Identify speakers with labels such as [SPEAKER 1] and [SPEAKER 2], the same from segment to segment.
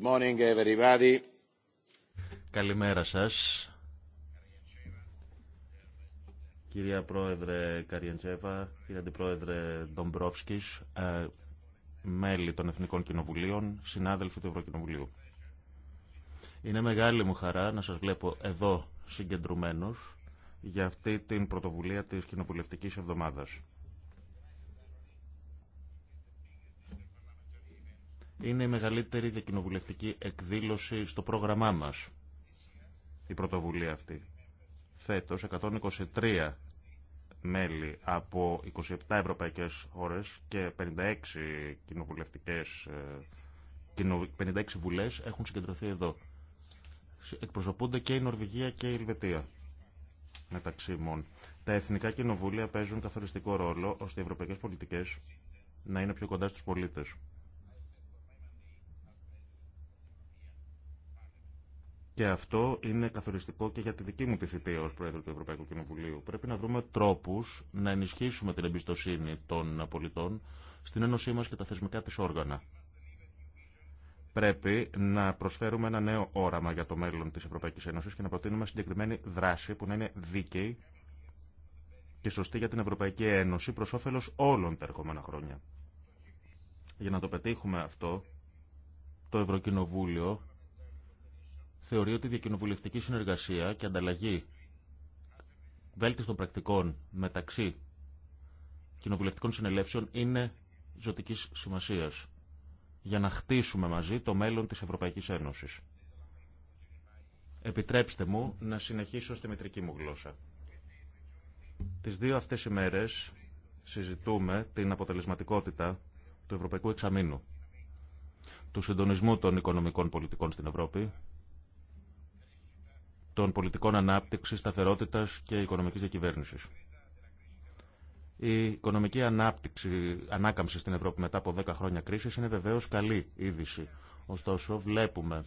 [SPEAKER 1] Good morning everybody.
[SPEAKER 2] Καλημέρα σας. Κυρία Πρόεδρε Καριεντζέβα, κύριε Αντιπρόεδρε Ντομπρόφσκης, ε, μέλη των Εθνικών Κοινοβουλίων, συνάδελφοι του Ευρωκοινοβουλίου. Είναι μεγάλη μου χαρά να σας βλέπω εδώ συγκεντρωμένους για αυτή την πρωτοβουλία της Κοινοβουλευτικής Εβδομάδας. είναι η μεγαλύτερη διακοινοβουλευτική εκδήλωση στο πρόγραμμά μας. Η πρωτοβουλία αυτή. Φέτος 123 μέλη από 27 ευρωπαϊκές χώρες και 56 κοινοβουλευτικές 56 ε, βουλές έχουν συγκεντρωθεί εδώ. Εκπροσωπούνται και η Νορβηγία και η Ελβετία μεταξύ μόν. Τα εθνικά κοινοβούλια παίζουν καθοριστικό ρόλο ώστε οι ευρωπαϊκές πολιτικές να είναι πιο κοντά στους πολίτες. Και αυτό είναι καθοριστικό και για τη δική μου τη θητεία ω Πρόεδρο του Ευρωπαϊκού Κοινοβουλίου. Πρέπει να βρούμε τρόπου να ενισχύσουμε την εμπιστοσύνη των πολιτών στην Ένωσή μα και τα θεσμικά τη όργανα. Πρέπει να προσφέρουμε ένα νέο όραμα για το μέλλον τη Ευρωπαϊκή Ένωση και να προτείνουμε συγκεκριμένη δράση που να είναι δίκαιη και σωστή για την Ευρωπαϊκή Ένωση προ όφελο όλων τα ερχόμενα χρόνια. Για να το πετύχουμε αυτό, το Ευρωκοινοβούλιο θεωρεί ότι η διακοινοβουλευτική συνεργασία και ανταλλαγή βέλτιστων πρακτικών μεταξύ κοινοβουλευτικών συνελεύσεων είναι ζωτική σημασίας για να χτίσουμε μαζί το μέλλον της Ευρωπαϊκή Ένωση. Επιτρέψτε μου να συνεχίσω στη μητρική μου γλώσσα. Τις δύο αυτές ημέρες συζητούμε την αποτελεσματικότητα του Ευρωπαϊκού Εξαμήνου, του συντονισμού των οικονομικών πολιτικών στην Ευρώπη των πολιτικών ανάπτυξη, σταθερότητα και οικονομική διακυβέρνηση. Η οικονομική ανάπτυξη, ανάκαμψη στην Ευρώπη μετά από 10 χρόνια κρίσης είναι βεβαίως καλή είδηση. Ωστόσο βλέπουμε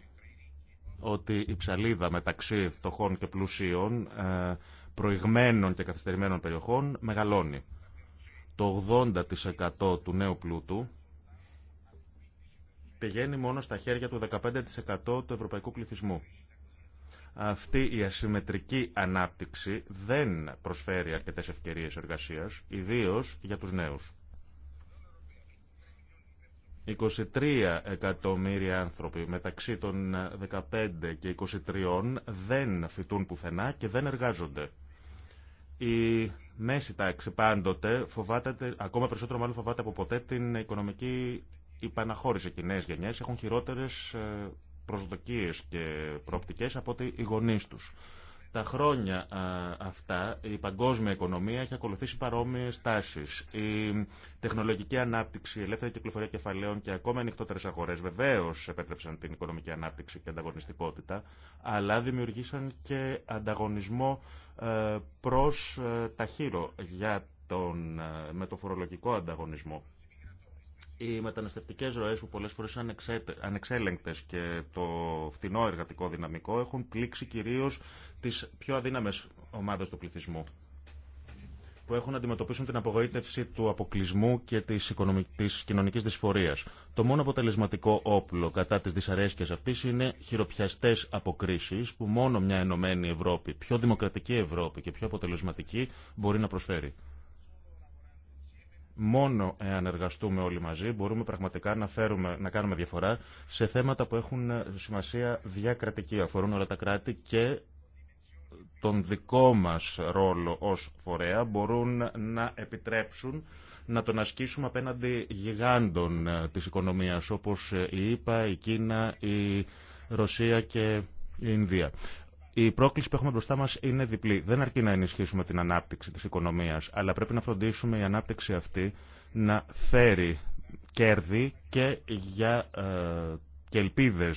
[SPEAKER 2] ότι η ψαλίδα μεταξύ φτωχών και πλουσίων, ε, προηγμένων και καθυστερημένων περιοχών μεγαλώνει. Το 80% του νέου πλούτου πηγαίνει μόνο στα χέρια του 15% του ευρωπαϊκού πληθυσμού. Αυτή η ασυμμετρική ανάπτυξη δεν προσφέρει αρκετές ευκαιρίες εργασίας, ιδίως για τους νέους. 23 εκατομμύρια άνθρωποι μεταξύ των 15 και 23 δεν φοιτούν πουθενά και δεν εργάζονται. Η μέση τάξη πάντοτε φοβάται, ακόμα περισσότερο μάλλον φοβάται από ποτέ την οικονομική υπαναχώρηση. Οι νέες γενιές έχουν χειρότερες ε, προσδοκίες και προοπτικές από ότι οι γονεί τους. Τα χρόνια αυτά η παγκόσμια οικονομία έχει ακολουθήσει παρόμοιε τάσει. Η τεχνολογική ανάπτυξη, η ελεύθερη κυκλοφορία κεφαλαίων και ακόμα ανοιχτότερε αγορέ βεβαίω επέτρεψαν την οικονομική ανάπτυξη και ανταγωνιστικότητα, αλλά δημιουργήσαν και ανταγωνισμό ε, προ ε, τα για τον, ε, με το φορολογικό ανταγωνισμό οι μεταναστευτικέ ροέ που πολλέ φορέ είναι ανεξέλεγκτε και το φθηνό εργατικό δυναμικό έχουν πλήξει κυρίω τι πιο αδύναμε ομάδε του πληθυσμού που έχουν να αντιμετωπίσουν την απογοήτευση του αποκλεισμού και τη της κοινωνική δυσφορία. Το μόνο αποτελεσματικό όπλο κατά τη δυσαρέσκεια αυτή είναι χειροπιαστέ αποκρίσει που μόνο μια ενωμένη Ευρώπη, πιο δημοκρατική Ευρώπη και πιο αποτελεσματική μπορεί να προσφέρει. Μόνο εάν εργαστούμε όλοι μαζί μπορούμε πραγματικά να, φέρουμε, να κάνουμε διαφορά σε θέματα που έχουν ε, σημασία διακρατική, αφορούν όλα τα κράτη και τον δικό μας ρόλο ως φορέα μπορούν να επιτρέψουν να τον ασκήσουμε απέναντι γιγάντων ε, της οικονομίας όπως ε, η ΕΠΑ, ΕΕ, η Κίνα, η Ρωσία και η Ινδία. Η πρόκληση που έχουμε μπροστά μα είναι διπλή. Δεν αρκεί να ενισχύσουμε την ανάπτυξη τη οικονομία, αλλά πρέπει να φροντίσουμε η ανάπτυξη αυτή να φέρει κέρδη και για ε, και ελπίδε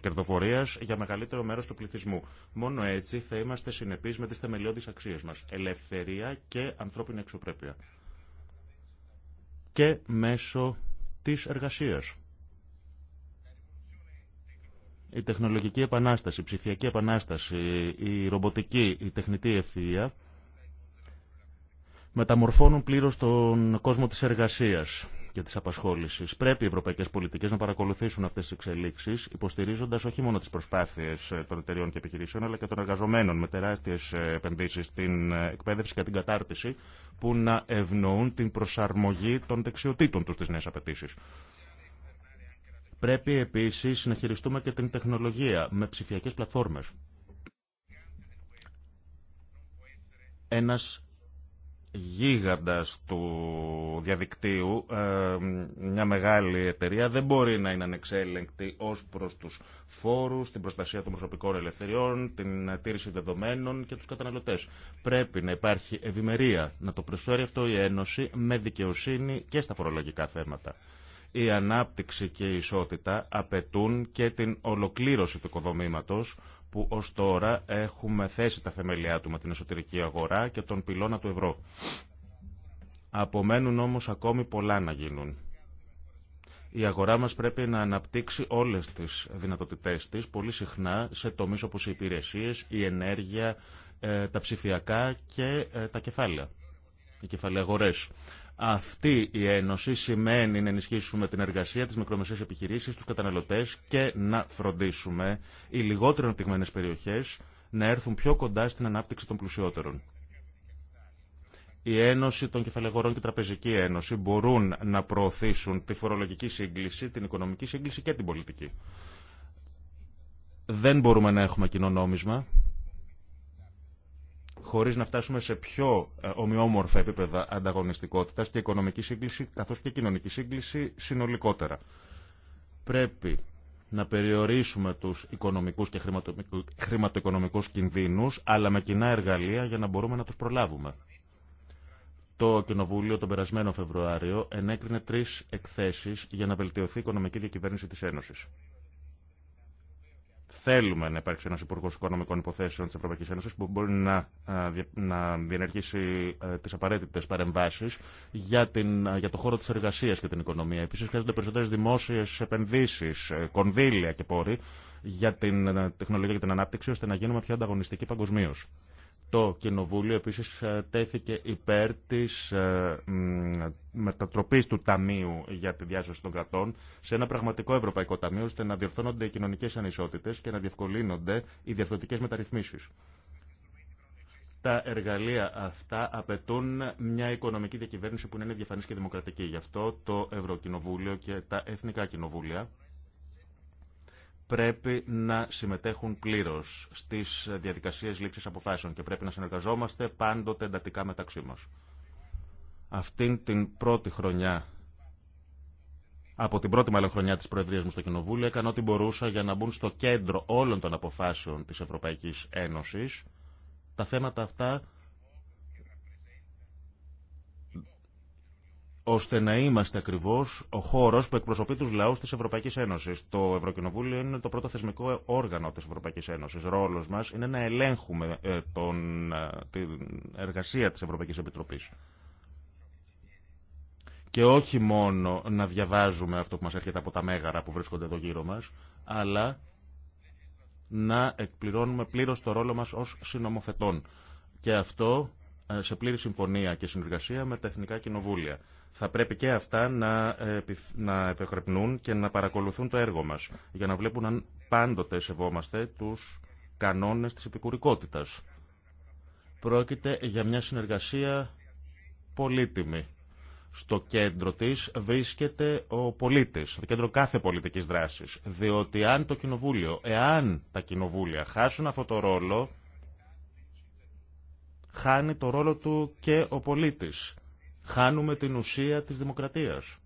[SPEAKER 2] κερδοφορία για μεγαλύτερο μέρο του πληθυσμού. Μόνο έτσι θα είμαστε συνεπεί με τι θεμελιώδει αξίε μα. Ελευθερία και ανθρώπινη εξωπρέπεια. Και μέσω τη εργασία η τεχνολογική επανάσταση, η ψηφιακή επανάσταση, η ρομποτική, η τεχνητή ευθεία μεταμορφώνουν πλήρως τον κόσμο της εργασίας και της απασχόλησης. Πρέπει οι ευρωπαϊκές πολιτικές να παρακολουθήσουν αυτές τις εξελίξεις, υποστηρίζοντας όχι μόνο τις προσπάθειες των εταιριών και επιχειρήσεων, αλλά και των εργαζομένων με τεράστιες επενδύσεις στην εκπαίδευση και την κατάρτιση, που να ευνοούν την προσαρμογή των δεξιοτήτων τους στις νέες απαιτήσεις. Πρέπει επίσης να χειριστούμε και την τεχνολογία με ψηφιακές πλατφόρμες. Ένας γίγαντας του διαδικτύου, ε, μια μεγάλη εταιρεία, δεν μπορεί να είναι ανεξέλεγκτη ως προς τους φόρους, την προστασία των προσωπικών ελευθεριών, την τήρηση δεδομένων και τους καταναλωτές. Πρέπει να υπάρχει ευημερία, να το προσφέρει αυτό η Ένωση με δικαιοσύνη και στα φορολογικά θέματα. Η ανάπτυξη και η ισότητα απαιτούν και την ολοκλήρωση του οικοδομήματος που ως τώρα έχουμε θέσει τα θεμελιά του με την εσωτερική αγορά και τον πυλώνα του ευρώ. Απομένουν όμως ακόμη πολλά να γίνουν. Η αγορά μας πρέπει να αναπτύξει όλες τις δυνατότητές της πολύ συχνά σε τομείς όπως οι υπηρεσίες, η ενέργεια, ε, τα ψηφιακά και ε, τα κεφάλαια, οι κεφαλαίοι αγορές. Αυτή η ένωση σημαίνει να ενισχύσουμε την εργασία, ...της μικρομεσαίας επιχειρήσεις, τους καταναλωτές και να φροντίσουμε οι λιγότερο αναπτυγμένες περιοχές να έρθουν πιο κοντά στην ανάπτυξη των πλουσιότερων. Η Ένωση των Κεφαλαιγορών και η Τραπεζική Ένωση μπορούν να προωθήσουν τη φορολογική σύγκληση, την οικονομική σύγκληση και την πολιτική. Δεν μπορούμε να έχουμε κοινό νόμισμα χωρίς να φτάσουμε σε πιο ε, ομοιόμορφα επίπεδα ανταγωνιστικότητας και οικονομική σύγκληση καθώς και κοινωνική σύγκληση συνολικότερα. Πρέπει να περιορίσουμε τους οικονομικούς και χρηματοοικονομικούς κινδύνους, αλλά με κοινά εργαλεία για να μπορούμε να τους προλάβουμε. Το Κοινοβούλιο τον περασμένο Φεβρουάριο ενέκρινε τρεις εκθέσεις για να βελτιωθεί η οικονομική διακυβέρνηση της Ένωσης. Θέλουμε να υπάρξει ένα Υπουργό Οικονομικών Υποθέσεων τη Ευρωπαϊκή Ένωση που μπορεί να, να διενεργήσει τι απαραίτητε παρεμβάσει για, την, για το χώρο τη εργασία και την οικονομία. Επίση, χρειάζονται περισσότερε δημόσιε επενδύσει, ε, κονδύλια και πόροι για την τεχνολογία και την ανάπτυξη, ώστε να γίνουμε πιο ανταγωνιστικοί παγκοσμίω. Το Κοινοβούλιο επίσης ε, τέθηκε υπέρ της ε, μετατροπής του Ταμείου για τη διάσωση των κρατών σε ένα πραγματικό Ευρωπαϊκό Ταμείο ώστε να διορθώνονται οι κοινωνικές ανισότητες και να διευκολύνονται οι διορθωτικές μεταρρυθμίσεις. Τα εργαλεία αυτά απαιτούν μια οικονομική διακυβέρνηση που να είναι διαφανής και δημοκρατική. Γι' αυτό το Ευρωκοινοβούλιο και τα Εθνικά Κοινοβούλια πρέπει να συμμετέχουν πλήρως στις διαδικασίες λήψης αποφάσεων και πρέπει να συνεργαζόμαστε πάντοτε εντατικά μεταξύ μας. Αυτήν την πρώτη χρονιά, από την πρώτη μάλλον χρονιά της Προεδρίας μου στο Κοινοβούλιο, έκανα ό,τι μπορούσα για να μπουν στο κέντρο όλων των αποφάσεων της Ευρωπαϊκής Ένωσης τα θέματα αυτά ώστε να είμαστε ακριβώ ο χώρο που εκπροσωπεί του λαού τη Ευρωπαϊκή Ένωση. Το Ευρωκοινοβούλιο είναι το πρώτο θεσμικό όργανο τη Ευρωπαϊκή Ένωση. Ρόλο μα είναι να ελέγχουμε ε, τον, ε, την εργασία τη Ευρωπαϊκή Επιτροπή. Και όχι μόνο να διαβάζουμε αυτό που μα έρχεται από τα μέγαρα που βρίσκονται εδώ γύρω μα, αλλά να εκπληρώνουμε πλήρω το ρόλο μα ω συνομοθετών. Και αυτό ε, σε πλήρη συμφωνία και συνεργασία με τα Εθνικά Κοινοβούλια θα πρέπει και αυτά να, να επεχρεπνούν και να παρακολουθούν το έργο μας, για να βλέπουν αν πάντοτε σεβόμαστε τους κανόνες της επικουρικότητας. Πρόκειται για μια συνεργασία πολύτιμη. Στο κέντρο της βρίσκεται ο πολίτης, το κέντρο κάθε πολιτικής δράσης, διότι αν το κοινοβούλιο, εάν τα κοινοβούλια χάσουν αυτό το ρόλο, χάνει το ρόλο του και ο πολίτης Χάνουμε την ουσία της δημοκρατίας.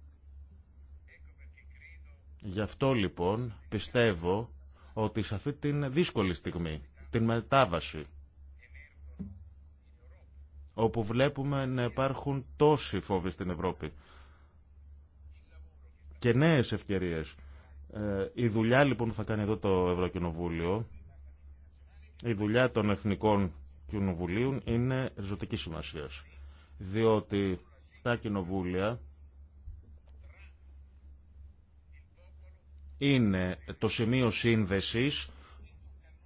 [SPEAKER 2] Γι' αυτό λοιπόν πιστεύω ότι σε αυτή την δύσκολη στιγμή, την μετάβαση, όπου βλέπουμε να υπάρχουν τόσοι φόβοι στην Ευρώπη και νέες ευκαιρίες. Ε, η δουλειά λοιπόν που θα κάνει εδώ το Ευρωκοινοβούλιο, η δουλειά των Εθνικών Κοινοβουλίων είναι ζωτική σημασία. Διότι τα κοινοβούλια είναι το σημείο σύνδεσης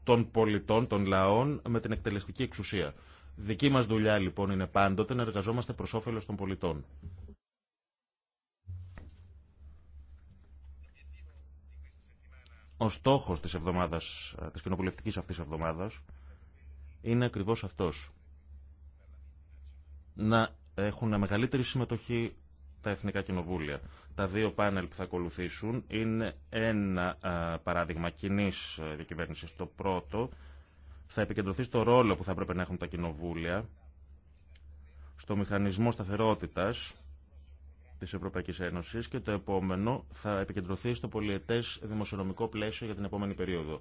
[SPEAKER 2] των πολιτών, των λαών με την εκτελεστική εξουσία. Δική μας δουλειά λοιπόν είναι πάντοτε να εργαζόμαστε προς όφελος των πολιτών. Ο στόχος της, εβδομάδας, της κοινοβουλευτικής αυτής εβδομάδας είναι ακριβώς αυτός. Να έχουν μεγαλύτερη συμμετοχή τα εθνικά κοινοβούλια. Τα δύο πάνελ που θα ακολουθήσουν είναι ένα παράδειγμα κοινή διακυβέρνηση. Το πρώτο θα επικεντρωθεί στο ρόλο που θα έπρεπε να έχουν τα κοινοβούλια στο μηχανισμό σταθερότητας της Ευρωπαϊκής Ένωσης και το επόμενο θα επικεντρωθεί στο πολιετές δημοσιονομικό πλαίσιο για την επόμενη περίοδο.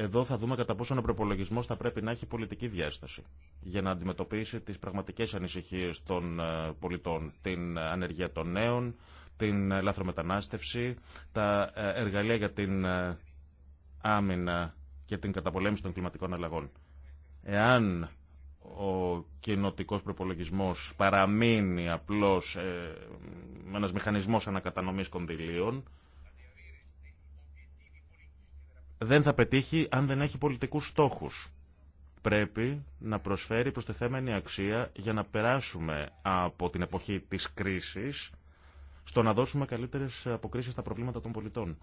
[SPEAKER 2] Εδώ θα δούμε κατά πόσο ο προπολογισμό θα πρέπει να έχει πολιτική διάσταση για να αντιμετωπίσει τι πραγματικέ ανησυχίε των ε, πολιτών, την ε, ανεργία των νέων, την ε, λάθρομετανάστευση, τα εργαλεία για την άμυνα και την καταπολέμηση των κλιματικών αλλαγών. Εάν ο κοινοτικό προπολογισμό παραμείνει απλώ ένα μηχανισμό ανακατανομή κονδυλίων, δεν θα πετύχει αν δεν έχει πολιτικούς στόχους. Πρέπει να προσφέρει προστιθέμενη αξία για να περάσουμε από την εποχή της κρίσης στο να δώσουμε καλύτερες αποκρίσεις στα προβλήματα των πολιτών.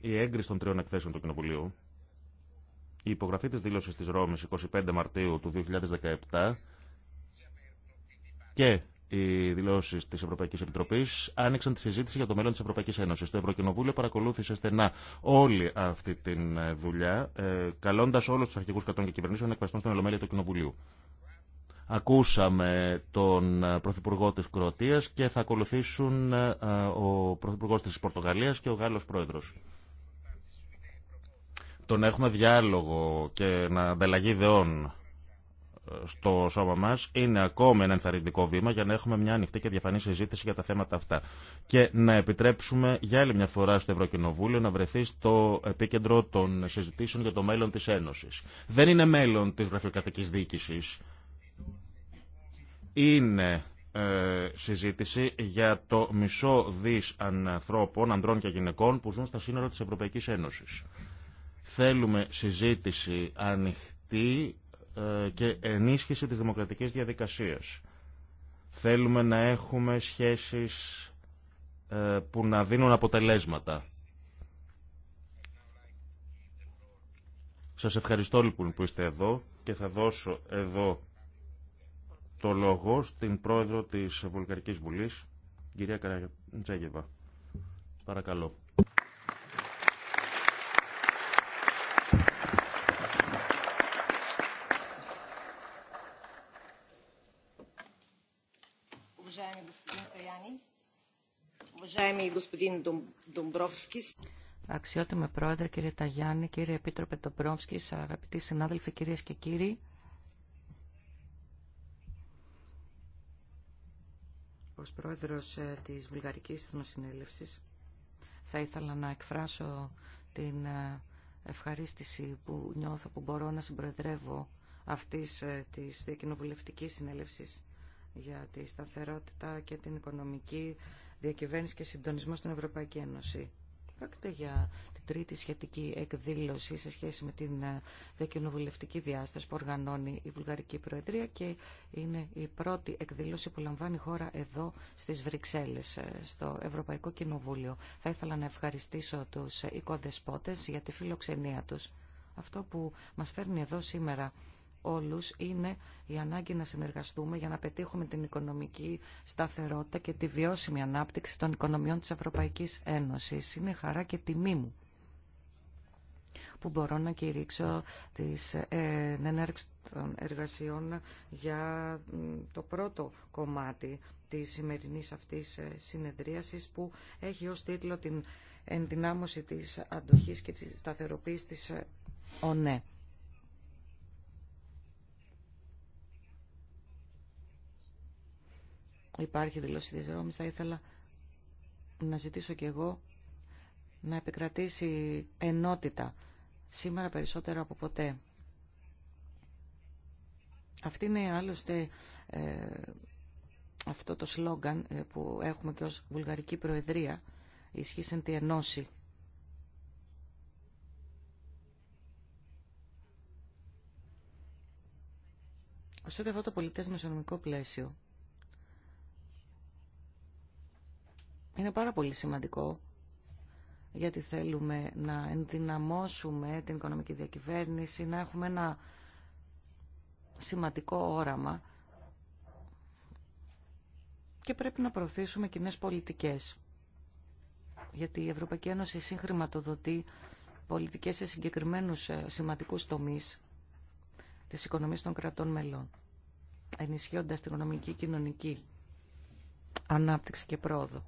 [SPEAKER 2] Η έγκριση των τριών εκθέσεων του Κοινοβουλίου, η υπογραφή της δήλωσης της Ρώμης 25 Μαρτίου του 2017 και οι δηλώσει τη Ευρωπαϊκή Επιτροπή άνοιξαν τη συζήτηση για το μέλλον τη Ευρωπαϊκή Ένωση. Το Ευρωκοινοβούλιο παρακολούθησε στενά όλη αυτή τη ε, δουλειά, ε, καλώντα όλου του αρχηγού κρατών και κυβερνήσεων να εκφραστούν στην Ολομέλεια του Κοινοβουλίου. Ακούσαμε τον ε, Πρωθυπουργό τη Κροατία και θα ακολουθήσουν ο Πρωθυπουργό τη Πορτογαλία και ο Γάλλος Πρόεδρο. Τον έχουμε διάλογο και να ανταλλαγή ιδεών στο σώμα μα είναι ακόμη ένα ενθαρρυντικό βήμα για να έχουμε μια ανοιχτή και διαφανή συζήτηση για τα θέματα αυτά. Και να επιτρέψουμε για άλλη μια φορά στο Ευρωκοινοβούλιο να βρεθεί στο επίκεντρο των συζητήσεων για το μέλλον τη Ένωση. Δεν είναι μέλλον τη γραφειοκρατική διοίκηση. Είναι ε, συζήτηση για το μισό δι ανθρώπων, ανδρών και γυναικών που ζουν στα σύνορα τη Ευρωπαϊκή Ένωση. Θέλουμε συζήτηση ανοιχτή ε, και ενίσχυση της δημοκρατικής διαδικασίας. Θέλουμε να έχουμε σχέσεις ε, που να δίνουν αποτελέσματα. Σας ευχαριστώ λοιπόν που είστε εδώ και θα δώσω εδώ το λόγο στην πρόεδρο της Βουλγαρικής Βουλής, κυρία Καρατζέγεβα. Παρακαλώ.
[SPEAKER 3] господин Αξιότιμε πρόεδρε, κύριε Ταγιάννη, κύριε Επίτροπε Ντομπρόφσκη, αγαπητοί συνάδελφοι, κυρίες και κύριοι. Ως πρόεδρος ε, της Βουλγαρικής Εθνοσυνέλευση, θα ήθελα να εκφράσω την ε, ευχαρίστηση που νιώθω που μπορώ να συμπροεδρεύω αυτής ε, της κοινοβουλευτικής συνέλευσης για τη σταθερότητα και την οικονομική διακυβέρνηση και συντονισμό στην Ευρωπαϊκή Ένωση. Πρόκειται για την τρίτη σχετική εκδήλωση σε σχέση με την ε, διακοινοβουλευτική διάσταση που οργανώνει η Βουλγαρική Προεδρία και είναι η πρώτη εκδήλωση που λαμβάνει η χώρα εδώ στις Βρυξέλλες, ε, στο Ευρωπαϊκό Κοινοβούλιο. Θα ήθελα να ευχαριστήσω τους ε, οικοδεσπότες για τη φιλοξενία τους. Αυτό που μας φέρνει εδώ σήμερα όλους είναι η ανάγκη να συνεργαστούμε για να πετύχουμε την οικονομική σταθερότητα και τη βιώσιμη ανάπτυξη των οικονομιών της Ευρωπαϊκής Ένωσης. Είναι χαρά και τιμή μου που μπορώ να κηρύξω τις ενέργειες των εργασιών για το πρώτο κομμάτι της σημερινής αυτής ε, συνεδρίασης που έχει ως τίτλο την ενδυνάμωση της αντοχής και της σταθεροποίησης της ε, ΟΝΕ. Υπάρχει δηλώση της θα ήθελα να ζητήσω κι εγώ να επικρατήσει ενότητα σήμερα περισσότερο από ποτέ. Αυτή είναι άλλωστε ε, αυτό το σλόγγαν ε, που έχουμε και ως Βουλγαρική Προεδρία ισχύσεν τη ενώση. Ωστόσο αυτό το πολιτές μεσονομικό πλαίσιο Είναι πάρα πολύ σημαντικό γιατί θέλουμε να ενδυναμώσουμε την οικονομική διακυβέρνηση, να έχουμε ένα σημαντικό όραμα και πρέπει να προωθήσουμε κοινέ πολιτικές. Γιατί η Ευρωπαϊκή Ένωση συγχρηματοδοτεί πολιτικές σε συγκεκριμένους ε, σημαντικούς τομείς της οικονομίας των κρατών μελών, ενισχύοντας την οικονομική, κοινωνική ανάπτυξη και πρόοδο.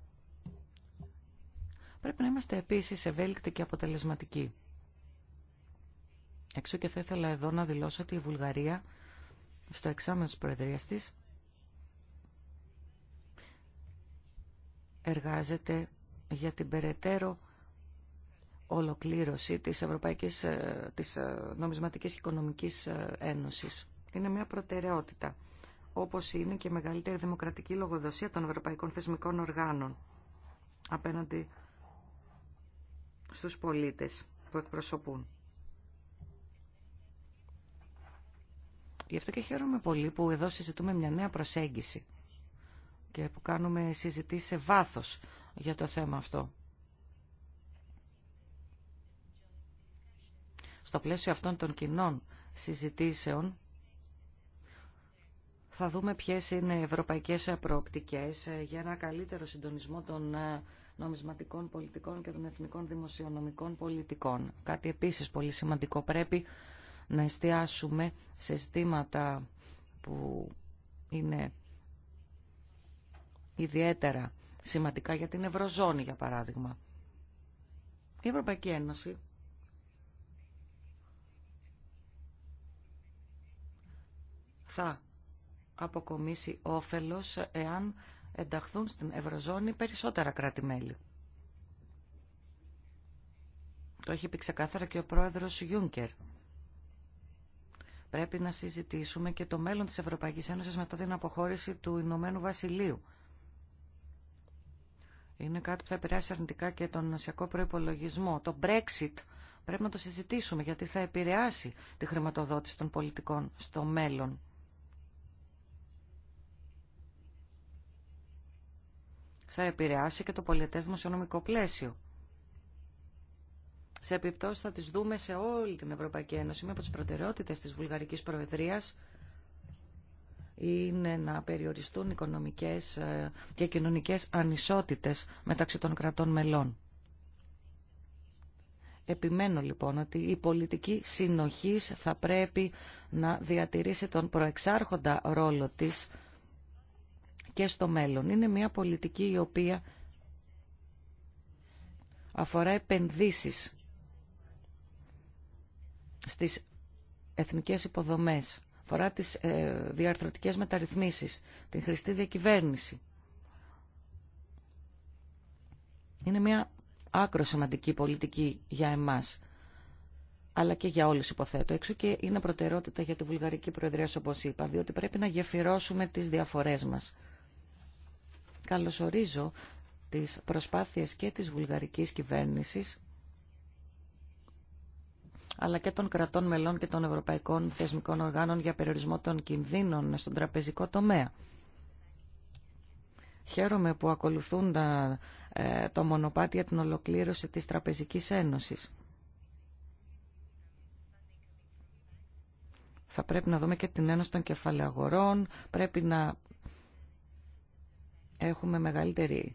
[SPEAKER 3] Πρέπει να είμαστε επίσης ευέλικτοι και αποτελεσματικοί. Έξω και θα ήθελα εδώ να δηλώσω ότι η Βουλγαρία στο εξάμεινο της Προεδρίας της εργάζεται για την περαιτέρω ολοκλήρωση της Ευρωπαϊκής ε, της ε, Νομισματικής και Οικονομικής ε, Ένωσης. Είναι μια προτεραιότητα, όπως είναι και η μεγαλύτερη δημοκρατική λογοδοσία των ευρωπαϊκών θεσμικών οργάνων απέναντι στους πολίτες που εκπροσωπούν. Γι' αυτό και χαίρομαι πολύ που εδώ συζητούμε μια νέα προσέγγιση και που κάνουμε συζητήσεις σε βάθος για το θέμα αυτό. Στο πλαίσιο αυτών των κοινών συζητήσεων θα δούμε ποιες είναι ευρωπαϊκές προοπτικές για ένα καλύτερο συντονισμό των ε, νομισματικών πολιτικών και των εθνικών δημοσιονομικών πολιτικών. Κάτι επίσης πολύ σημαντικό πρέπει να εστιάσουμε σε ζητήματα που είναι ιδιαίτερα σημαντικά για την Ευρωζώνη, για παράδειγμα. Η Ευρωπαϊκή Ένωση θα αποκομίσει όφελος εάν ενταχθούν στην Ευρωζώνη περισσότερα κράτη-μέλη. Το έχει πει ξεκάθαρα και ο πρόεδρος Γιούνκερ. Πρέπει να συζητήσουμε και το μέλλον της Ευρωπαϊκής Ένωσης μετά την αποχώρηση του Ηνωμένου Βασιλείου. Είναι κάτι που θα επηρεάσει αρνητικά και τον νοσιακό προϋπολογισμό. Το Brexit πρέπει να το συζητήσουμε γιατί θα επηρεάσει τη χρηματοδότηση των πολιτικών στο μέλλον. θα επηρεάσει και το πολιτές δημοσιονομικό πλαίσιο. Σε επιπτώσει θα τις δούμε σε όλη την Ευρωπαϊκή Ένωση. Μία από τις προτεραιότητες της Βουλγαρικής Προεδρίας είναι να περιοριστούν οικονομικές ε, και κοινωνικές ανισότητες μεταξύ των κρατών μελών. Επιμένω λοιπόν ότι η πολιτική συνοχής θα πρέπει να διατηρήσει τον προεξάρχοντα ρόλο της και στο μέλλον. Είναι μια πολιτική η οποία αφορά επενδύσεις στις εθνικές υποδομές, αφορά τις ε, διαρθρωτικές μεταρρυθμίσεις, την χρηστή διακυβέρνηση. Είναι μια άκρο σημαντική πολιτική για εμάς, αλλά και για όλους υποθέτω. Έξω και είναι προτεραιότητα για τη Βουλγαρική Προεδρία, όπως είπα, διότι πρέπει να γεφυρώσουμε τις διαφορές μας. Καλωσορίζω τις προσπάθειες και της βουλγαρικής κυβέρνησης αλλά και των κρατών μελών και των ευρωπαϊκών θεσμικών οργάνων για περιορισμό των κινδύνων στον τραπεζικό τομέα. Χαίρομαι που ακολουθούν ε, το μονοπάτι για την ολοκλήρωση της Τραπεζικής Ένωσης. Θα πρέπει να δούμε και την Ένωση των Κεφαλαίων Αγορών, πρέπει να έχουμε μεγαλύτερη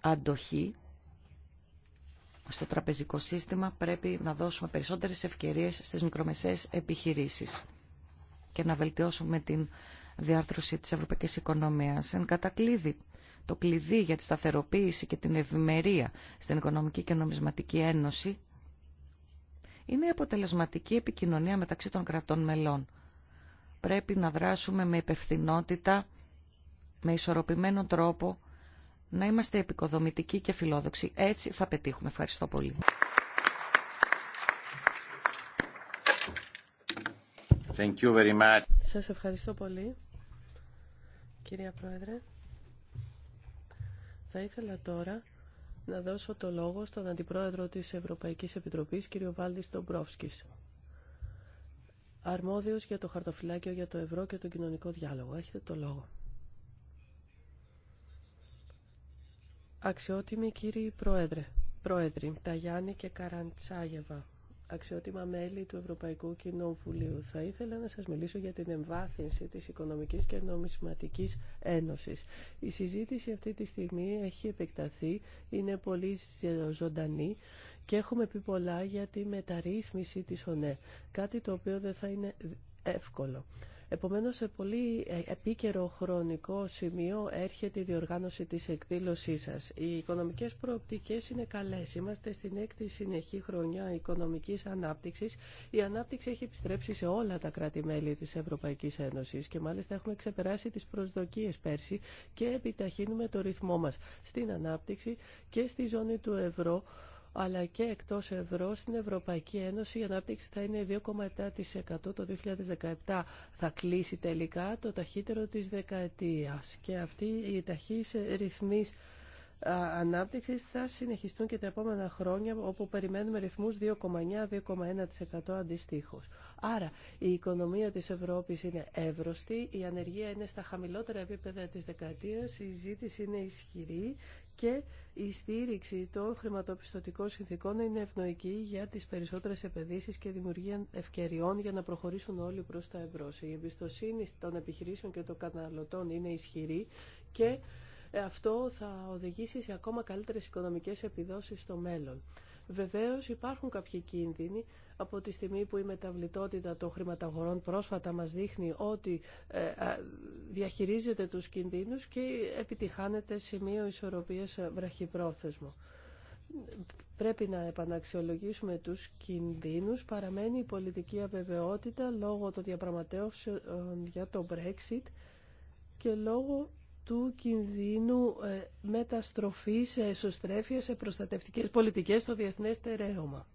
[SPEAKER 3] αντοχή στο τραπεζικό σύστημα πρέπει να δώσουμε περισσότερες ευκαιρίες στις μικρομεσαίες επιχειρήσεις και να βελτιώσουμε την διάρθρωση της ευρωπαϊκής οικονομίας. Εν κατακλείδη, το κλειδί για τη σταθεροποίηση και την ευημερία στην Οικονομική και Νομισματική Ένωση είναι η αποτελεσματική επικοινωνία μεταξύ των κρατών μελών. Πρέπει να δράσουμε με υπευθυνότητα με ισορροπημένο τρόπο να είμαστε επικοδομητικοί και φιλόδοξοι. Έτσι θα πετύχουμε. Ευχαριστώ πολύ.
[SPEAKER 4] Thank you very much.
[SPEAKER 3] Σας ευχαριστώ πολύ,
[SPEAKER 5] κυρία Πρόεδρε. Θα ήθελα τώρα να δώσω το λόγο στον Αντιπρόεδρο της Ευρωπαϊκής Επιτροπής, κύριο Βάλτης Ντομπρόφσκης, αρμόδιος για το χαρτοφυλάκιο για το ευρώ και τον κοινωνικό διάλογο. Έχετε το λόγο. Αξιότιμοι κύριοι Πρόεδρε, Πρόεδροι, Ταγιάννη και Καραντσάγεβα, αξιότιμα μέλη του Ευρωπαϊκού Κοινοβουλίου. Θα ήθελα να σας μιλήσω για την εμβάθυνση της Οικονομικής και Νομισματικής Ένωσης. Η συζήτηση αυτή τη στιγμή έχει επεκταθεί, είναι πολύ ζωντανή και έχουμε πει πολλά για τη μεταρρύθμιση της ΟΝΕ, κάτι το οποίο δεν θα είναι εύκολο. Επομένως, σε πολύ ε, επίκαιρο χρονικό σημείο έρχεται η διοργάνωση της εκδήλωσής σας. Οι οικονομικές προοπτικές είναι καλές. Είμαστε στην έκτη συνεχή χρονιά οικονομικής ανάπτυξης. Η ανάπτυξη έχει επιστρέψει σε όλα τα κράτη-μέλη της Ευρωπαϊκής Ένωσης και μάλιστα έχουμε ξεπεράσει τις προσδοκίες πέρσι και επιταχύνουμε το ρυθμό μας στην ανάπτυξη και στη ζώνη του ευρώ αλλά και εκτός ευρώ στην Ευρωπαϊκή Ένωση η ανάπτυξη θα είναι 2,7% το 2017 θα κλείσει τελικά το ταχύτερο της δεκαετίας και αυτή η ταχύς ρυθμής ανάπτυξης θα συνεχιστούν και τα επόμενα χρόνια όπου περιμένουμε ρυθμούς 2,9-2,1% αντιστοίχως. Άρα η οικονομία της Ευρώπης είναι εύρωστη, η ανεργία είναι στα χαμηλότερα επίπεδα της δεκαετίας, η ζήτηση είναι ισχυρή και η στήριξη των χρηματοπιστωτικών συνθήκων είναι ευνοϊκή για τις περισσότερες επενδύσεις και δημιουργία ευκαιριών για να προχωρήσουν όλοι προς τα εμπρός. Η εμπιστοσύνη των επιχειρήσεων και των καταναλωτών είναι ισχυρή και αυτό θα οδηγήσει σε ακόμα καλύτερες οικονομικές επιδόσεις στο μέλλον. Βεβαίως υπάρχουν κάποιοι κίνδυνοι από τη στιγμή που η μεταβλητότητα των χρηματαγορών πρόσφατα μας δείχνει ότι ε, διαχειρίζεται τους κινδύνους και επιτυχάνεται σημείο ισορροπίας ε, βραχυπρόθεσμο. Πρέπει να επαναξιολογήσουμε τους κινδύνους. Παραμένει η πολιτική αβεβαιότητα λόγω των διαπραγματεύσεων για το Brexit και λόγω του κινδύνου ε, μεταστροφής, εσωστρέφειας σε προστατευτικές πολιτικές στο διεθνές τερέωμα.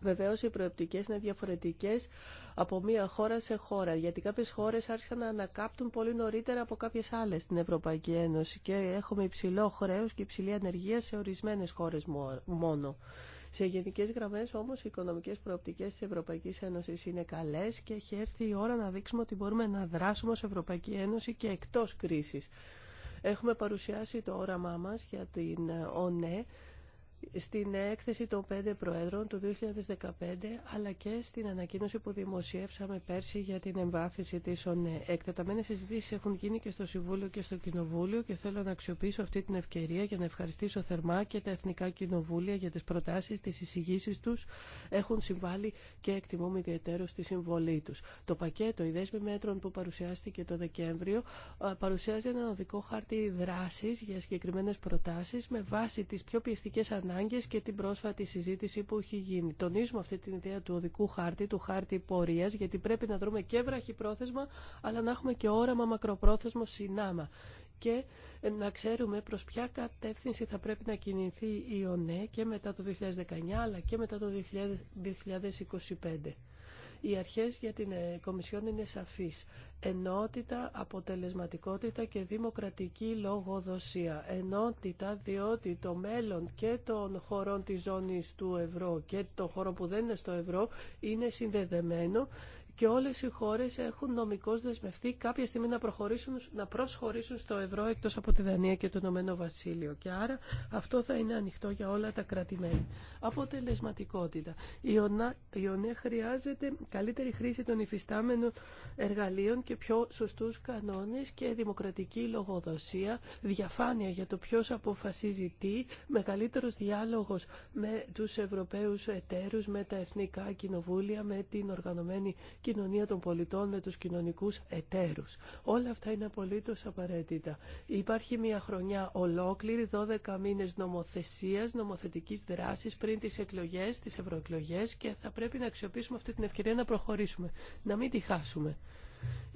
[SPEAKER 5] Βεβαίω οι προεπτικές είναι διαφορετικές από μία χώρα σε χώρα, γιατί κάποιες χώρες άρχισαν να ανακάπτουν πολύ νωρίτερα από κάποιες άλλες στην Ευρωπαϊκή Ένωση και έχουμε υψηλό χρέο και υψηλή ανεργία σε ορισμένες χώρες μόνο. Σε γενικέ γραμμέ όμω, οι οικονομικέ προοπτικέ τη Ευρωπαϊκή Ένωση είναι καλέ και έχει έρθει η ώρα να δείξουμε ότι μπορούμε να δράσουμε ω Ευρωπαϊκή Ένωση και εκτό κρίση. Έχουμε παρουσιάσει το όραμά μα για την ΟΝΕ στην έκθεση των πέντε προέδρων του 2015 αλλά και στην ανακοίνωση που δημοσιεύσαμε πέρσι για την εμβάθυνση της ΟΝΕ. Εκτεταμένες συζητήσεις έχουν γίνει και στο Συμβούλιο και στο Κοινοβούλιο και θέλω να αξιοποιήσω αυτή την ευκαιρία για να ευχαριστήσω θερμά και τα Εθνικά Κοινοβούλια για τις προτάσεις, τις εισηγήσεις τους έχουν συμβάλει και εκτιμούμε ιδιαίτερο στη συμβολή τους. Το πακέτο, η δέσμη μέτρων που παρουσιάστηκε το Δεκέμβριο παρουσιάζει ένα οδικό χάρτη δράση για συγκεκριμένες προτάσεις με βάση τις πιο πιεστικές ανάγκες και την πρόσφατη συζήτηση που έχει γίνει. Τονίζουμε αυτή την ιδέα του οδικού χάρτη, του χάρτη πορείας, γιατί πρέπει να δρούμε και βραχυπρόθεσμα, αλλά να έχουμε και όραμα μακροπρόθεσμο συνάμα και να ξέρουμε προς ποια κατεύθυνση θα πρέπει να κινηθεί η ΟΝΕ και μετά το 2019 αλλά και μετά το 2025. Οι αρχές για την ε, Κομισιόν είναι σαφείς. Ενότητα, αποτελεσματικότητα και δημοκρατική λογοδοσία. Ενότητα διότι το μέλλον και των χωρών της ζώνης του ευρώ και των χωρών που δεν είναι στο ευρώ είναι συνδεδεμένο και όλες οι χώρες έχουν νομικώς δεσμευτεί κάποια στιγμή να, προχωρήσουν, να προσχωρήσουν στο ευρώ εκτός από τη Δανία και το Ηνωμένο Βασίλειο. Και άρα αυτό θα είναι ανοιχτό για όλα τα κρατημένα. Αποτελεσματικότητα. Η ΟΝΑ, η χρειάζεται καλύτερη χρήση των υφιστάμενων εργαλείων και πιο σωστούς κανόνες και δημοκρατική λογοδοσία, διαφάνεια για το ποιο αποφασίζει τι, μεγαλύτερος διάλογος με τους Ευρωπαίους εταίρους, με τα εθνικά κοινοβούλια, με την οργανωμένη κοινωνία των πολιτών με τους κοινωνικούς εταίρους. Όλα αυτά είναι απολύτως απαραίτητα. Υπάρχει μια χρονιά ολόκληρη, 12 μήνες νομοθεσίας, νομοθετικής δράσης πριν τις εκλογές, τις ευρωεκλογές και θα πρέπει να αξιοποιήσουμε αυτή την ευκαιρία να προχωρήσουμε, να μην τη χάσουμε.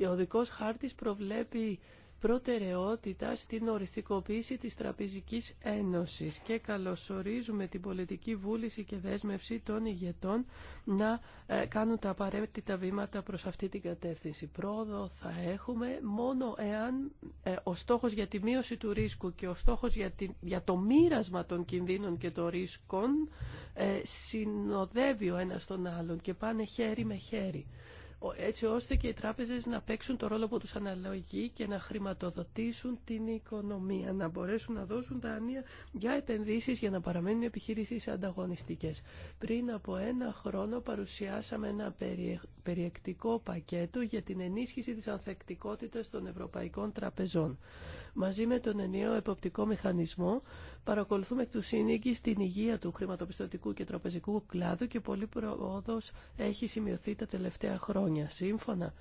[SPEAKER 5] Ο δικός χάρτης προβλέπει προτεραιότητα στην οριστικοποίηση της Τραπεζικής Ένωσης και καλωσορίζουμε την πολιτική βούληση και δέσμευση των ηγετών να ε, κάνουν τα απαραίτητα βήματα προς αυτή την κατεύθυνση. Πρόοδο θα έχουμε μόνο εάν ε, ο στόχος για τη μείωση του ρίσκου και ο στόχος για το μοίρασμα των κινδύνων και των ρίσκων ε, συνοδεύει ο ένας τον άλλον και πάνε χέρι με χέρι έτσι ώστε και οι τράπεζες να παίξουν το ρόλο που τους αναλογεί και να χρηματοδοτήσουν την οικονομία, να μπορέσουν να δώσουν δάνεια για επενδύσεις για να παραμένουν οι επιχείρησεις ανταγωνιστικές. Πριν από ένα χρόνο παρουσιάσαμε ένα περιεκτικό πακέτο για την ενίσχυση της ανθεκτικότητας των ευρωπαϊκών τραπεζών. Μαζί με τον ενιαίο εποπτικό μηχανισμό παρακολουθούμε εκ του σύνοικη στην υγεία του χρηματοπιστωτικού και τραπεζικού κλάδου και πολύ προόδο έχει σημειωθεί τα τελευταία χρόνια. Σύμφωνα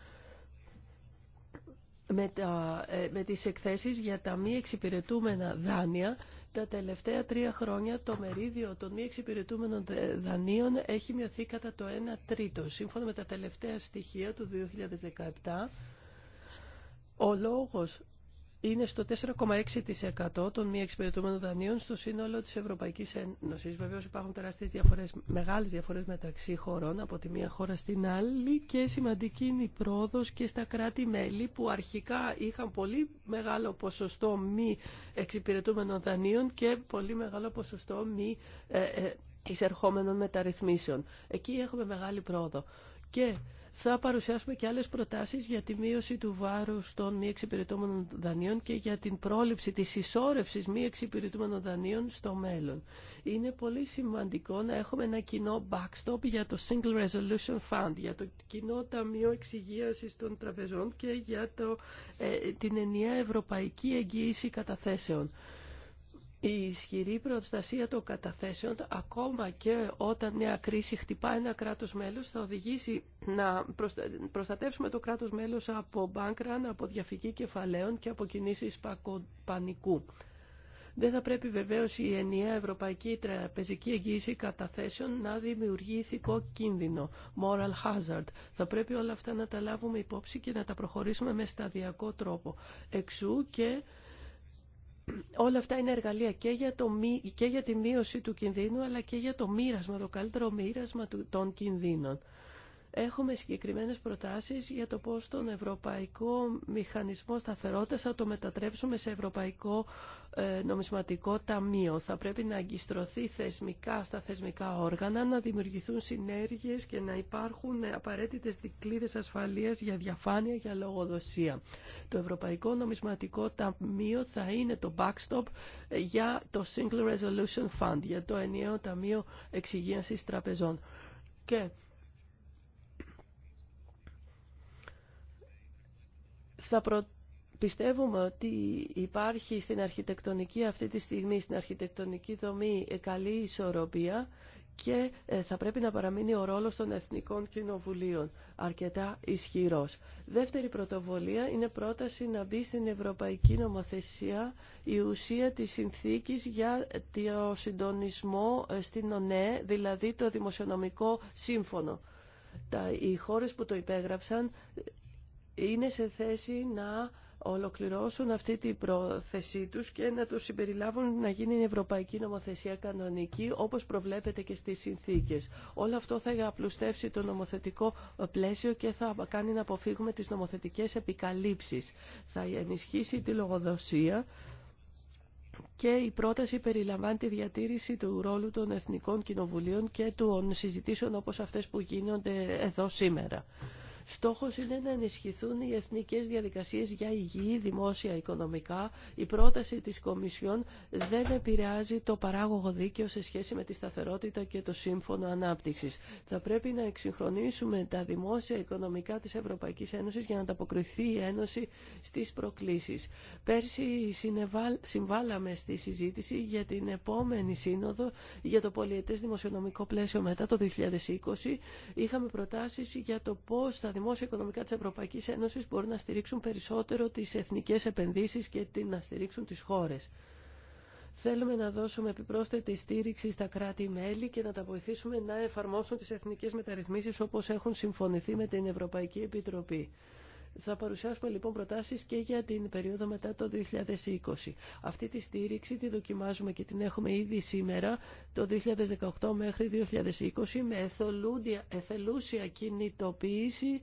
[SPEAKER 5] με, τα, ε, με τις εκθέσεις για τα μη εξυπηρετούμενα δάνεια, τα τελευταία τρία χρόνια το μερίδιο των μη εξυπηρετούμενων δανείων έχει μειωθεί κατά το 1 τρίτο. Σύμφωνα με τα τελευταία στοιχεία του 2017, ο λόγος είναι στο 4,6% των μη εξυπηρετούμενων δανείων στο σύνολο της Ευρωπαϊκής Ένωσης. Βεβαίως υπάρχουν τεράστιες διαφορές, μεγάλες διαφορές μεταξύ χωρών από τη μία χώρα στην άλλη και σημαντική είναι η πρόοδος και στα κράτη-μέλη που αρχικά είχαν πολύ μεγάλο ποσοστό μη εξυπηρετούμενων δανείων και πολύ μεγάλο ποσοστό μη ε, ε, εισερχόμενων μεταρρυθμίσεων. Εκεί έχουμε μεγάλη πρόοδο. Και θα παρουσιάσουμε και άλλες προτάσεις για τη μείωση του βάρους των μη εξυπηρετούμενων δανείων και για την πρόληψη της ισόρευσης μη εξυπηρετούμενων δανείων στο μέλλον. Είναι πολύ σημαντικό να έχουμε ένα κοινό backstop για το Single Resolution Fund, για το κοινό Ταμείο Εξυγίασης των Τραπεζών και για το, ε, την ενιαία Ευρωπαϊκή Εγγύηση Καταθέσεων. Η ισχυρή προστασία των καταθέσεων, ακόμα και όταν μια κρίση χτυπά ένα κράτος μέλος, θα οδηγήσει να προστατεύσουμε το κράτος μέλος από μπάνκραν, από διαφυγή κεφαλαίων και από κινήσεις πανικού. Δεν θα πρέπει βεβαίως η ενιαία ευρωπαϊκή τραπεζική εγγύηση καταθέσεων να δημιουργεί ηθικό κίνδυνο, moral hazard. Θα πρέπει όλα αυτά να τα λάβουμε υπόψη και να τα προχωρήσουμε με σταδιακό τρόπο. Εξού και όλα αυτά είναι εργαλεία και για, το, και για τη μείωση του κινδύνου αλλά και για το μοίρασμα, το καλύτερο μοίρασμα των κινδύνων έχουμε συγκεκριμένες προτάσεις για το πώς τον Ευρωπαϊκό Μηχανισμό Σταθερότητας θα το μετατρέψουμε σε Ευρωπαϊκό ε, Νομισματικό Ταμείο. Θα πρέπει να αγκιστρωθεί θεσμικά στα θεσμικά όργανα, να δημιουργηθούν συνέργειες και να υπάρχουν απαραίτητες δικλείδες ασφαλείας για διαφάνεια και λογοδοσία. Το Ευρωπαϊκό Νομισματικό Ταμείο θα είναι το backstop για το Single Resolution Fund, για το ενιαίο Ταμείο Εξυγίανσης Τραπεζών. Και θα Πιστεύουμε ότι υπάρχει στην αρχιτεκτονική αυτή τη στιγμή, στην αρχιτεκτονική δομή, ε, καλή ισορροπία και ε, θα πρέπει να παραμείνει ο ρόλος των Εθνικών Κοινοβουλίων αρκετά ισχυρός. Δεύτερη πρωτοβολία είναι πρόταση να μπει στην Ευρωπαϊκή Νομοθεσία η ουσία της συνθήκης για το συντονισμό ε, στην ΟΝΕ, δηλαδή το Δημοσιονομικό Σύμφωνο. Τα, οι χώρες που το υπέγραψαν είναι σε θέση να ολοκληρώσουν αυτή την πρόθεσή τους και να τους συμπεριλάβουν να γίνει η Ευρωπαϊκή Νομοθεσία κανονική όπως προβλέπεται και στις συνθήκες. Όλο αυτό θα απλουστεύσει το νομοθετικό πλαίσιο και θα κάνει να αποφύγουμε τις νομοθετικές επικαλύψεις. Θα ενισχύσει τη λογοδοσία και η πρόταση περιλαμβάνει τη διατήρηση του ρόλου των Εθνικών Κοινοβουλίων και των συζητήσεων όπως αυτές που γίνονται εδώ σήμερα. Στόχος είναι να ενισχυθούν οι εθνικές διαδικασίες για υγιή δημόσια οικονομικά. Η πρόταση της Κομισιόν δεν επηρεάζει το παράγωγο δίκαιο σε σχέση με τη σταθερότητα και το σύμφωνο ανάπτυξης. Θα πρέπει να εξυγχρονίσουμε τα δημόσια οικονομικά της Ευρωπαϊκής Ένωσης για να ανταποκριθεί η Ένωση στις προκλήσεις. Πέρσι συμβάλαμε στη συζήτηση για την επόμενη σύνοδο για το πολιετές δημοσιονομικό πλαίσιο μετά το 2020. Είχαμε προτάσει για το πώ θα τα δημόσια οικονομικά της Ευρωπαϊκής Ένωσης μπορούν να στηρίξουν περισσότερο τις εθνικές επενδύσεις και να στηρίξουν τις χώρες. Θέλουμε να δώσουμε επιπρόσθετη στήριξη στα κράτη-μέλη και να τα βοηθήσουμε να εφαρμόσουν τις εθνικές μεταρρυθμίσεις όπως έχουν συμφωνηθεί με την Ευρωπαϊκή Επιτροπή. Θα παρουσιάσουμε λοιπόν προτάσεις και για την περίοδο μετά το 2020. Αυτή τη στήριξη τη δοκιμάζουμε και την έχουμε ήδη σήμερα το 2018 μέχρι 2020 με εθελούσια κινητοποίηση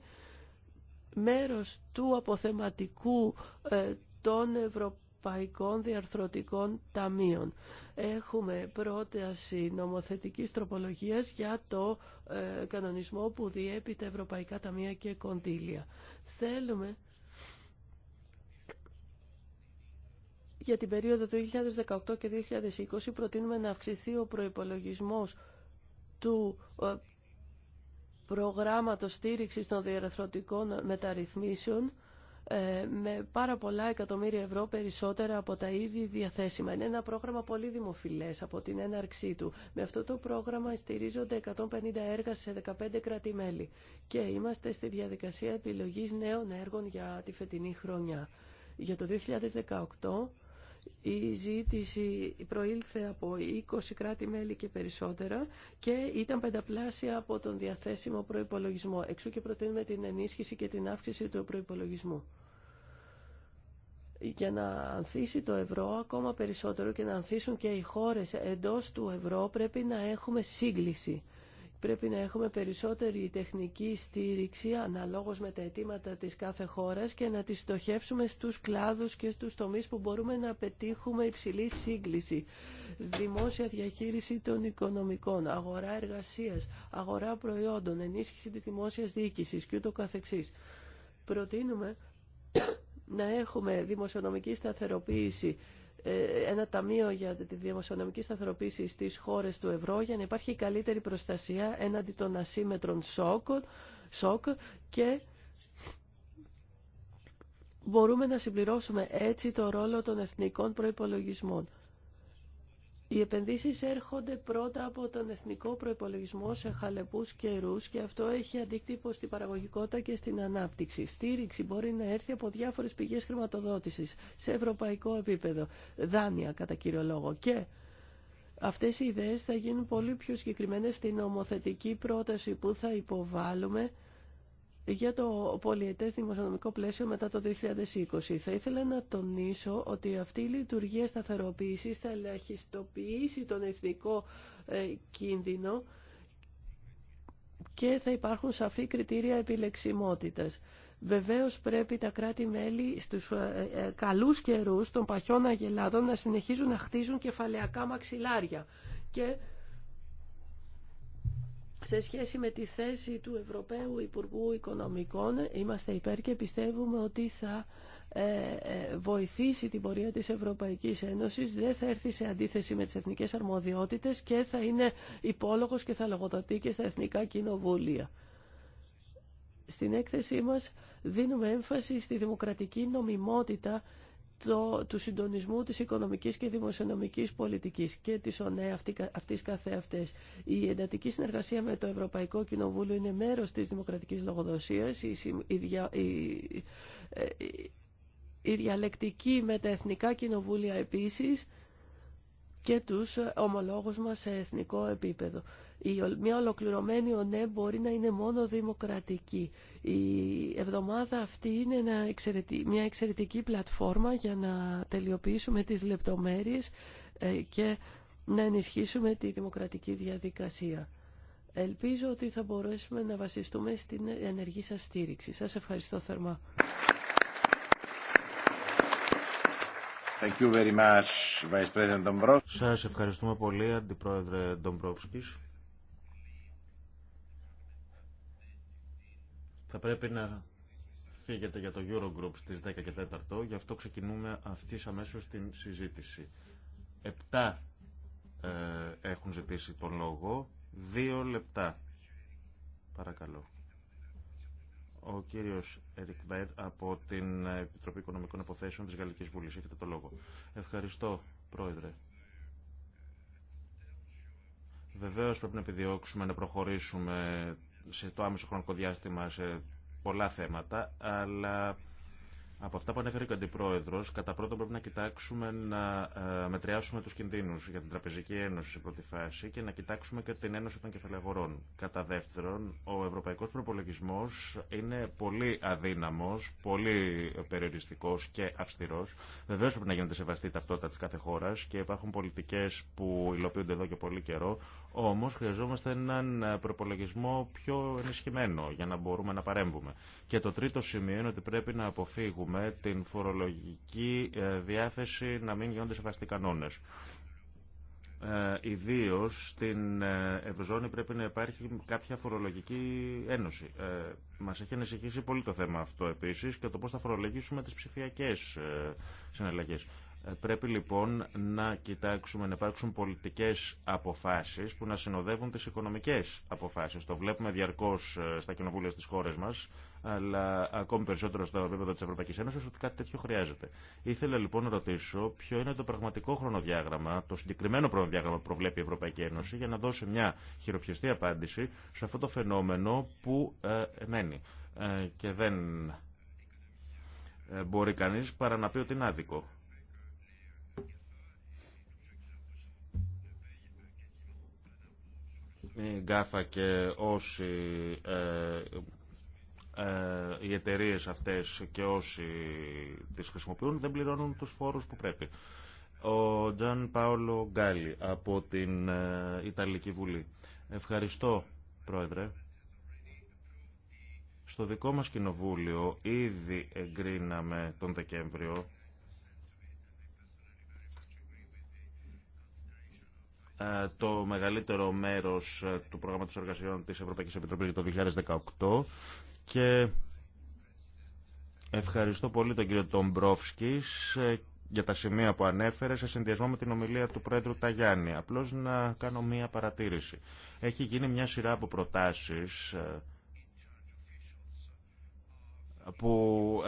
[SPEAKER 5] μέρος του αποθεματικού ε, των Ευρωπαϊκών Ευρωπαϊκών Διαρθρωτικών Ταμείων. Έχουμε πρόταση νομοθετικής τροπολογίας για το ε, κανονισμό που διέπει τα Ευρωπαϊκά Ταμεία και κοντήλια. Θέλουμε για την περίοδο 2018 και 2020 προτείνουμε να αυξηθεί ο προϋπολογισμός του ε, προγράμματος στήριξης των διαρθρωτικών μεταρρυθμίσεων ε, με πάρα πολλά εκατομμύρια ευρώ περισσότερα από τα ήδη διαθέσιμα. Είναι ένα πρόγραμμα πολύ δημοφιλές από την έναρξή του. Με αυτό το πρόγραμμα στηρίζονται 150 έργα σε 15 κράτη-μέλη και είμαστε στη διαδικασία επιλογής νέων έργων για τη φετινή χρονιά. Για το 2018... Η ζήτηση προήλθε από 20 κράτη-μέλη και περισσότερα και ήταν πενταπλάσια από τον διαθέσιμο προϋπολογισμό. Εξού και προτείνουμε την ενίσχυση και την αύξηση του προϋπολογισμού για να ανθίσει το ευρώ ακόμα περισσότερο και να ανθίσουν και οι χώρες εντός του ευρώ πρέπει να έχουμε σύγκληση. Πρέπει να έχουμε περισσότερη τεχνική στήριξη αναλόγως με τα αιτήματα της κάθε χώρας και να τη στοχεύσουμε στους κλάδους και στους τομείς που μπορούμε να πετύχουμε υψηλή σύγκληση. Δημόσια διαχείριση των οικονομικών, αγορά εργασίας, αγορά προϊόντων, ενίσχυση της δημόσιας διοίκησης και ούτω καθεξής. Προτείνουμε να έχουμε δημοσιονομική σταθεροποίηση, ε, ένα ταμείο για τη δημοσιονομική σταθεροποίηση στις χώρες του ευρώ για να υπάρχει καλύτερη προστασία έναντι των ασύμετρων σοκ και μπορούμε να συμπληρώσουμε έτσι το ρόλο των εθνικών προϋπολογισμών. Οι επενδύσεις έρχονται πρώτα από τον εθνικό προϋπολογισμό σε χαλεπούς καιρούς και αυτό έχει αντίκτυπο στην παραγωγικότητα και στην ανάπτυξη. Στήριξη μπορεί να έρθει από διάφορες πηγές χρηματοδότησης σε ευρωπαϊκό επίπεδο, δάνεια κατά κύριο λόγο και... Αυτές οι ιδέες θα γίνουν πολύ πιο συγκεκριμένες στην νομοθετική πρόταση που θα υποβάλουμε για το πολιετές δημοσιονομικό πλαίσιο μετά το 2020. Θα ήθελα να τονίσω ότι αυτή η λειτουργία σταθεροποίησης θα ελαχιστοποιήσει τον εθνικό ε, κίνδυνο και θα υπάρχουν σαφή κριτήρια επιλεξιμότητας. Βεβαίως πρέπει τα κράτη-μέλη στους ε, ε, καλούς καιρούς των παχιών αγελάδων να συνεχίζουν να χτίζουν κεφαλαιακά μαξιλάρια σε σχέση με τη θέση του Ευρωπαίου Υπουργού Οικονομικών είμαστε υπέρ και πιστεύουμε ότι θα ε, ε, βοηθήσει την πορεία της Ευρωπαϊκής Ένωσης, δεν θα έρθει σε αντίθεση με τις εθνικές αρμοδιότητες και θα είναι υπόλογος και θα λογοδοτεί και στα εθνικά κοινοβούλια. Στην έκθεσή μας δίνουμε έμφαση στη δημοκρατική νομιμότητα το, του συντονισμού της οικονομικής και δημοσιονομικής πολιτικής και της ΟΝΕ αυτή, αυτής καθεαυτές. Η εντατική συνεργασία με το Ευρωπαϊκό Κοινοβούλιο είναι μέρος της δημοκρατικής λογοδοσίας. Η, η, ε, η, η διαλεκτική με τα εθνικά κοινοβούλια επίσης και τους ομολόγους μας σε εθνικό επίπεδο. Η, μια ολοκληρωμένη ΟΝΕ μπορεί να είναι μόνο δημοκρατική. Η εβδομάδα αυτή είναι μια εξαιρετική πλατφόρμα για να τελειοποιήσουμε τις λεπτομέρειες ε, και να ενισχύσουμε τη δημοκρατική διαδικασία. Ελπίζω ότι θα μπορέσουμε να βασιστούμε στην ενεργή σας στήριξη. Σας ευχαριστώ θερμά.
[SPEAKER 2] Σας ευχαριστούμε πολύ, Αντιπρόεδρε Ντομπρόφσκης. Θα πρέπει να φύγετε για το Eurogroup στις 10 και 4, γι' αυτό ξεκινούμε αυτή αμέσως την συζήτηση. Επτά ε, έχουν ζητήσει τον λόγο. Δύο λεπτά. Παρακαλώ. Ο κύριος Ερικ Βέρ από την Επιτροπή Οικονομικών Αποθέσεων της Γαλλικής Βουλής. Έχετε το λόγο. Ευχαριστώ, Πρόεδρε. Βεβαίως πρέπει να επιδιώξουμε να προχωρήσουμε σε το άμεσο χρονικό διάστημα σε πολλά θέματα, αλλά από αυτά που ανέφερε ο Αντιπρόεδρο, κατά πρώτον πρέπει να κοιτάξουμε να ε, μετριάσουμε του κινδύνου για την Τραπεζική Ένωση σε πρώτη φάση και να κοιτάξουμε και την Ένωση των Κεφαλαγορών. Κατά δεύτερον, ο ευρωπαϊκό προπολογισμό είναι πολύ αδύναμο, πολύ περιοριστικό και αυστηρό. Βεβαίω πρέπει να γίνεται σεβαστή η ταυτότητα τη κάθε χώρα και υπάρχουν πολιτικέ που υλοποιούνται εδώ και πολύ καιρό, Όμω χρειαζόμαστε έναν ε, προπολογισμό πιο ενισχυμένο για να μπορούμε να παρέμβουμε. Και το τρίτο σημείο είναι ότι πρέπει να αποφύγουμε την φορολογική ε, διάθεση να μην γίνονται σεβαστοί κανόνε. Ε, Ιδίω στην ε, Ευρωζώνη πρέπει να υπάρχει κάποια φορολογική ένωση. Ε, Μα έχει ανησυχήσει πολύ το θέμα αυτό επίση και το πώ θα φορολογήσουμε τι ψηφιακέ συναλλαγέ. Ε, πρέπει λοιπόν να κοιτάξουμε να υπάρξουν πολιτικές αποφάσεις που να συνοδεύουν τις οικονομικές αποφάσεις. Το βλέπουμε διαρκώς ε, στα κοινοβούλια στις χώρες μας, αλλά ακόμη περισσότερο στο επίπεδο της Ευρωπαϊκής Ένωσης ότι κάτι τέτοιο χρειάζεται. Ήθελα λοιπόν να ρωτήσω ποιο είναι το πραγματικό χρονοδιάγραμμα, το συγκεκριμένο χρονοδιάγραμμα που προβλέπει η Ευρωπαϊκή Ένωση για να δώσει μια χειροπιαστή απάντηση σε αυτό το φαινόμενο που ε, μένει ε, και δεν μπορεί κανείς παρά να πει ότι είναι άδικο. η Γκάφα και όσοι ε, ε, οι εταιρείε αυτές και όσοι τις χρησιμοποιούν δεν πληρώνουν τους φόρους που πρέπει. Ο Τζαν Πάολο Γκάλι από την ε, Ιταλική Βουλή. Ευχαριστώ, Πρόεδρε. Στο δικό μας κοινοβούλιο ήδη εγκρίναμε τον Δεκέμβριο Ε, το μεγαλύτερο μέρος ε, του προγράμματος εργασιών της Ευρωπαϊκής Επιτροπής για το 2018 και ευχαριστώ πολύ τον κύριο Τομπρόφσκης ε, για τα σημεία που ανέφερε σε συνδυασμό με την ομιλία του Πρόεδρου Ταγιάννη. Απλώς να κάνω μία παρατήρηση. Έχει γίνει μια σειρά από προτάσεις που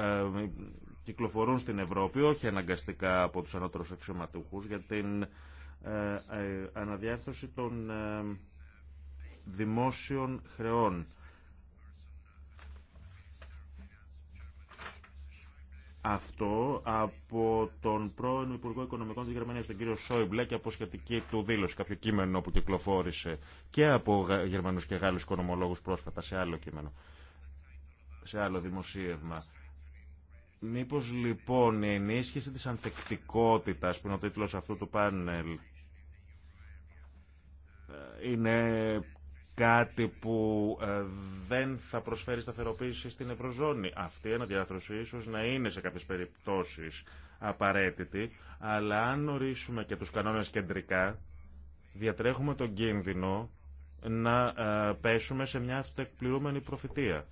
[SPEAKER 2] κυκλοφορούν στην Ευρώπη, όχι αναγκαστικά από τους ανώτερους αξιωματούχους, για την ε, ε, αναδιάρθρωση των ε, δημόσιων χρεών. Αυτό από τον πρώην Υπουργό Οικονομικών της Γερμανίας, τον κύριο Σόιμπλε, και από σχετική του δήλωση, κάποιο κείμενο που κυκλοφόρησε και από Γερμανούς και Γάλλους οικονομολόγους πρόσφατα σε άλλο κείμενο, σε άλλο δημοσίευμα. Μήπως λοιπόν η ενίσχυση της ανθεκτικότητας, που είναι ο τίτλος αυτού του πάνελ, είναι κάτι που ε, δεν θα προσφέρει σταθεροποίηση στην Ευρωζώνη. Αυτή η αναδιάρθρωση ίσως να είναι σε κάποιες περιπτώσεις απαραίτητη, αλλά αν ορίσουμε και τους κανόνες κεντρικά, διατρέχουμε τον κίνδυνο να ε, πέσουμε σε μια αυτεκπληρούμενη προφητεία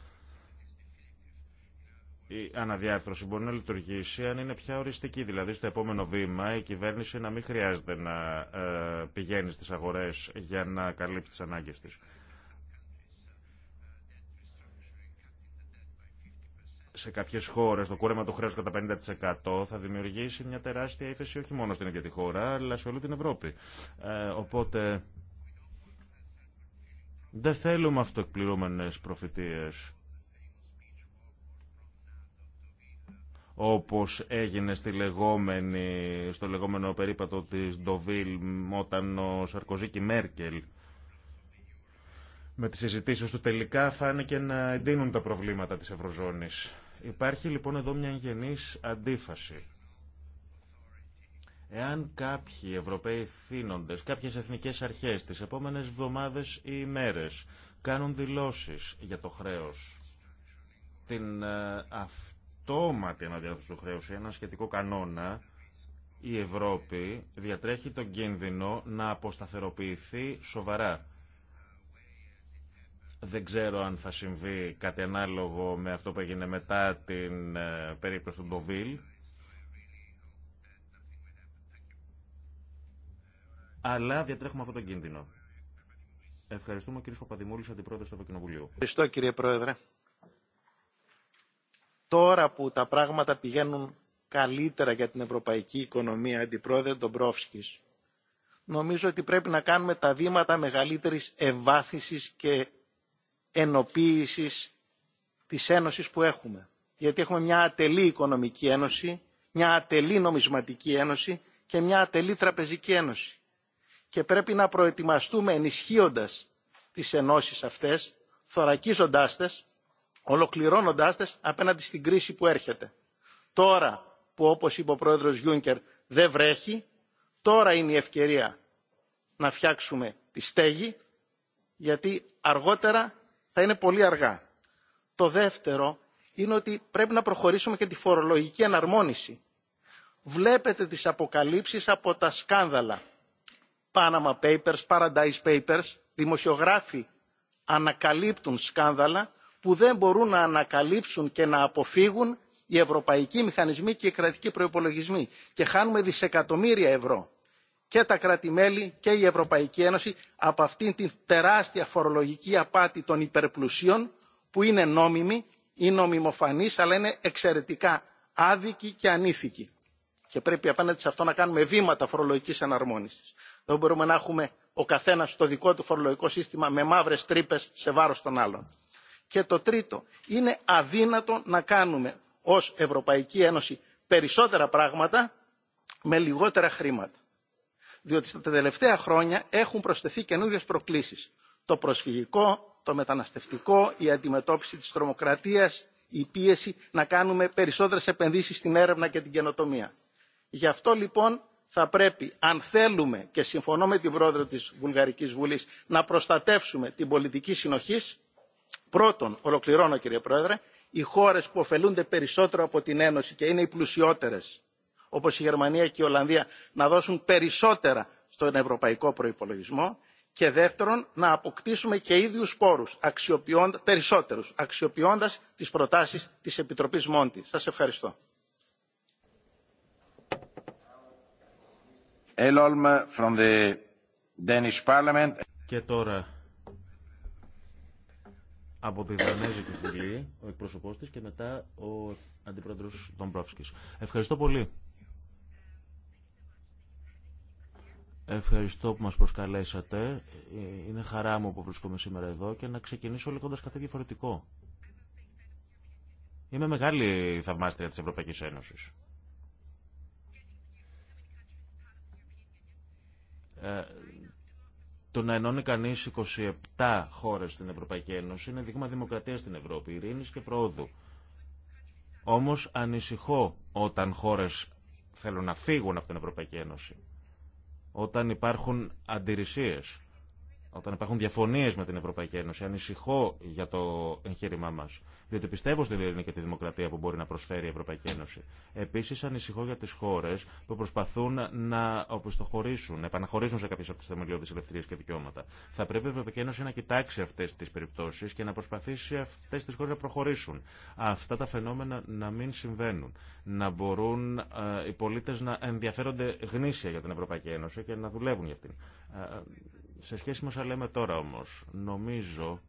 [SPEAKER 2] η αναδιάρθρωση μπορεί να λειτουργήσει αν είναι πια οριστική. Δηλαδή στο επόμενο βήμα η κυβέρνηση να μην χρειάζεται να ε, πηγαίνει στις αγορές για να καλύψει τις ανάγκες της. σε κάποιες χώρες το κούρεμα του χρέους κατά 50% θα δημιουργήσει μια τεράστια ύφεση όχι μόνο στην ίδια τη χώρα αλλά σε όλη την Ευρώπη. Ε, οπότε δεν θέλουμε αυτοεκπληρούμενες προφητείες. όπως έγινε στη λεγόμενη, στο λεγόμενο περίπατο της Ντοβίλ όταν ο Σαρκοζίκη Μέρκελ με τις συζητήσεις του τελικά φάνηκε να εντείνουν τα προβλήματα της Ευρωζώνης. Υπάρχει λοιπόν εδώ μια γενής αντίφαση. Εάν κάποιοι Ευρωπαίοι θύνοντες, κάποιες εθνικές αρχές τις επόμενες εβδομάδες ή ημέρες κάνουν δηλώσεις για το χρέος, την ε, αυτόματη αναδιάρθρωση του χρέου ή ένα σχετικό κανόνα, σε Ευρώπη διατρέχει τον κίνδυνο να αποσταθεροποιηθεί σοβαρά. Δεν ξέρω αν θα συμβεί κάτι ανάλογο με αυτό που έγινε μετά την ε, περίπτωση του Ντοβίλ. Αλλά διατρέχουμε αυτό τον κίνδυνο. Ευχαριστούμε κύριο Παπαδημούλη, Αντιπρόεδρο του Ευρωκοινοβουλίου.
[SPEAKER 6] Ευχαριστώ κύριε Πρόεδρε
[SPEAKER 2] τώρα που τα πράγματα πηγαίνουν καλύτερα
[SPEAKER 6] για την ευρωπαϊκή οικονομία, αντιπρόεδρε Ντομπρόφσκης, νομίζω ότι πρέπει να κάνουμε τα βήματα μεγαλύτερης ευάθυσης και ενοποίησης της ένωσης που έχουμε. Γιατί έχουμε μια ατελή οικονομική ένωση, μια ατελή νομισματική ένωση και μια ατελή τραπεζική ένωση. Και πρέπει να προετοιμαστούμε ενισχύοντας τις ενώσεις αυτές, θωρακίζοντάς τες, ολοκληρώνοντάς τες απέναντι στην κρίση που έρχεται. Τώρα που όπως είπε ο πρόεδρος Γιούνκερ δεν βρέχει, τώρα είναι η ευκαιρία να φτιάξουμε τη στέγη, γιατί αργότερα θα είναι πολύ αργά. Το δεύτερο είναι ότι πρέπει να προχωρήσουμε και τη φορολογική εναρμόνιση. Βλέπετε τις αποκαλύψεις από τα σκάνδαλα. Panama Papers, Paradise Papers, δημοσιογράφοι ανακαλύπτουν σκάνδαλα που δεν μπορούν να ανακαλύψουν και να αποφύγουν οι ευρωπαϊκοί μηχανισμοί και οι κρατικοί προϋπολογισμοί και χάνουμε δισεκατομμύρια ευρώ και τα κράτη-μέλη και η Ευρωπαϊκή Ένωση από αυτήν την τεράστια φορολογική απάτη των υπερπλουσίων που είναι νόμιμη ή νομιμοφανής αλλά είναι εξαιρετικά άδικη και ανήθικη. Και πρέπει απέναντι σε αυτό να κάνουμε βήματα φορολογικής αναρμόνισης. Δεν μπορούμε να έχουμε ο καθένας το δικό του φορολογικό σύστημα με μαύρες τρύπε σε βάρος των άλλων. Και το τρίτο, είναι αδύνατο να κάνουμε ως Ευρωπαϊκή Ένωση περισσότερα πράγματα με λιγότερα χρήματα. Διότι στα τελευταία χρόνια έχουν προσθεθεί καινούριες προκλήσεις. Το προσφυγικό, το μεταναστευτικό, η αντιμετώπιση της τρομοκρατίας, η πίεση να κάνουμε περισσότερες επενδύσεις στην έρευνα και την καινοτομία. Γι' αυτό λοιπόν θα πρέπει, αν θέλουμε και συμφωνώ με την πρόεδρο της Βουλγαρικής Βουλής, να προστατεύσουμε την πολιτική συνοχής, πρώτον ολοκληρώνω κύριε πρόεδρε οι χώρες που ωφελούνται περισσότερο από την ένωση και είναι οι πλουσιότερες όπως η γερμανία και η ολλανδία να δώσουν περισσότερα στον ευρωπαϊκό προϋπολογισμό και δεύτερον να αποκτήσουμε και ίδιους πόρους περισσότερου, περισσότερους αξιοποιώντας τις προτάσεις της Επιτροπής Μόντι. Σας ευχαριστώ
[SPEAKER 2] από τη Δανέζικη Βουλή, ο εκπρόσωπός της και μετά ο αντιπρόεδρος Ντομπρόφσκης. Ευχαριστώ πολύ. Ευχαριστώ που μας προσκαλέσατε. Είναι χαρά μου που βρίσκομαι σήμερα εδώ και να ξεκινήσω λέγοντας κάτι διαφορετικό. Είμαι μεγάλη θαυμάστρια της Ευρωπαϊκής Ένωσης. Ε, το να ενώνει κανεί 27 χώρε στην Ευρωπαϊκή Ένωση είναι δείγμα δημοκρατία στην Ευρώπη, ειρήνη και προόδου. Όμω ανησυχώ όταν χώρε θέλουν να φύγουν από την Ευρωπαϊκή Ένωση. Όταν υπάρχουν αντιρρησίες όταν υπάρχουν διαφωνίες με την Ευρωπαϊκή Ένωση, ανησυχώ για το εγχείρημά μας, διότι πιστεύω στην ειρήνη και τη δημοκρατία που μπορεί να προσφέρει η Ευρωπαϊκή Ένωση. Επίσης ανησυχώ για τις χώρες που προσπαθούν να οπισθοχωρήσουν, να επαναχωρήσουν σε κάποιες από τις θεμελιώδεις ελευθερίες και δικαιώματα. Θα πρέπει η Ευρωπαϊκή Ένωση να κοιτάξει αυτές τις περιπτώσεις και να προσπαθήσει αυτές τις χώρες να προχωρήσουν. Αυτά τα φαινόμενα να μην συμβαίνουν, να μπορούν ε, οι πολίτες να ενδιαφέρονται γνήσια για την Ευρωπαϊκή Ένωση και να δουλεύουν για αυτήν. Ε, ε, σε σχέση με όσα λέμε τώρα όμως, νομίζω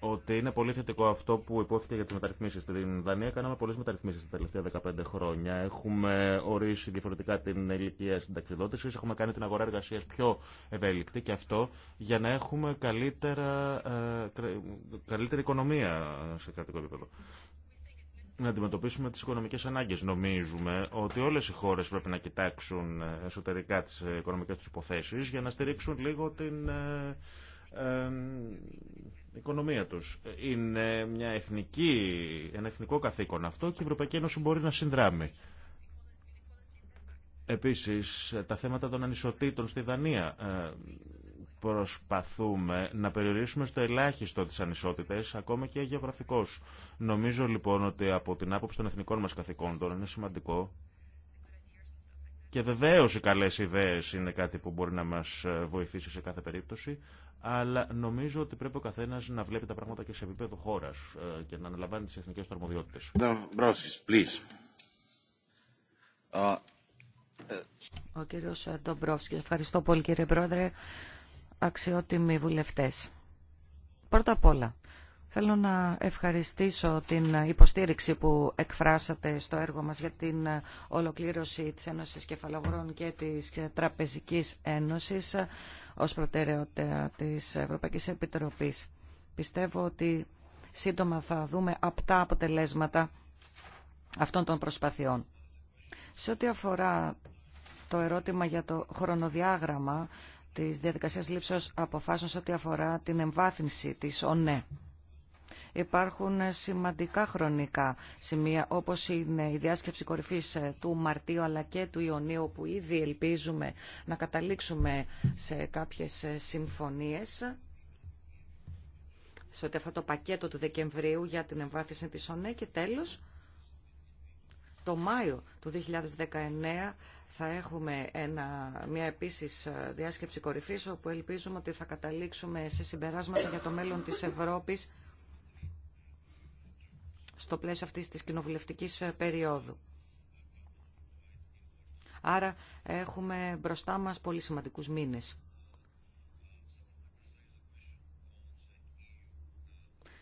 [SPEAKER 2] ότι είναι πολύ θετικό αυτό που υπόθηκε για τι μεταρρυθμίσει. Στην Δανία κάναμε πολλέ μεταρρυθμίσει τα τελευταία 15 χρόνια. Έχουμε ορίσει διαφορετικά την ηλικία συνταξιδότηση, έχουμε κάνει την αγορά εργασία πιο ευέλικτη και αυτό για να έχουμε καλύτερα, ε, καλύτερη οικονομία σε κρατικό επίπεδο να αντιμετωπίσουμε τις οικονομικές ανάγκες. Νομίζουμε ότι όλες οι χώρες πρέπει να κοιτάξουν ε, εσωτερικά τις ε, οικονομικές τους υποθέσεις για να στηρίξουν λίγο την ε, οικονομία τους. Είναι μια εθνική, ένα εθνικό καθήκον αυτό και η Ευρωπαϊκή Ένωση μπορεί να συνδράμει. Επίσης, τα θέματα των ανισοτήτων στη Δανία προσπαθούμε να περιορίσουμε στο ελάχιστο τις ανισότητες, ακόμα και γεωγραφικώς. Νομίζω λοιπόν ότι από την άποψη των εθνικών μας καθηκόντων είναι σημαντικό και βεβαίω οι καλές ιδέες είναι κάτι που μπορεί να μας ε, βοηθήσει σε κάθε περίπτωση, αλλά νομίζω ότι πρέπει ο καθένα να βλέπει τα πράγματα και σε επίπεδο χώρα ε, και να αναλαμβάνει τι εθνικέ του
[SPEAKER 3] Ο Ευχαριστώ πολύ κύριε Πρόεδρε αξιότιμοι βουλευτές. Πρώτα απ' όλα, θέλω να ευχαριστήσω την υποστήριξη που εκφράσατε στο έργο μας για την ολοκλήρωση της Ένωσης Κεφαλογρών και της Τραπεζικής Ένωσης ως προτεραιότητα της Ευρωπαϊκής Επιτροπής. Πιστεύω ότι σύντομα θα δούμε απτά αποτελέσματα αυτών των προσπαθειών. Σε ό,τι αφορά το ερώτημα για το χρονοδιάγραμμα της διαδικασίας λήψεως αποφάσεων σε ό,τι αφορά την εμβάθυνση της ΟΝΕ. Υπάρχουν σημαντικά χρονικά σημεία όπως είναι η διάσκεψη κορυφής ε, του Μαρτίου αλλά και του Ιωνίου που ήδη ελπίζουμε να καταλήξουμε σε κάποιες ε, συμφωνίες σε ό,τι αυτό το πακέτο του Δεκεμβρίου για την εμβάθυνση της ΟΝΕ και τέλος το Μάιο του 2019 θα έχουμε ένα, μια επίσης ε, διάσκεψη κορυφής όπου ελπίζουμε ότι θα καταλήξουμε σε συμπεράσματα για το μέλλον της Ευρώπης στο πλαίσιο αυτής της κοινοβουλευτικής ε, περίοδου. Άρα έχουμε μπροστά μας πολύ σημαντικούς μήνες.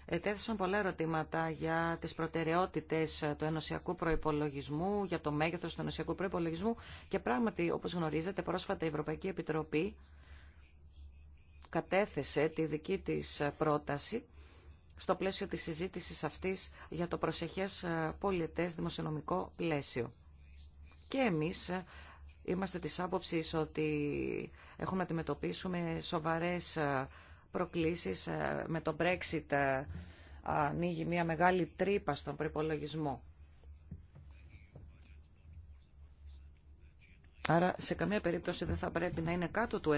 [SPEAKER 3] Ετέθησαν πολλά ερωτήματα για τις προτεραιότητες του ενωσιακού προϋπολογισμού, για το μέγεθος του ενωσιακού προϋπολογισμού και πράγματι, όπως γνωρίζετε, πρόσφατα η Ευρωπαϊκή Επιτροπή κατέθεσε τη δική της πρόταση στο πλαίσιο της συζήτησης αυτής για το προσεχές ε, πολιτέ δημοσιονομικό πλαίσιο. Και εμείς ε, είμαστε της άποψης ότι έχουμε να αντιμετωπίσουμε σοβαρές ε, προκλήσεις ε, με το Brexit ε, ανοίγει μια μεγάλη τρύπα στον προπολογισμό. Άρα σε καμία περίπτωση δεν θα πρέπει να είναι κάτω του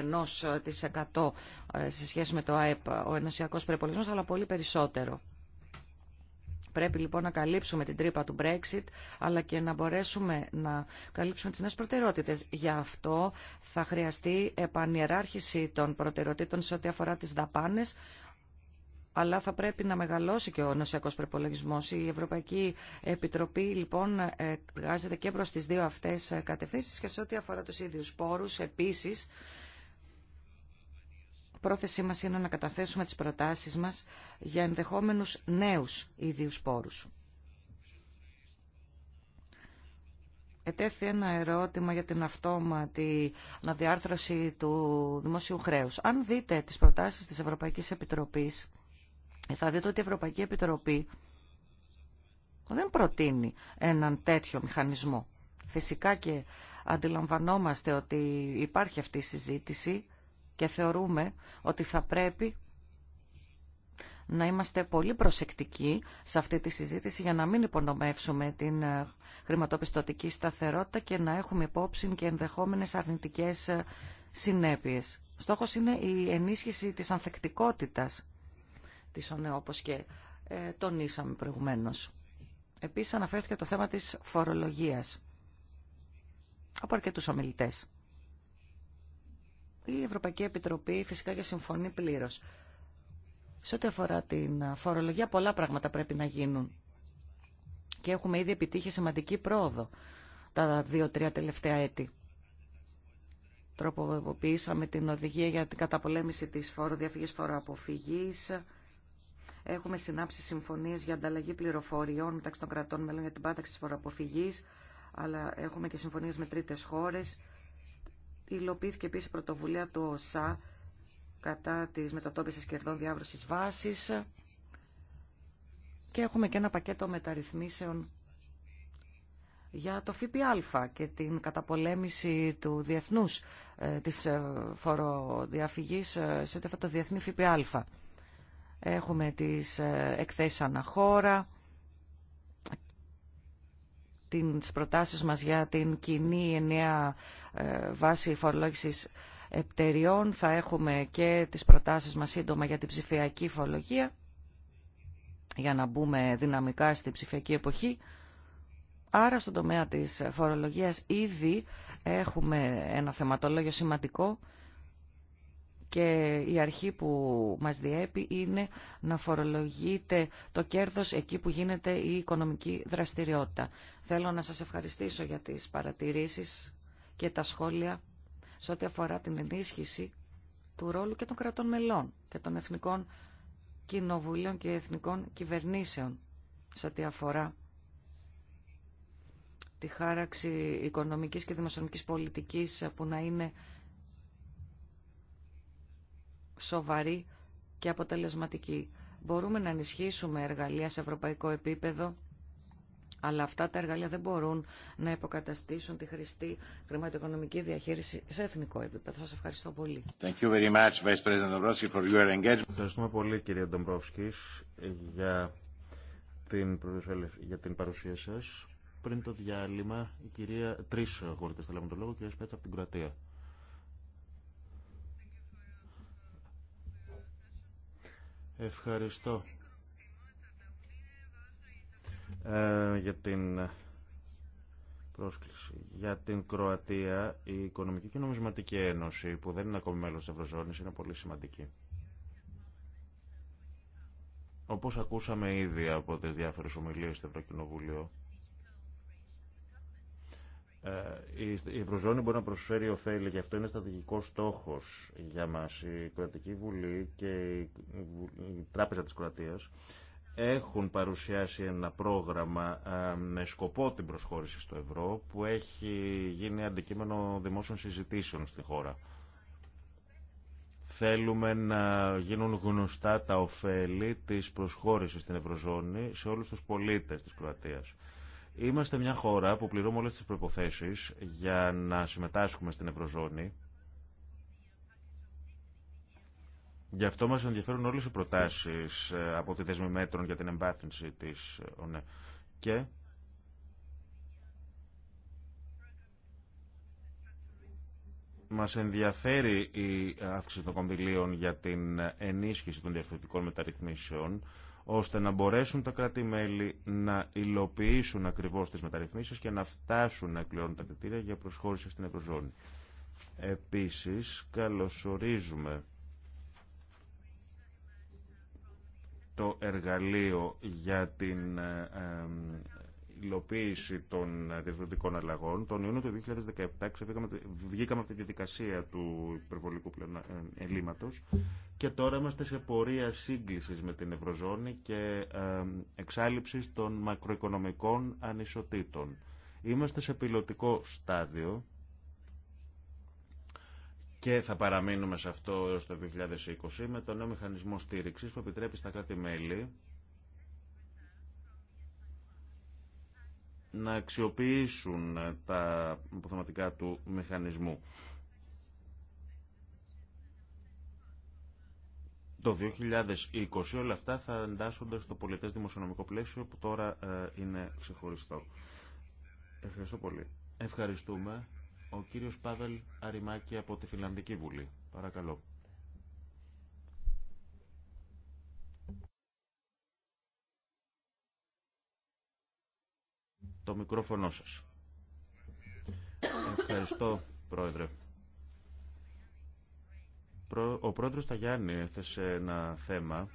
[SPEAKER 3] 1% ε, σε σχέση με το ΑΕΠ ο ενωσιακός προπολογισμός, αλλά πολύ περισσότερο. Πρέπει λοιπόν να καλύψουμε την τρύπα του Brexit, αλλά και να μπορέσουμε να καλύψουμε τις νέες προτεραιότητες. Γι' αυτό θα χρειαστεί επανειεράρχηση των προτεραιοτήτων σε ό,τι αφορά τις δαπάνες, αλλά θα πρέπει να μεγαλώσει και ο νοσιακός προπολογισμό. Η Ευρωπαϊκή Επιτροπή λοιπόν εργάζεται και προς τις δύο αυτές κατευθύνσεις και σε ό,τι αφορά τους ίδιους πόρους επίσης πρόθεσή μας είναι να καταθέσουμε τις προτάσεις μας για ενδεχόμενους νέους ίδιους πόρους. Ετέφθη ένα ερώτημα για την αυτόματη αναδιάρθρωση του δημόσιου χρέους. Αν δείτε τις προτάσεις της Ευρωπαϊκής Επιτροπής, θα δείτε ότι η Ευρωπαϊκή Επιτροπή δεν προτείνει έναν τέτοιο μηχανισμό. Φυσικά και αντιλαμβανόμαστε ότι υπάρχει αυτή η συζήτηση και θεωρούμε ότι θα πρέπει να είμαστε πολύ προσεκτικοί σε αυτή τη συζήτηση για να μην υπονομεύσουμε την ε, χρηματοπιστωτική σταθερότητα και να έχουμε υπόψη και ενδεχόμενες αρνητικές ε, συνέπειες. Στόχος είναι η ενίσχυση της ανθεκτικότητας της ΩΝΕ, όπως και ε, τονίσαμε προηγουμένως. Επίσης αναφέρθηκε το θέμα της φορολογίας από αρκετούς ομιλητές. Η Ευρωπαϊκή Επιτροπή φυσικά και συμφωνεί πλήρω. Σε ό,τι αφορά την φορολογία, πολλά πράγματα πρέπει να γίνουν. Και έχουμε ήδη επιτύχει σημαντική πρόοδο τα δύο-τρία τελευταία έτη. Τροποποιήσαμε την οδηγία για την καταπολέμηση της φοροδιαφυγής φοροαποφυγής. Έχουμε συνάψει συμφωνίες για ανταλλαγή πληροφοριών μεταξύ των κρατών μέλων για την πάταξη της φοροαποφυγής, αλλά έχουμε και συμφωνίες με τρίτες χώρες. Υλοποιήθηκε επίση η πρωτοβουλία του ΟΣΑ κατά τις μετατόπιση κερδών διάβρωση βάση και έχουμε και ένα πακέτο μεταρρυθμίσεων για το ΦΠΑ και την καταπολέμηση του διεθνούς ε, της ε, φοροδιαφυγής ε, σε ό,τι το διεθνή ΦΠΑ. Έχουμε τις εκθέσεις αναχώρα, τις προτάσεις μας για την κοινή ενιαία ε, βάση φορολόγησης επτεριών. Θα έχουμε και τις προτάσεις μας σύντομα για την ψηφιακή φορολογία, για να μπούμε δυναμικά στην ψηφιακή εποχή. Άρα στον τομέα της φορολογίας ήδη έχουμε ένα θεματολόγιο σημαντικό και η αρχή που μας διέπει είναι να φορολογείται το κέρδος εκεί που γίνεται η οικονομική δραστηριότητα. Θέλω να σας ευχαριστήσω για τις παρατηρήσεις και τα σχόλια σε ό,τι αφορά την ενίσχυση του ρόλου και των κρατών μελών και των εθνικών κοινοβουλίων και εθνικών κυβερνήσεων σε ό,τι αφορά τη χάραξη οικονομικής και δημοσιονομικής πολιτικής που να είναι σοβαρή και αποτελεσματική. Μπορούμε να ενισχύσουμε εργαλεία σε ευρωπαϊκό επίπεδο, αλλά αυτά τα εργαλεία δεν μπορούν να υποκαταστήσουν τη χρηστή χρηματοοικονομική διαχείριση σε εθνικό επίπεδο. Σας ευχαριστώ πολύ.
[SPEAKER 2] Ευχαριστούμε πολύ, κύριε Ντομπρόφσκης, για την, για παρουσία σας. Πριν το διάλειμμα, η κυρία αγόρτες, θα λέμε το λόγο, κυρία Σπέτσα από την Κροατία. Ευχαριστώ ε, για την πρόσκληση. Για την Κροατία, η Οικονομική και Νομισματική Ένωση, που δεν είναι ακόμη μέλος της Ευρωζώνης, είναι πολύ σημαντική. Όπως ακούσαμε ήδη από τις διάφορες ομιλίες του Ευρωκοινοβούλιο, ε, η Ευρωζώνη μπορεί να προσφέρει ωφέλη, και αυτό είναι στρατηγικό στόχο για μας. Η Κρατική Βουλή και η Τράπεζα τη Κροατία έχουν παρουσιάσει ένα πρόγραμμα ε, με σκοπό την προσχώρηση στο ευρώ που έχει γίνει αντικείμενο δημόσιων συζητήσεων στη χώρα. Θέλουμε να γίνουν γνωστά τα ωφέλη της προσχώρησης στην Ευρωζώνη σε όλους τους πολίτες της Κροατίας. Είμαστε μια χώρα που πληρώνουμε όλες τις προϋποθέσεις για να συμμετάσχουμε στην Ευρωζώνη. Γι' αυτό μας ενδιαφέρουν όλες οι προτάσεις ε, από τη δεσμή μέτρων για την εμπάθυνση της ΟΝΕ. Ναι. Και μας ενδιαφέρει η αύξηση των κονδυλίων για την ενίσχυση των διαφορετικών μεταρρυθμίσεων ώστε να μπορέσουν τα κράτη-μέλη να υλοποιήσουν ακριβώς τις μεταρρυθμίσει και να φτάσουν να εκπληρώνουν τα κριτήρια για προσχώρηση στην Ευρωζώνη. Επίσης, καλωσορίζουμε το εργαλείο για την ε, ε, υλοποίηση των διευθυντικών αλλαγών. Τον Ιούνιο του 2017 βγήκαμε από τη διαδικασία του υπερβολικού ε, ελλείμματος και τώρα είμαστε σε πορεία σύγκληση με την Ευρωζώνη και ε, εξάλληψη των μακροοικονομικών ανισοτήτων. Είμαστε σε πιλωτικό στάδιο και θα παραμείνουμε σε αυτό έως το 2020 με το νέο μηχανισμό στήριξης που επιτρέπει στα κράτη-μέλη να αξιοποιήσουν τα αποθεματικά του μηχανισμού. Το 2020 όλα αυτά θα εντάσσονται στο πολιτές δημοσιονομικό πλαίσιο που τώρα ε, είναι ξεχωριστό. Ευχαριστώ πολύ. Ευχαριστούμε. Ο κύριος Πάβελ Αριμάκη από τη Φιλανδική Βουλή. Παρακαλώ. το μικρόφωνο σας. Ευχαριστώ, Πρόεδρε. Ο Πρόεδρος Ταγιάννη έθεσε ένα θέμα,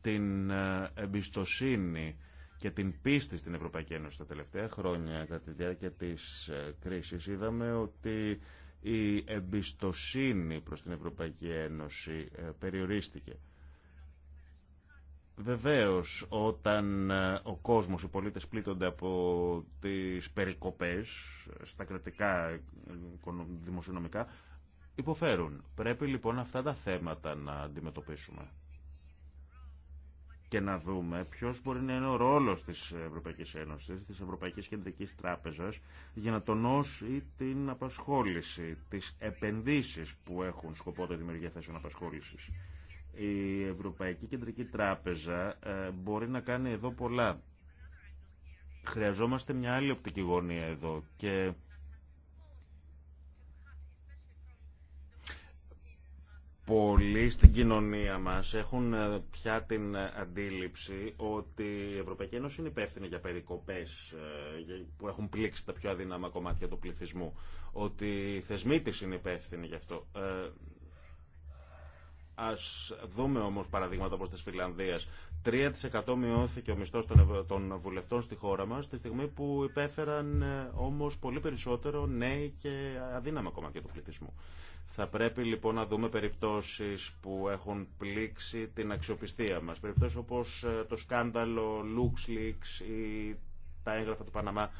[SPEAKER 2] την ε, εμπιστοσύνη και την πίστη στην Ευρωπαϊκή Ένωση τα τελευταία χρόνια, κατά τη διάρκεια της ε, κρίσης, είδαμε ότι η εμπιστοσύνη προς την Ευρωπαϊκή Ένωση ε, περιορίστηκε. Βεβαίως, όταν ε, ο κόσμος, οι πολίτες πλήττονται από τις περικοπές στα κρατικά ε, δημοσιονομικά, υποφέρουν. Πρέπει λοιπόν αυτά τα θέματα να αντιμετωπίσουμε και να δούμε ποιος μπορεί να είναι ο ρόλος της Ευρωπαϊκής Ένωσης, της Ευρωπαϊκής Κεντρικής Τράπεζας για να τονώσει την απασχόληση, τις επενδύσεις που έχουν σκοπό τη δημιουργία θέσεων απασχόλησης. Η Ευρωπαϊκή Κεντρική Τράπεζα ε, μπορεί να κάνει εδώ πολλά. Χρειαζόμαστε μια άλλη οπτική γωνία εδώ και πολλοί στην κοινωνία μας έχουν ε, πια την ε, αντίληψη ότι η Ευρωπαϊκή Ένωση είναι υπεύθυνη για περικοπές που έχουν πλήξει τα πιο αδύναμα κομμάτια του πληθυσμού. Ότι οι θεσμοί της είναι υπεύθυνοι γι' αυτό. Ας δούμε όμως παραδείγματα όπως της Φιλανδίας. 3% μειώθηκε ο μισθός των βουλευτών στη χώρα μας, τη στιγμή που υπέφεραν ε, όμως πολύ περισσότερο νέοι και αδύναμα ακόμα και του πληθυσμού. Θα πρέπει λοιπόν να δούμε περιπτώσεις που έχουν πλήξει την αξιοπιστία μας. Περιπτώσεις όπως ε, το σκάνδαλο LuxLeaks ή τα έγγραφα του Παναμά,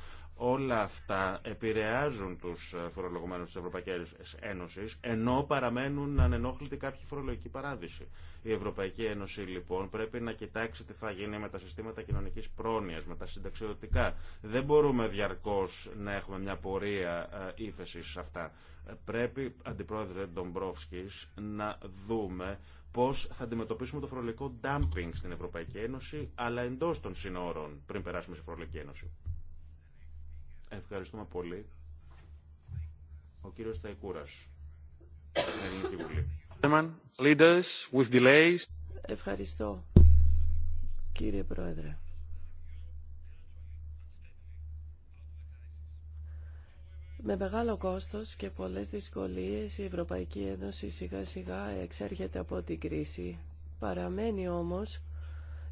[SPEAKER 2] Όλα αυτά επηρεάζουν τους φορολογουμένους της Ευρωπαϊκής Ένωσης, ενώ παραμένουν ανενόχλητοι κάποιοι φορολογικοί παράδεισοι. Η Ευρωπαϊκή Ένωση λοιπόν πρέπει να κοιτάξει τι θα γίνει με τα συστήματα κοινωνικής πρόνοιας, με τα συνταξιδοτικά. Δεν μπορούμε διαρκώς να έχουμε μια πορεία ε, ύφεση σε αυτά. Πρέπει, Αντιπρόεδρε Ντομπρόφσκης, να δούμε πώς θα αντιμετωπίσουμε το φορολογικό dumping στην Ευρωπαϊκή Ένωση, αλλά εντός των συνόρων πριν περάσουμε σε φορολογική ένωση. Ευχαριστούμε πολύ. Ο κύριος Ταϊκούρας. with Βουλή. Ευχαριστώ,
[SPEAKER 5] κύριε Πρόεδρε. Με μεγάλο κόστος και πολλές δυσκολίες η Ευρωπαϊκή Ένωση σιγά σιγά εξέρχεται από την κρίση. Παραμένει όμως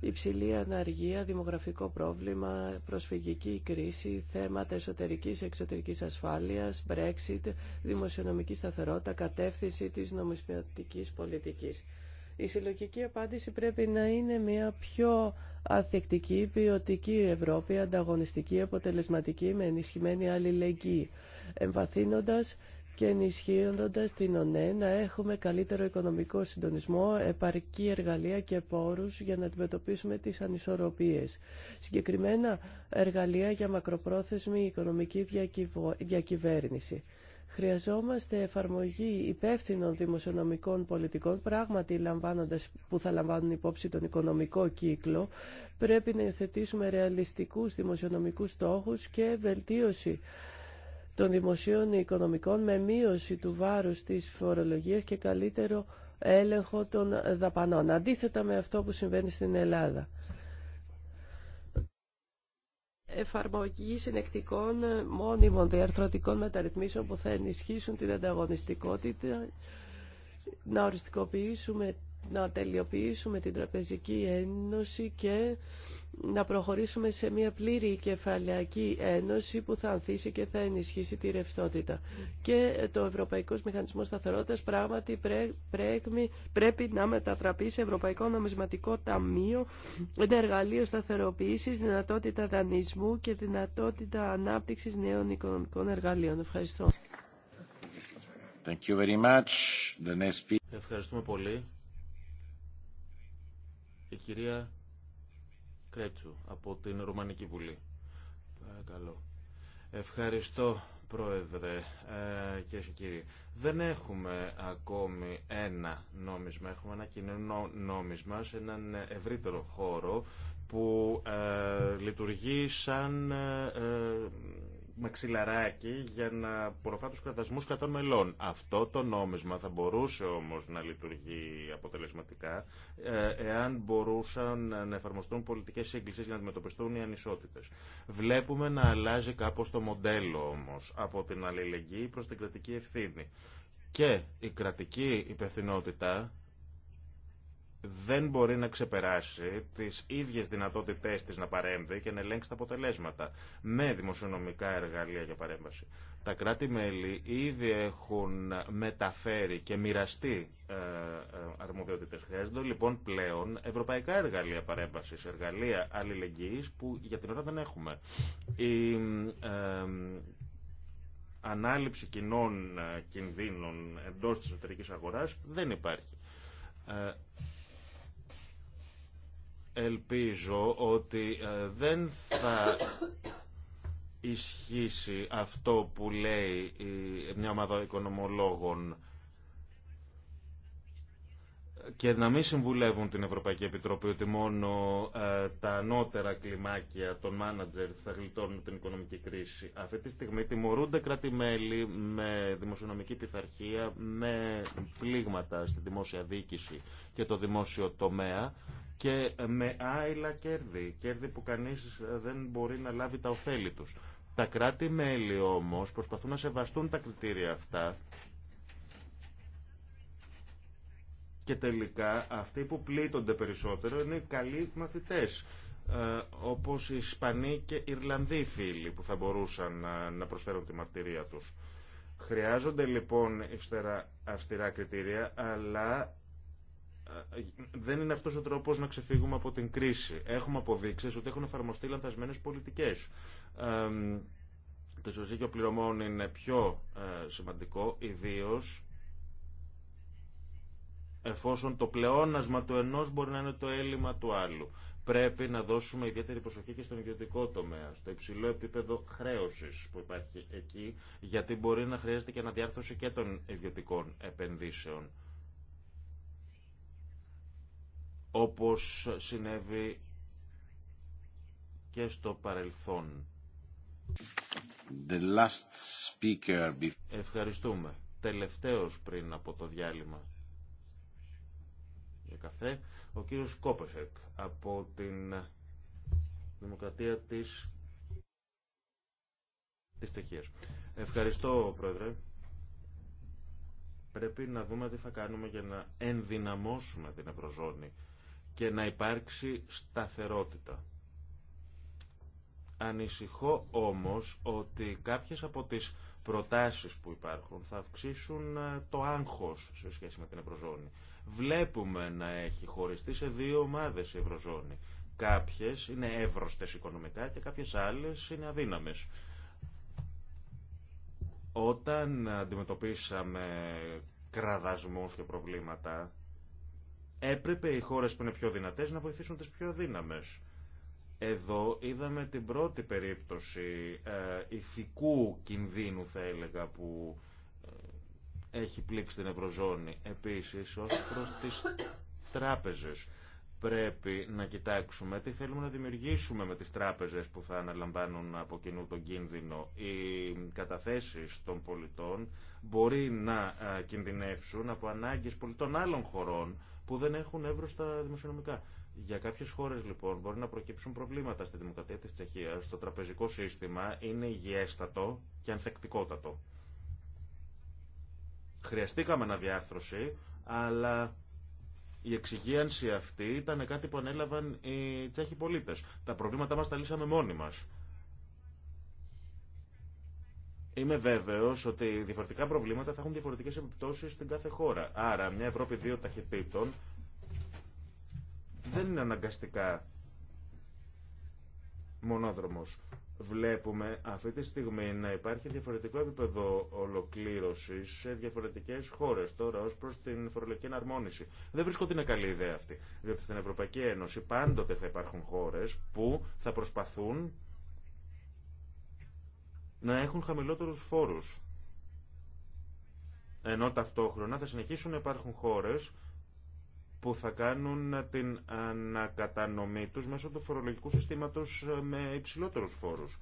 [SPEAKER 5] υψηλή αναργία, δημογραφικό πρόβλημα, προσφυγική κρίση, θέματα εσωτερικής και εξωτερικής ασφάλειας, Brexit, δημοσιονομική σταθερότητα, κατεύθυνση της νομισματικής πολιτικής. Η συλλογική απάντηση πρέπει να είναι μια πιο αθεκτική, ποιοτική Ευρώπη, ανταγωνιστική, αποτελεσματική, με ενισχυμένη αλληλεγγύη, εμβαθύνοντας και ενισχύοντας την ΟΝΕ να έχουμε καλύτερο οικονομικό συντονισμό, επαρκή εργαλεία και πόρους για να αντιμετωπίσουμε τις ανισορροπίες. Συγκεκριμένα εργαλεία για μακροπρόθεσμη οικονομική διακυβέρνηση. Χρειαζόμαστε εφαρμογή υπεύθυνων δημοσιονομικών πολιτικών, πράγματι λαμβάνοντας, που θα λαμβάνουν υπόψη τον οικονομικό κύκλο. Πρέπει να υιοθετήσουμε ρεαλιστικούς δημοσιονομικούς στόχους και βελτίωση των δημοσίων οικονομικών με μείωση του βάρους της φορολογίας και καλύτερο έλεγχο των δαπανών, αντίθετα με αυτό που συμβαίνει στην Ελλάδα. Εφαρμογή συνεκτικών μόνιμων διαρθρωτικών μεταρρυθμίσεων που θα ενισχύσουν την ανταγωνιστικότητα, να οριστικοποιήσουμε να τελειοποιήσουμε την Τραπεζική Ένωση και να προχωρήσουμε σε μια πλήρη κεφαλαιακή ένωση που θα ανθίσει και θα ενισχύσει τη ρευστότητα. Και το Ευρωπαϊκό Μηχανισμό Σταθερότητας πράγματι πρέπει να μετατραπεί σε Ευρωπαϊκό Νομισματικό Ταμείο, ένα εργαλείο σταθεροποίησης, δυνατότητα δανεισμού και δυνατότητα ανάπτυξης νέων οικονομικών εργαλείων. Ευχαριστώ.
[SPEAKER 4] Thank you very much.
[SPEAKER 2] Ευχαριστούμε πολύ. Η κυρία Κρέτσου από την Ρουμανική Βουλή. Καλό. Ευχαριστώ. Πρόεδρε, ε, κυρίε και κύριοι, δεν έχουμε ακόμη ένα νόμισμα. Έχουμε ένα κοινό νόμισμα σε έναν ευρύτερο χώρο που ε, λειτουργεί σαν ε, ε με ξυλαράκι για να απορροφά του κρατασμού κατά μελών. Αυτό το νόμισμα θα μπορούσε όμως να λειτουργεί αποτελεσματικά ε, εάν μπορούσαν να εφαρμοστούν πολιτικές σύγκλησει για να αντιμετωπιστούν οι ανισότητες. Βλέπουμε να αλλάζει κάπω το μοντέλο όμως από την αλληλεγγύη προς την κρατική ευθύνη. Και η κρατική υπευθυνότητα δεν μπορεί να ξεπεράσει τις ίδιες δυνατότητές της να παρέμβει και να ελέγξει τα αποτελέσματα με δημοσιονομικά εργαλεία για παρέμβαση. Τα κράτη-μέλη ήδη έχουν μεταφέρει και μοιραστεί ε, ε, αρμοδιότητες. Χρειάζονται λοιπόν πλέον ευρωπαϊκά εργαλεία παρέμβασης, εργαλεία αλληλεγγύης που για την ώρα δεν έχουμε. Η, ε, ανάληψη κοινών ε, κινδύνων εντός της εσωτερικής αγοράς δεν υπάρχει ελπίζω ότι ε, δεν θα ισχύσει αυτό που λέει μια ομάδα οικονομολόγων και να μην συμβουλεύουν την Ευρωπαϊκή Επιτροπή ότι μόνο ε, τα ανώτερα κλιμάκια των μάνατζερ θα γλιτώνουν την οικονομική κρίση. Αυτή τη στιγμή τιμωρούνται κράτη-μέλη με δημοσιονομική πειθαρχία, με πλήγματα στη δημόσια διοίκηση και το δημόσιο τομέα και με άειλα κέρδη, κέρδη που κανείς ε, δεν μπορεί να λάβει τα ωφέλη τους. Τα κράτη-μέλη όμως προσπαθούν να σεβαστούν τα κριτήρια αυτά και τελικά αυτοί που πλήττονται περισσότερο είναι οι καλοί μαθητές ε, όπως οι Ισπανοί και οι Ιρλανδοί φίλοι που θα μπορούσαν ε, να προσφέρουν τη μαρτυρία τους. Χρειάζονται λοιπόν αυστηρά κριτήρια αλλά δεν είναι αυτός ο τρόπος να ξεφύγουμε από την κρίση. Έχουμε αποδείξεις ότι έχουν εφαρμοστεί λανθασμένες πολιτικές. Το ισοζύγιο πληρωμών είναι πιο ε, σημαντικό, ιδίω εφόσον το πλεόνασμα του ενός μπορεί να είναι το έλλειμμα του άλλου. Πρέπει να δώσουμε ιδιαίτερη προσοχή και στον ιδιωτικό τομέα, στο υψηλό επίπεδο χρέωσης που υπάρχει εκεί, γιατί μπορεί να χρειάζεται και αναδιάρθρωση και των ιδιωτικών επενδύσεων. όπως συνέβη και στο παρελθόν. The last speaker... Ευχαριστούμε. Τελευταίος πριν από το διάλειμμα για καφέ, ο κύριος Κόπεσεκ από την Δημοκρατία της, της Ευχαριστώ, Πρόεδρε. Πρέπει να δούμε τι θα κάνουμε για να ενδυναμώσουμε την Ευρωζώνη και να υπάρξει σταθερότητα. Ανησυχώ όμως ότι κάποιες από τις προτάσεις που υπάρχουν θα αυξήσουν ε, το άγχος σε σχέση με την Ευρωζώνη. Βλέπουμε να έχει χωριστεί σε δύο ομάδες η Ευρωζώνη. Κάποιες είναι εύρωστες οικονομικά και κάποιες άλλες είναι αδύναμες. Όταν αντιμετωπίσαμε κραδασμούς και προβλήματα έπρεπε οι χώρες που είναι πιο δυνατές να βοηθήσουν τις πιο δύναμες. Εδώ είδαμε την πρώτη περίπτωση ε, ηθικού κινδύνου, θα έλεγα, που ε, έχει πλήξει την Ευρωζώνη. Επίσης, ως προς τις τράπεζες πρέπει να κοιτάξουμε τι θέλουμε να δημιουργήσουμε με τις τράπεζες που θα αναλαμβάνουν από κοινού τον κίνδυνο. Οι καταθέσεις των πολιτών μπορεί να ε, κινδυνεύσουν από ανάγκες πολιτών άλλων χωρών που δεν έχουν στα δημοσιονομικά. Για κάποιε χώρε λοιπόν μπορεί να προκύψουν προβλήματα στη δημοκρατία τη Τσεχία. Το τραπεζικό σύστημα είναι υγιέστατο και ανθεκτικότατο. Χρειαστήκαμε διάρθρωση, αλλά η εξυγίανση αυτή ήταν κάτι που ανέλαβαν οι Τσέχοι πολίτε. Τα προβλήματά μα τα λύσαμε μόνοι μα. Είμαι βέβαιο ότι διαφορετικά προβλήματα θα έχουν διαφορετικέ επιπτώσει στην κάθε χώρα. Άρα, μια Ευρώπη δύο ταχυτήτων δεν είναι αναγκαστικά μονόδρομος. Βλέπουμε αυτή τη στιγμή να υπάρχει διαφορετικό επίπεδο ολοκλήρωση σε διαφορετικέ χώρε τώρα ω προ την φορολογική εναρμόνιση. Δεν βρίσκω ότι είναι καλή ιδέα αυτή. Διότι στην Ευρωπαϊκή Ένωση πάντοτε θα υπάρχουν χώρε που θα προσπαθούν να έχουν χαμηλότερους φόρους. Ενώ ταυτόχρονα θα συνεχίσουν να υπάρχουν χώρες που θα κάνουν την ανακατανομή τους μέσω του φορολογικού συστήματος με υψηλότερους φόρους.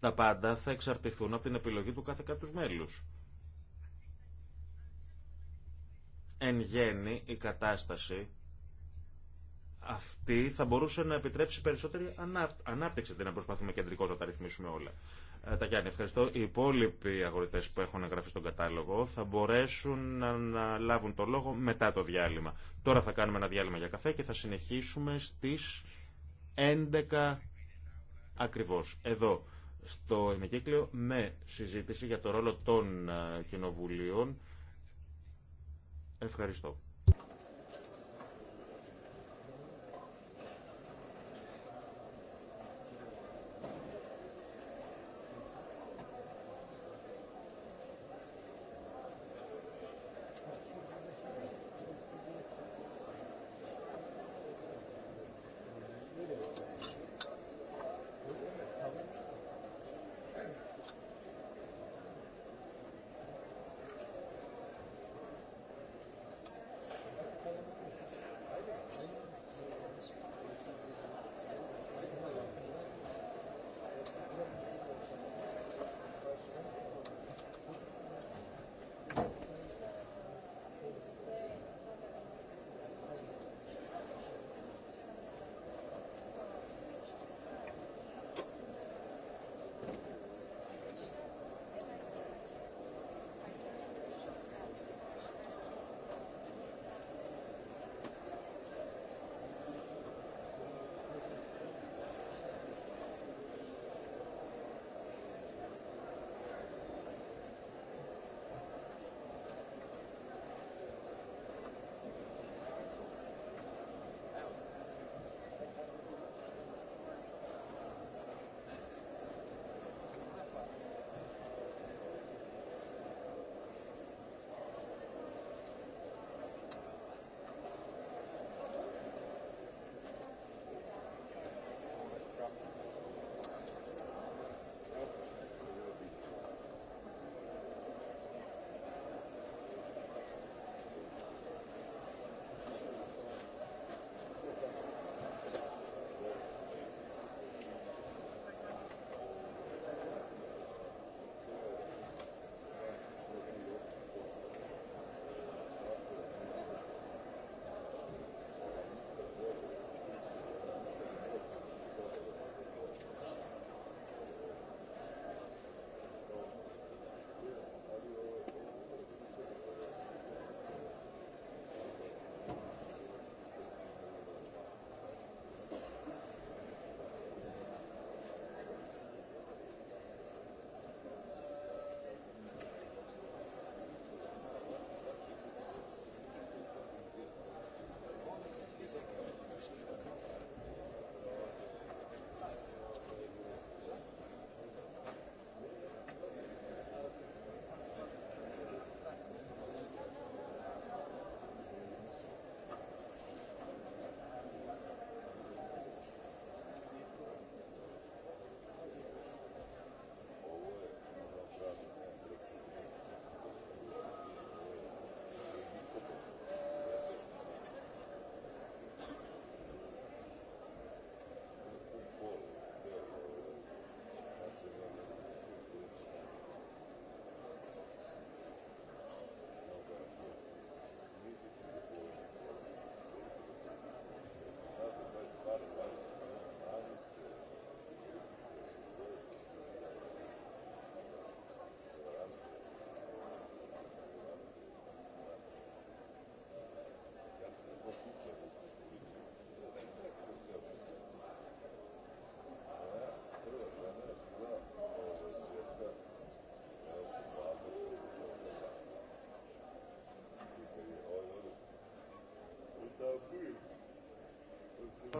[SPEAKER 2] Τα πάντα θα εξαρτηθούν από την επιλογή του κάθε κάτους μέλους. Εν γέννη, η κατάσταση αυτή θα μπορούσε να επιτρέψει περισσότερη ανάπτυξη. Δεν να προσπαθούμε κεντρικώ να τα ρυθμίσουμε όλα. Ε, τα Γιάννη, ευχαριστώ. Οι υπόλοιποι αγορητέ που έχουν εγγραφεί στον κατάλογο θα μπορέσουν να λάβουν το λόγο μετά το διάλειμμα. Τώρα θα κάνουμε ένα διάλειμμα για καφέ και θα συνεχίσουμε στι 11 ακριβώ. Εδώ στο ημικύκλιο με συζήτηση για το ρόλο των ε, κοινοβουλίων. Ευχαριστώ.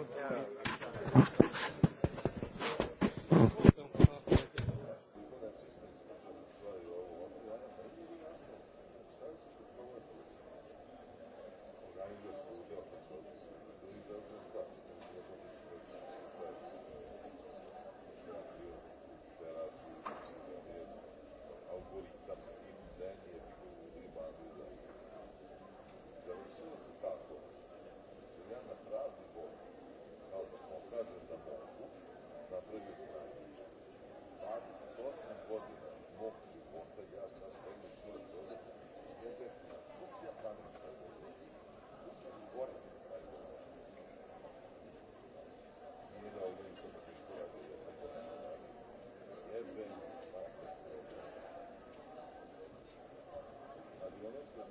[SPEAKER 7] Ευχαριστώ.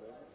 [SPEAKER 7] Υπότιτλοι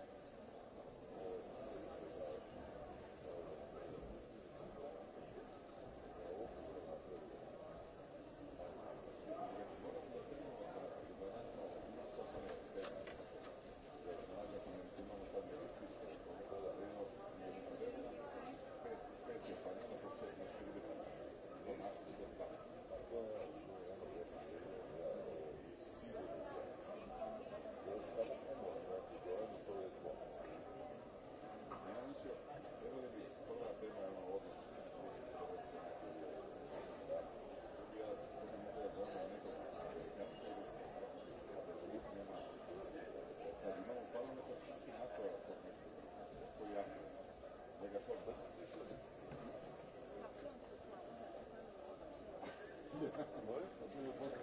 [SPEAKER 7] Läuft?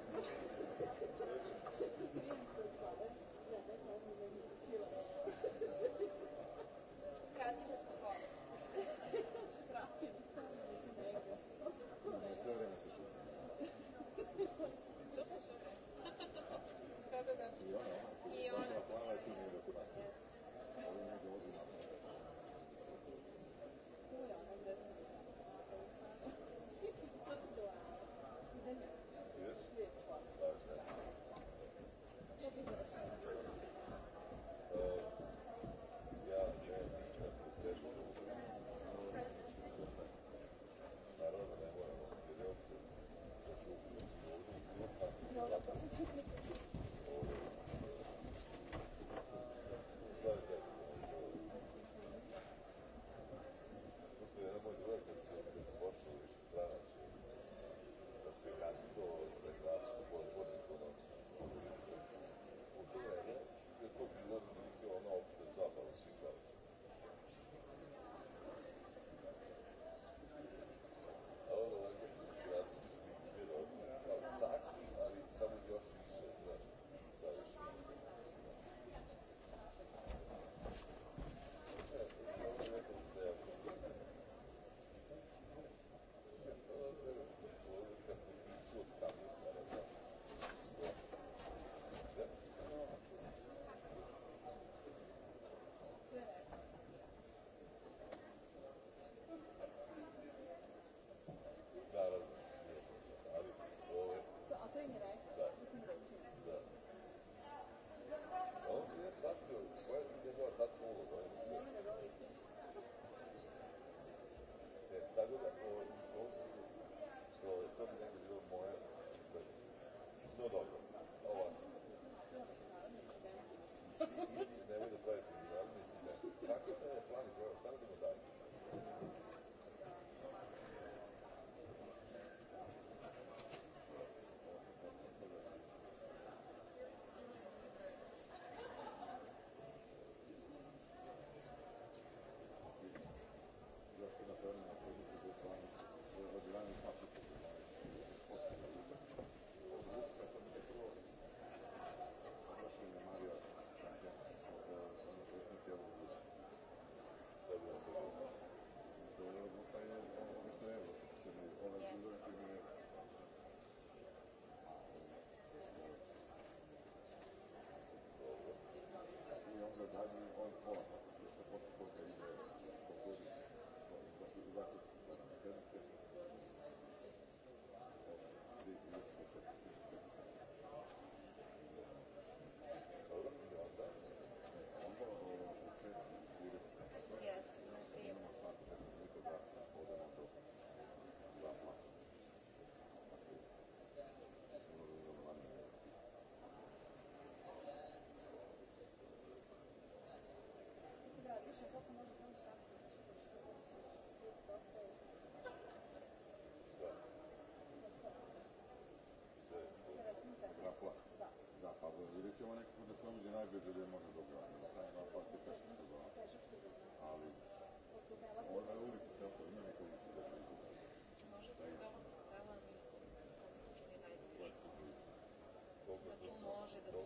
[SPEAKER 8] σε το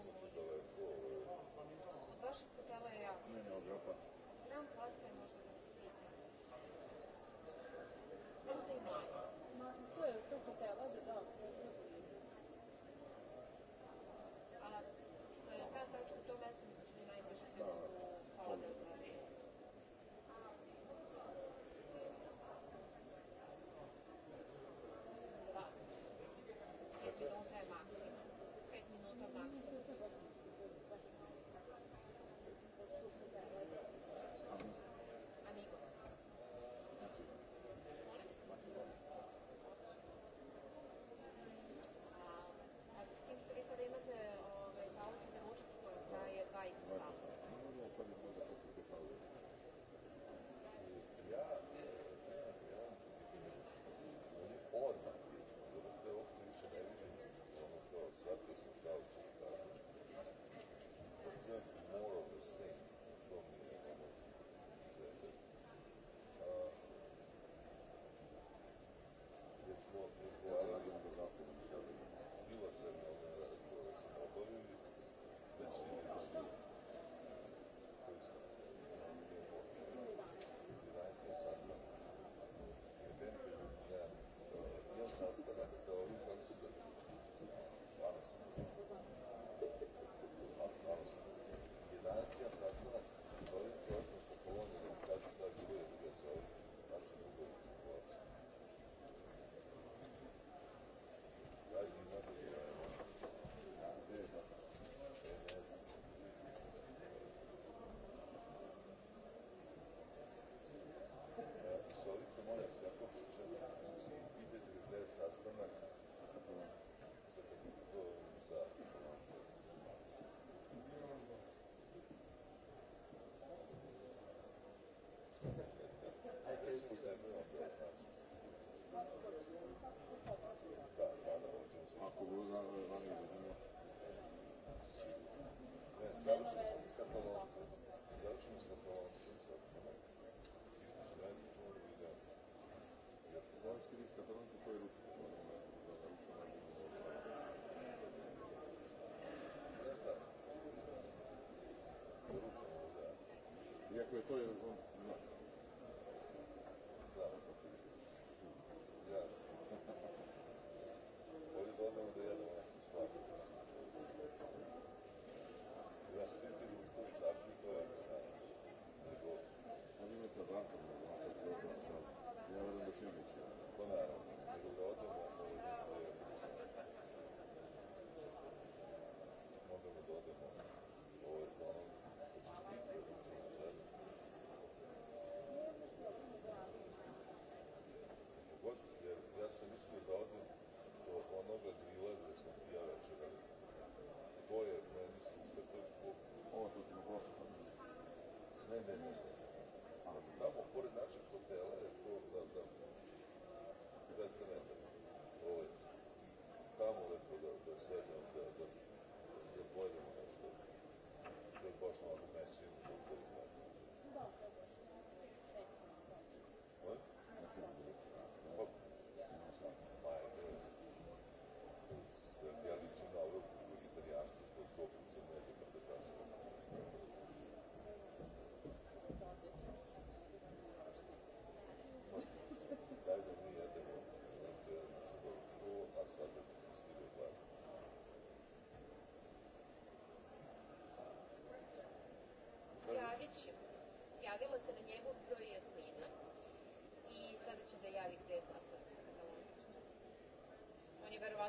[SPEAKER 8] to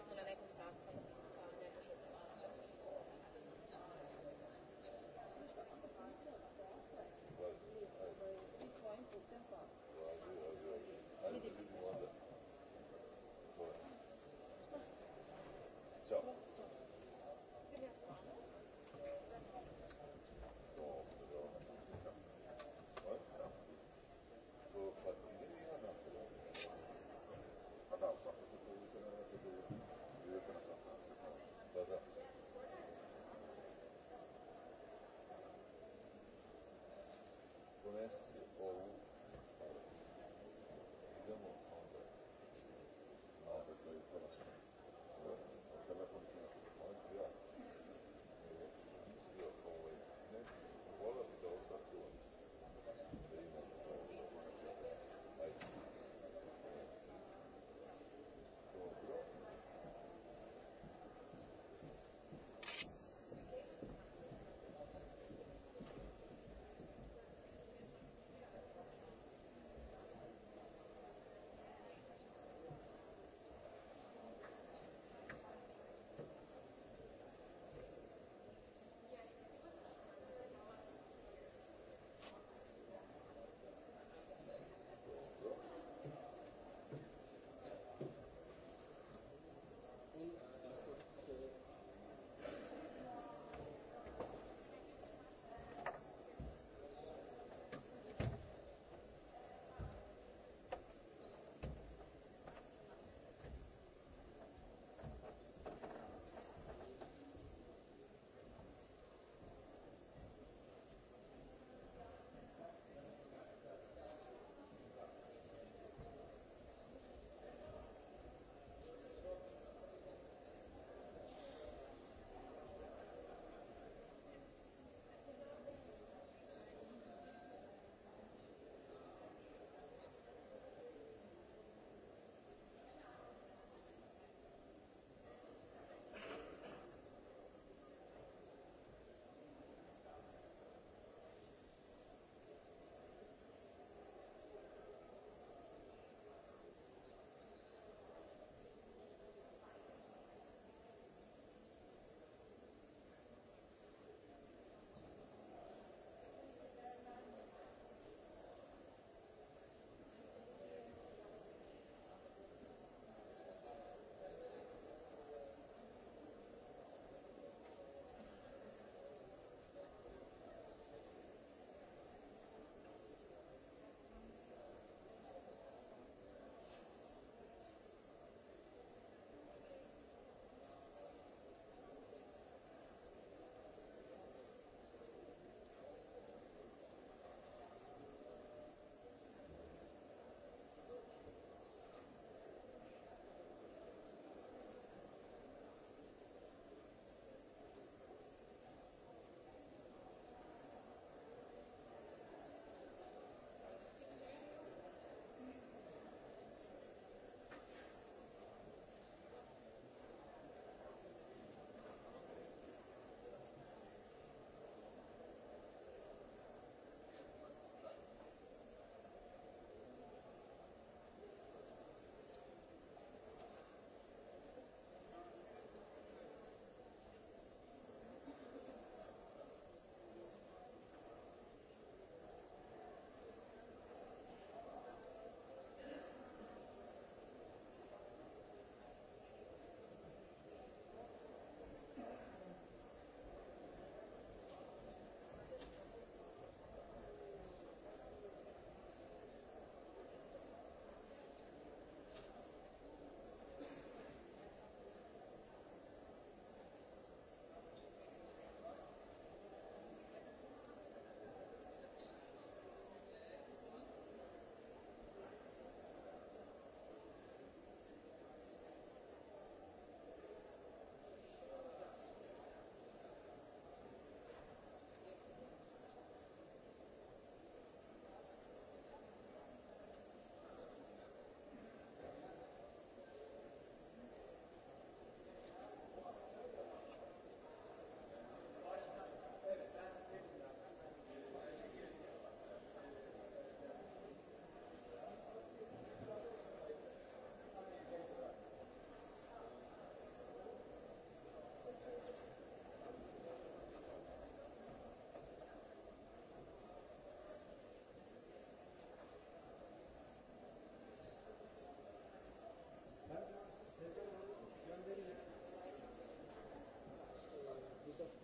[SPEAKER 7] πρότεινα να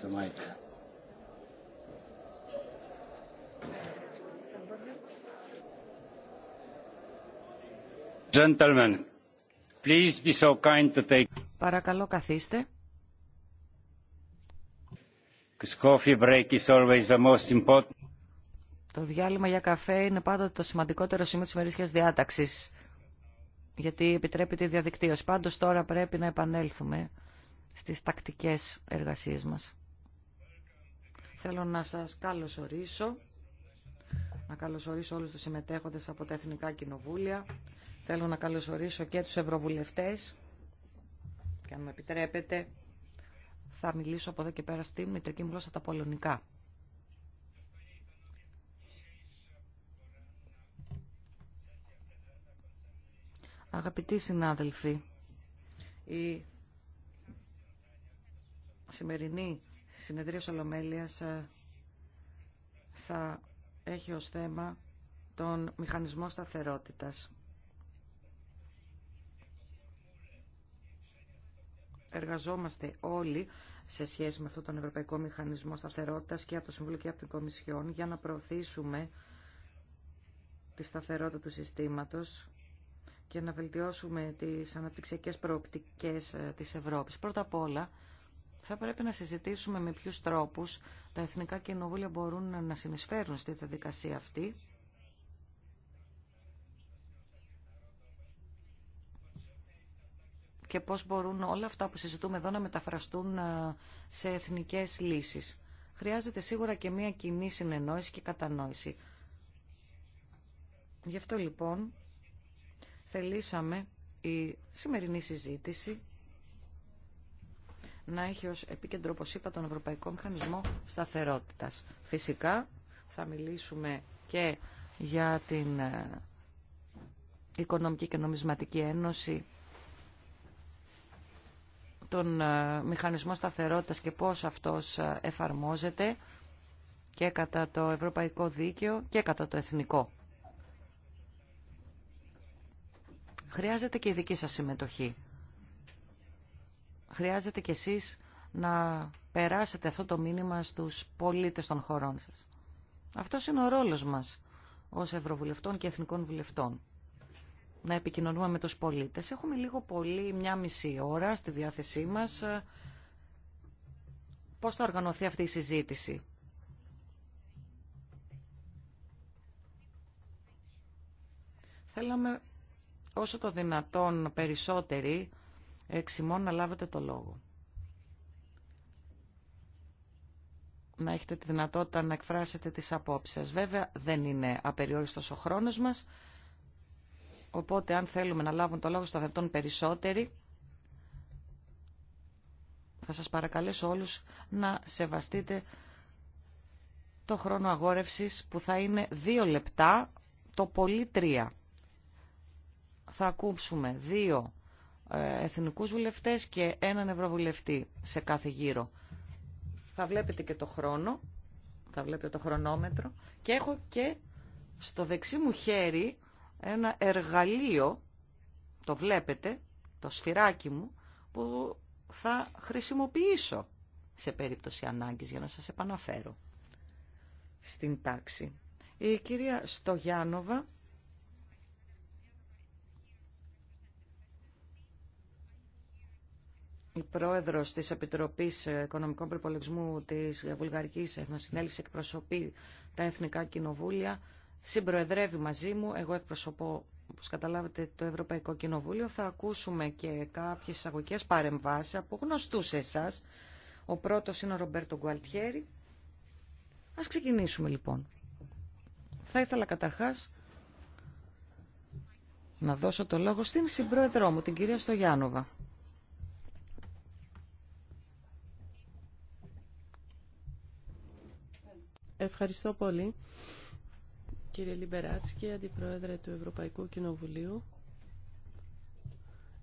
[SPEAKER 4] Gentlemen, please be so kind to take.
[SPEAKER 3] Παρακαλώ καθίστε.
[SPEAKER 4] Coffee break is always the most important.
[SPEAKER 3] Το διάλειμμα για καφέ είναι πάντοτε το σημαντικότερο σημείο της μερίσιας διάταξης, γιατί επιτρέπει τη διαδικτύωση. Πάντως τώρα πρέπει να επανέλθουμε στις τακτικές εργασίες μας. Θέλω να σας καλωσορίσω, να καλωσορίσω όλους τους συμμετέχοντες από τα Εθνικά Κοινοβούλια. Θέλω να καλωσορίσω και τους Ευρωβουλευτές και αν με επιτρέπετε θα μιλήσω από εδώ και πέρα στη μητρική μου γλώσσα τα πολωνικά. Αγαπητοί συνάδελφοι, η σημερινή Συνεδρίου ολομέλεια ε, θα έχει ως θέμα τον μηχανισμό σταθερότητας. Εργαζόμαστε όλοι σε σχέση με αυτόν τον Ευρωπαϊκό Μηχανισμό Σταθερότητας και από το Συμβούλιο και από την Κομισιόν για να προωθήσουμε τη σταθερότητα του συστήματος και να βελτιώσουμε τις αναπτυξιακές προοπτικές ε, της Ευρώπης. Πρώτα απ' όλα, θα πρέπει να συζητήσουμε με ποιους τρόπους τα εθνικά κοινοβούλια μπορούν να συνεισφέρουν στη διαδικασία αυτή. και πώς μπορούν όλα αυτά που συζητούμε εδώ να μεταφραστούν ε, σε εθνικές λύσεις. Χρειάζεται σίγουρα και μια κοινή συνεννόηση και κατανόηση. Γι' αυτό λοιπόν θελήσαμε η σημερινή συζήτηση να έχει ως επίκεντρο, όπως είπα, τον Ευρωπαϊκό Μηχανισμό Σταθερότητας. Φυσικά θα μιλήσουμε και για την ε, Οικονομική και Νομισματική Ένωση, τον ε, Μηχανισμό Σταθερότητας και πώς αυτός ε, εφαρμόζεται και κατά το Ευρωπαϊκό Δίκαιο και κατά το Εθνικό. Χρειάζεται και η δική σας συμμετοχή χρειάζεται κι εσείς να περάσετε αυτό το μήνυμα στους πολίτες των χωρών σας. Αυτός είναι ο ρόλος μας ως Ευρωβουλευτών και Εθνικών Βουλευτών. Να επικοινωνούμε με τους πολίτες. Έχουμε λίγο πολύ μια μισή ώρα στη διάθεσή μας. Πώς θα οργανωθεί αυτή η συζήτηση. Θέλαμε όσο το δυνατόν περισσότεροι εξημών να λάβετε το λόγο. Να έχετε τη δυνατότητα να εκφράσετε τις απόψεις. Βέβαια δεν είναι απεριόριστος ο χρόνος μας, οπότε αν θέλουμε να λάβουν το λόγο στο θετόν περισσότεροι, θα σας παρακαλέσω όλους να σεβαστείτε το χρόνο αγόρευσης που θα είναι δύο λεπτά, το πολύ τρία. Θα ακούσουμε δύο εθνικούς βουλευτές και έναν ευρωβουλευτή σε κάθε γύρο. Θα βλέπετε και το χρόνο, θα βλέπετε το χρονόμετρο και έχω και στο δεξί μου χέρι ένα εργαλείο, το βλέπετε, το σφυράκι μου, που θα χρησιμοποιήσω σε περίπτωση ανάγκης για να σας επαναφέρω στην τάξη. Η κυρία Στογιάνοβα η πρόεδρος της Επιτροπής Οικονομικών Προπολογισμού τη Βουλγαρικής Εθνοσυνέλευση εκπροσωπεί τα Εθνικά Κοινοβούλια, συμπροεδρεύει μαζί μου, εγώ εκπροσωπώ Όπω καταλάβετε το Ευρωπαϊκό Κοινοβούλιο, θα ακούσουμε και κάποιε εισαγωγικέ παρεμβάσει από γνωστού εσά. Ο πρώτο είναι ο Ρομπέρτο Γκουαλτιέρη. Α ξεκινήσουμε λοιπόν. Θα ήθελα καταρχά να δώσω το λόγο στην συμπρόεδρό μου, την κυρία Στογιάνοβα.
[SPEAKER 5] Ευχαριστώ πολύ κύριε Λιμπεράτσκι, Αντιπρόεδρε του Ευρωπαϊκού Κοινοβουλίου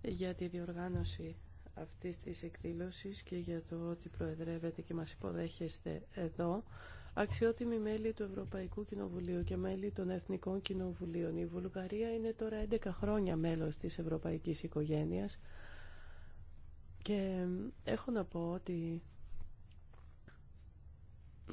[SPEAKER 5] για τη διοργάνωση αυτής της εκδήλωσης και για το ότι προεδρεύετε και μας υποδέχεστε εδώ. Αξιότιμοι μέλη του Ευρωπαϊκού Κοινοβουλίου και μέλη των Εθνικών Κοινοβουλίων, η Βουλγαρία είναι τώρα 11 χρόνια μέλος της Ευρωπαϊκής Οικογένειας και έχω να πω ότι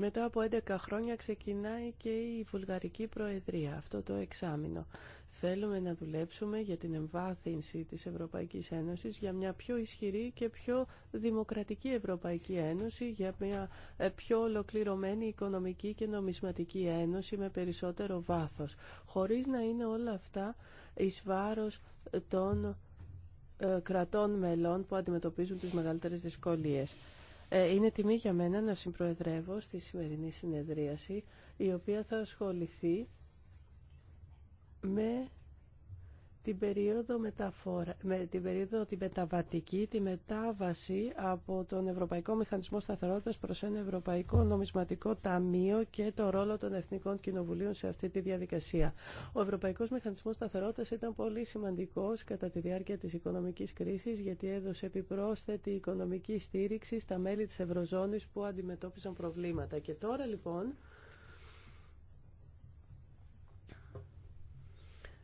[SPEAKER 5] μετά από 11 χρόνια ξεκινάει και η Βουλγαρική Προεδρία, αυτό το εξάμεινο. Θέλουμε να δουλέψουμε για την εμβάθυνση της Ευρωπαϊκής Ένωσης, για μια πιο ισχυρή και πιο δημοκρατική Ευρωπαϊκή Ένωση, για μια ε, πιο ολοκληρωμένη οικονομική και νομισματική ένωση με περισσότερο βάθος, χωρίς να είναι όλα αυτά εις βάρος των ε, κρατών μελών που αντιμετωπίζουν τις μεγαλύτερες δυσκολίες. Ε, είναι τιμή για μένα να συμπροεδρεύω στη σημερινή συνεδρίαση, η οποία θα ασχοληθεί με την περίοδο, μεταφορα... με την περίοδο τη μεταβατική, τη μετάβαση από τον Ευρωπαϊκό Μηχανισμό Σταθερότητας προς ένα Ευρωπαϊκό Νομισματικό Ταμείο και το ρόλο των Εθνικών Κοινοβουλίων σε αυτή τη διαδικασία. Ο Ευρωπαϊκός Μηχανισμός Σταθερότητας ήταν πολύ σημαντικός κατά τη διάρκεια της οικονομικής κρίσης γιατί έδωσε επιπρόσθετη οικονομική στήριξη στα μέλη της Ευρωζώνης που αντιμετώπιζαν προβλήματα. Και τώρα λοιπόν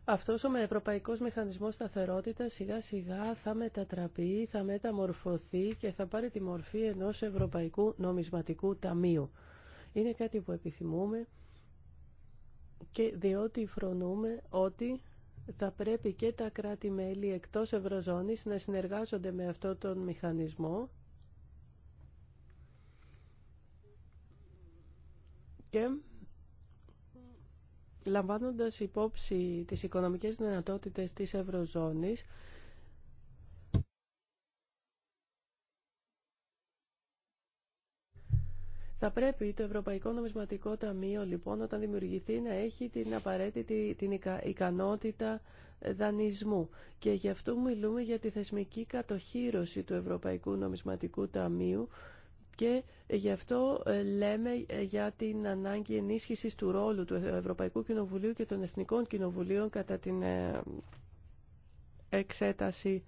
[SPEAKER 5] αυτός ο Ευρωπαϊκός Μηχανισμός Σταθερότητας σιγά σιγά θα μετατραπεί, θα μεταμορφωθεί και θα πάρει τη μορφή ενός Ευρωπαϊκού Νομισματικού Ταμείου. Είναι κάτι που επιθυμούμε και διότι φρονούμε ότι θα πρέπει και τα κράτη-μέλη εκτός Ευρωζώνης να συνεργάζονται με αυτό τον μηχανισμό και λαμβάνοντας υπόψη τις οικονομικές δυνατότητες της Ευρωζώνης, Θα πρέπει το Ευρωπαϊκό Νομισματικό Ταμείο, λοιπόν, όταν δημιουργηθεί, να έχει την απαραίτητη την ικανότητα δανεισμού. Και γι' αυτό μιλούμε για τη θεσμική κατοχήρωση του Ευρωπαϊκού Νομισματικού Ταμείου, και γι' αυτό ε, λέμε ε, για την ανάγκη ενίσχυσης του ρόλου του Ευρωπαϊκού Κοινοβουλίου και των Εθνικών Κοινοβουλίων κατά την ε, εξέταση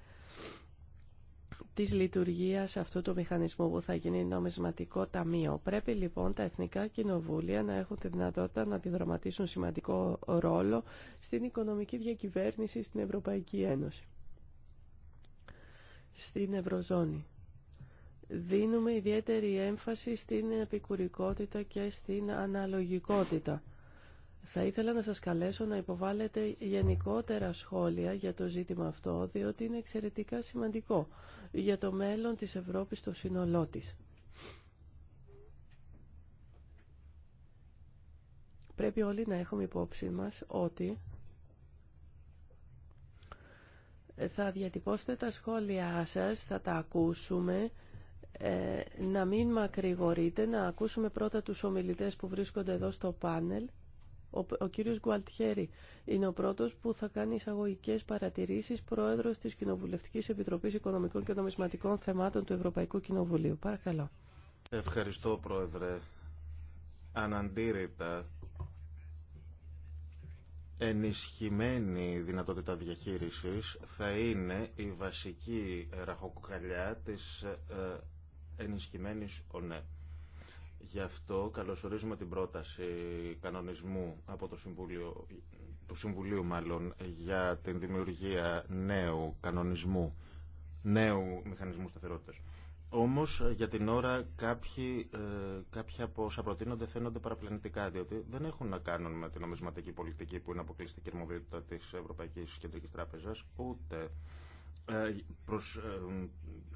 [SPEAKER 5] της λειτουργίας αυτού του μηχανισμού που θα γίνει νομισματικό ταμείο. Πρέπει λοιπόν τα εθνικά κοινοβούλια να έχουν τη δυνατότητα να αντιδραματίσουν σημαντικό ρόλο στην οικονομική διακυβέρνηση στην Ευρωπαϊκή Ένωση, στην Ευρωζώνη δίνουμε ιδιαίτερη έμφαση στην επικουρικότητα και στην αναλογικότητα. Θα ήθελα να σας καλέσω να υποβάλλετε γενικότερα σχόλια για το ζήτημα αυτό, διότι είναι εξαιρετικά σημαντικό για το μέλλον της Ευρώπης στο σύνολό της. Πρέπει όλοι να έχουμε υπόψη μας ότι θα διατυπώσετε τα σχόλιά σας, θα τα ακούσουμε ε, να μην μακρηγορείτε, να ακούσουμε πρώτα τους ομιλητές που βρίσκονται εδώ στο πάνελ. Ο, ο κύριος Γκουαλτιέρη είναι ο πρώτος που θα κάνει εισαγωγικέ παρατηρήσεις πρόεδρος της Κοινοβουλευτικής Επιτροπής Οικονομικών και Νομισματικών Θεμάτων του Ευρωπαϊκού Κοινοβουλίου. Παρακαλώ.
[SPEAKER 2] Ευχαριστώ πρόεδρε. Αναντήρητα ενισχυμένη δυνατότητα διαχείρισης θα είναι η βασική ραχοκοκαλιά της ε, ενισχυμένης ΟΝΕ. Γι' αυτό καλωσορίζουμε την πρόταση κανονισμού από το Συμβούλιο, του Συμβουλίου μάλλον, για την δημιουργία νέου κανονισμού, νέου μηχανισμού σταθερότητας. Όμως για την ώρα κάποιοι, ε, κάποια από όσα προτείνονται φαίνονται παραπλανητικά, διότι δεν έχουν να κάνουν με την ομισματική πολιτική που είναι αποκλειστική αρμοδιότητα της Ευρωπαϊκής Κεντρικής Τράπεζας, ούτε ε, προς, ε,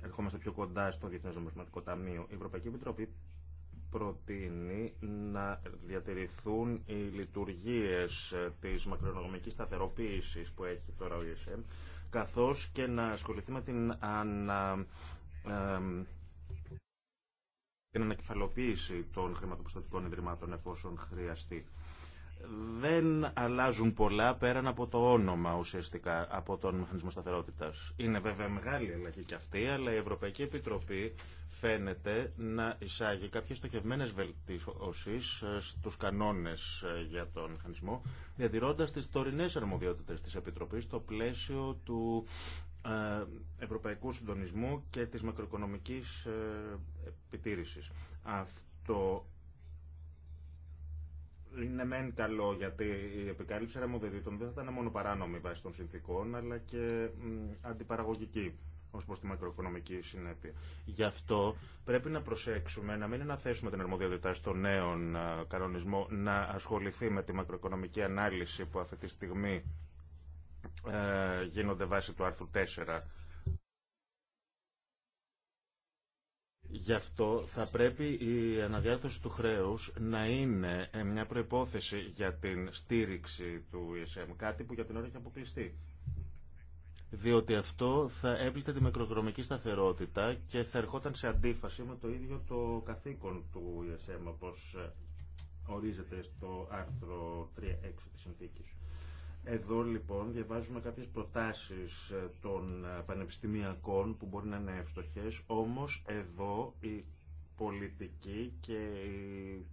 [SPEAKER 2] ερχόμαστε πιο κοντά στο Διεθνές Νομισματικό Ταμείο. Η Ευρωπαϊκή Επιτροπή προτείνει να διατηρηθούν οι λειτουργίες ε, της μακρονομικής σταθεροποίησης που έχει τώρα ο ESM, καθώς και να ασχοληθεί με την, ανα, την ανακεφαλοποίηση των χρηματοπιστωτικών ιδρυμάτων εφόσον χρειαστεί δεν αλλάζουν πολλά πέραν από το όνομα ουσιαστικά από τον μηχανισμό σταθερότητα. Είναι βέβαια μεγάλη αλλαγή και αυτή, αλλά η Ευρωπαϊκή Επιτροπή φαίνεται να εισάγει κάποιε στοχευμένε βελτιώσει ε, στου κανόνε ε, για τον μηχανισμό, διατηρώντα τι τωρινέ αρμοδιότητε τη Επιτροπή στο πλαίσιο του ε, ευρωπαϊκού συντονισμού και τη μακροοικονομική επιτήρηση. Αυτό είναι μεν καλό γιατί η επικάλυψη αρμοδιοτήτων δεν θα ήταν μόνο παράνομη βάση των συνθήκων αλλά και αντιπαραγωγική ω προ τη μακροοικονομική συνέπεια. Γι' αυτό πρέπει να προσέξουμε να μην αναθέσουμε την αρμοδιότητα στο νέο κανονισμό να ασχοληθεί με τη μακροοικονομική ανάλυση που αυτή τη στιγμή ε, γίνονται βάσει του άρθρου 4 Γι' αυτό θα πρέπει η αναδιάρθρωση του χρέους να είναι μια προϋπόθεση για την στήριξη του ESM, κάτι που για την ώρα έχει αποκλειστεί. Διότι αυτό θα έπληκε τη μικροκρομική σταθερότητα και θα ερχόταν σε αντίφαση με το ίδιο το καθήκον του ESM, όπως ορίζεται στο άρθρο 3.6 της συνθήκης. Εδώ λοιπόν διαβάζουμε κάποιες προτάσεις ε, των ε, πανεπιστημιακών που μπορεί να είναι εύστοχες, όμως εδώ η πολιτική και η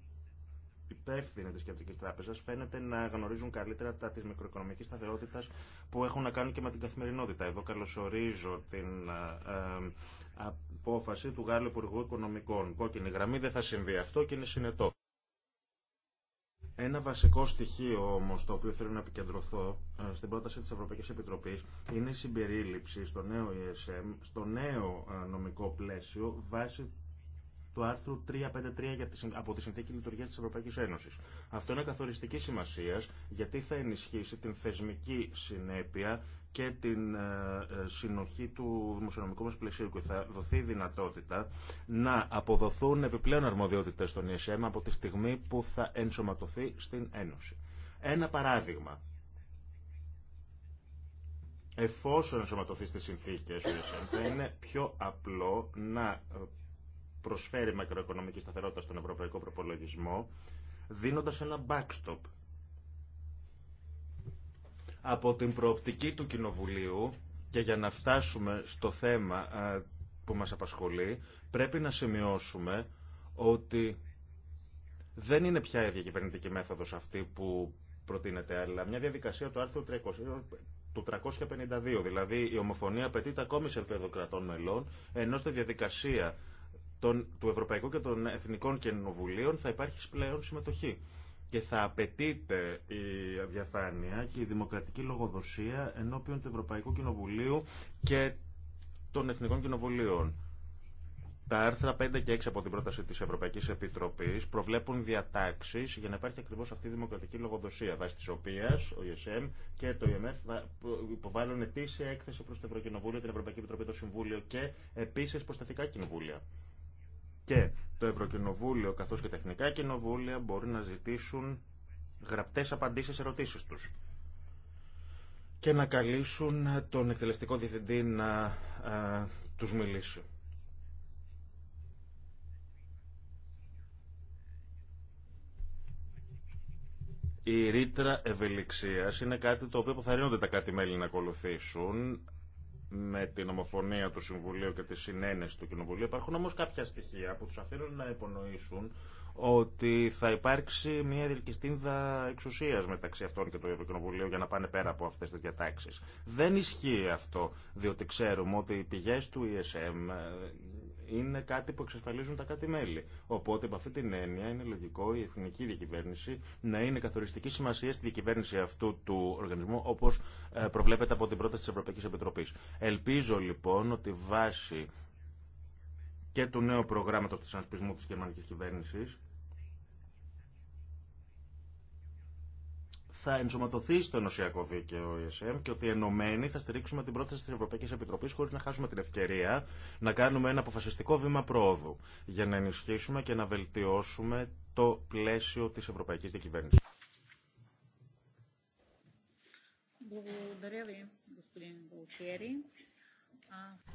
[SPEAKER 2] υπεύθυνοι τη Κεντρική Τράπεζα φαίνεται να γνωρίζουν καλύτερα τα τη μικροοικονομική σταθερότητα που έχουν να κάνουν και με την καθημερινότητα. Εδώ καλωσορίζω την ε, ε, απόφαση του Γάλλου Υπουργού Οικονομικών. Κόκκινη γραμμή δεν θα συμβεί αυτό και είναι συνετό. Ένα βασικό στοιχείο όμω το οποίο θέλω να επικεντρωθώ ε, στην πρόταση τη Ευρωπαϊκή Επιτροπή είναι η συμπερίληψη στο νέο ESM, στο νέο ε, νομικό πλαίσιο βάσει του άρθρου 353 από τη Συνθήκη Λειτουργία τη Ευρωπαϊκή Ένωση. Αυτό είναι καθοριστική σημασία γιατί θα ενισχύσει την θεσμική συνέπεια και την ε, ε, συνοχή του δημοσιονομικού μας πλαισίου και θα δοθεί δυνατότητα να αποδοθούν επιπλέον αρμοδιότητες στον ESM από τη στιγμή που θα ενσωματωθεί στην Ένωση. Ένα παράδειγμα. Εφόσον ενσωματωθεί στις συνθήκες του ESM θα είναι πιο απλό να προσφέρει μακροοικονομική σταθερότητα στον ευρωπαϊκό προπολογισμό δίνοντας ένα backstop από την προοπτική του Κοινοβουλίου και για να φτάσουμε στο θέμα ε, που μας απασχολεί, πρέπει να σημειώσουμε ότι δεν είναι πια η διακυβερνητική μέθοδος αυτή που προτείνεται, αλλά μια διαδικασία του άρθρου 300, του 352, δηλαδή η ομοφωνία απαιτείται ακόμη σε επίπεδο κρατών μελών, ενώ στη διαδικασία του Ευρωπαϊκού και των Εθνικών Κοινοβουλίων θα υπάρχει πλέον συμμετοχή και θα απαιτείται η διαφάνεια και η δημοκρατική λογοδοσία ενώπιον του Ευρωπαϊκού Κοινοβουλίου και των Εθνικών Κοινοβουλίων. Τα άρθρα 5 και 6 από την πρόταση τη Ευρωπαϊκή Επιτροπή προβλέπουν διατάξει για να υπάρχει ακριβώ αυτή η δημοκρατική λογοδοσία, βάσει τη οποία ο ESM και το IMF θα υποβάλλουν ετήσια έκθεση προ το Ευρωκοινοβούλιο, την Ευρωπαϊκή Επιτροπή, το Συμβούλιο και επίση προ τα Εθνικά Κοινοβούλια και το Ευρωκοινοβούλιο καθώς και τα Εθνικά Κοινοβούλια μπορεί να ζητήσουν γραπτές απαντήσεις σε ερωτήσεις τους και να καλήσουν τον εκτελεστικό διευθυντή να τους μιλήσει. Η ρήτρα ευελιξίας είναι κάτι το οποίο θα τα κράτη-μέλη να ακολουθήσουν με την ομοφωνία του Συμβουλίου και τη συνένεση του Κοινοβουλίου. Υπάρχουν όμως κάποια στοιχεία που του αφήνουν να υπονοήσουν ότι θα υπάρξει μια διελκυστίνδα εξουσίας μεταξύ αυτών και του Ευρωκοινοβουλίου για να πάνε πέρα από αυτές τις διατάξει. Δεν ισχύει αυτό, διότι ξέρουμε ότι οι πηγέ του ESM ε, είναι κάτι που εξασφαλίζουν τα κράτη-μέλη. Οπότε, από αυτή την έννοια, είναι λογικό η εθνική διακυβέρνηση να είναι καθοριστική σημασία στη διακυβέρνηση αυτού του οργανισμού, όπω ε, προβλέπεται από την πρόταση τη Ευρωπαϊκή Επιτροπή. Ελπίζω, λοιπόν, ότι βάσει και του νέου προγράμματο του συνασπισμού τη γερμανική κυβέρνηση, θα ενσωματωθεί στο ενωσιακό δίκαιο η ΕΣΕΜ και ότι ενωμένοι θα στηρίξουμε την πρόταση τη Ευρωπαϊκή Επιτροπή χωρί να χάσουμε την ευκαιρία να κάνουμε ένα αποφασιστικό βήμα πρόοδου για να ενισχύσουμε και να βελτιώσουμε το πλαίσιο τη ευρωπαϊκή
[SPEAKER 3] διακυβέρνηση.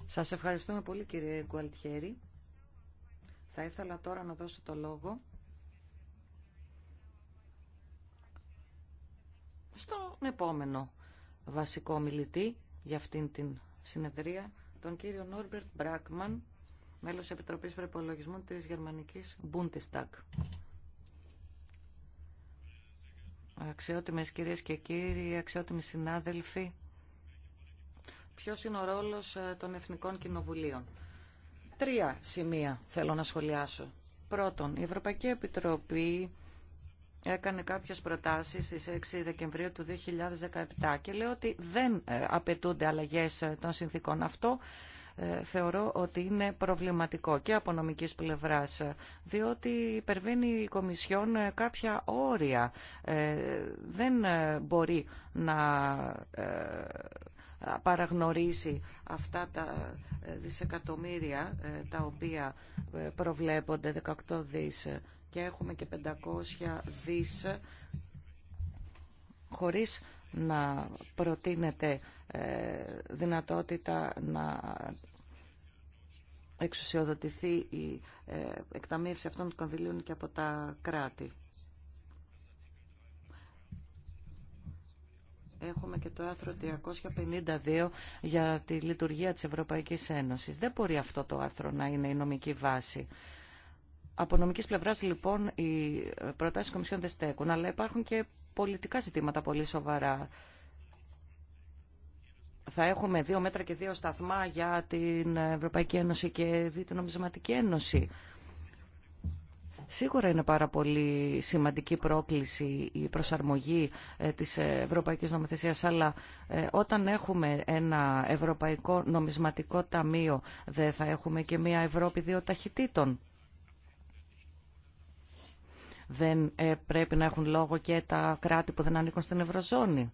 [SPEAKER 3] Σα ευχαριστούμε πολύ κύριε Γκουαλτιέρη. Θα ήθελα τώρα να δώσω το λόγο στον επόμενο βασικό μιλητή για αυτήν την συνεδρία, τον κύριο Νόρμπερτ Μπράκμαν, μέλος Επιτροπής Προπολογισμού της Γερμανικής Bundestag. Αξιότιμες κυρίες και κύριοι, αξιότιμοι συνάδελφοι, ποιος είναι ο ρόλος ε, των Εθνικών Κοινοβουλίων. Τρία σημεία θέλω να σχολιάσω. Πρώτον, η Ευρωπαϊκή Επιτροπή έκανε κάποιες προτάσεις στις 6 Δεκεμβρίου του 2017 και λέω ότι δεν ε, απαιτούνται αλλαγές ε, των συνθήκων. Αυτό ε, θεωρώ ότι είναι προβληματικό και από νομικής πλευράς, διότι υπερβαίνει η Κομισιόν κάποια όρια. Δεν μπορεί να παραγνωρίσει αυτά τα δισεκατομμύρια τα οποία προβλέπονται, 18 δις και έχουμε και 500 δις χωρίς να προτείνεται ε, δυνατότητα να εξουσιοδοτηθεί η ε, εκταμείευση αυτών των κονδυλίων και από τα κράτη. Έχουμε και το άρθρο 352 για τη λειτουργία της Ευρωπαϊκής Ένωσης. Δεν μπορεί αυτό το άρθρο να είναι η νομική βάση από νομική πλευρά, λοιπόν, οι προτάσει Κομισιόν δεν στέκουν, αλλά υπάρχουν και πολιτικά ζητήματα πολύ σοβαρά. Θα έχουμε δύο μέτρα και δύο σταθμά για την Ευρωπαϊκή Ένωση και την Νομισματική Ένωση. Σίγουρα είναι πάρα πολύ σημαντική πρόκληση η προσαρμογή ε, της Ευρωπαϊκής Νομοθεσίας, αλλά ε, όταν έχουμε ένα Ευρωπαϊκό Νομισματικό Ταμείο, δεν θα έχουμε και μια Ευρώπη δύο ταχυτήτων δεν ε, πρέπει να έχουν λόγο και τα κράτη που δεν ανήκουν στην Ευρωζώνη.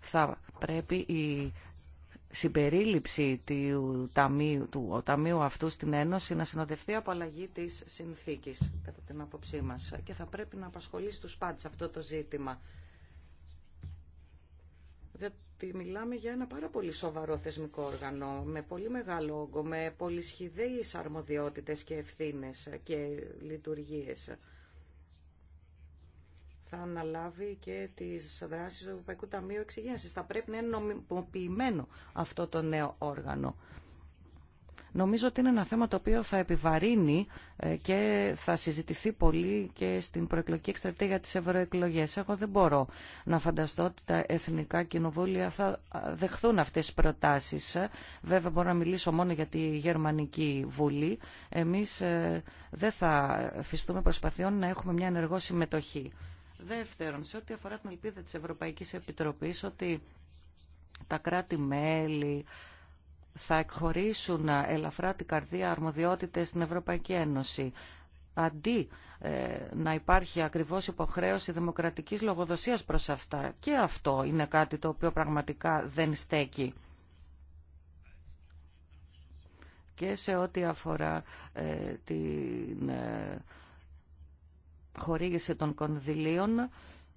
[SPEAKER 3] Θα πρέπει η συμπερίληψη του ταμείου, του ταμείου αυτού στην Ένωση να συνοδευτεί από αλλαγή της συνθήκης, κατά την άποψή μας. Και θα πρέπει να απασχολήσει τους πάντες αυτό το ζήτημα ότι μιλάμε για ένα πάρα πολύ σοβαρό θεσμικό όργανο, με πολύ μεγάλο όγκο, με σχηδαίες αρμοδιότητες και ευθύνες και λειτουργίες. Θα αναλάβει και τις δράσεις του Ευρωπαϊκού Ταμείου Εξυγένσης. Θα πρέπει να είναι νομιμοποιημένο αυτό το νέο όργανο. Νομίζω ότι είναι ένα θέμα το οποίο θα επιβαρύνει ε, και θα συζητηθεί πολύ και στην προεκλογική εκστρατεία για τις ευρωεκλογές. Εγώ δεν μπορώ να φανταστώ ότι τα εθνικά κοινοβούλια θα δεχθούν αυτές τις προτάσεις. Ε. Βέβαια μπορώ να μιλήσω μόνο για τη Γερμανική Βουλή. Εμείς ε, δεν θα φυστούμε προσπαθειών να έχουμε μια ενεργό συμμετοχή. Δεύτερον, σε ό,τι αφορά την ελπίδα της Ευρωπαϊκής Επιτροπής ότι τα κράτη-μέλη θα εκχωρήσουν ελαφρά την καρδία αρμοδιότητες στην Ευρωπαϊκή Ένωση. Αντί ε, να υπάρχει ακριβώς υποχρέωση δημοκρατικής λογοδοσίας προς αυτά. Και αυτό είναι κάτι το οποίο πραγματικά δεν στέκει. Και σε ό,τι αφορά ε, την ε, χορήγηση των κονδυλίων,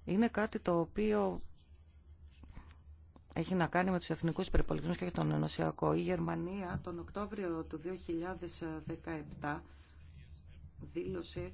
[SPEAKER 3] είναι κάτι το οποίο έχει να κάνει με τους εθνικούς υπερπολογισμούς και τον ενωσιακό. Η Γερμανία τον Οκτώβριο του 2017 δήλωσε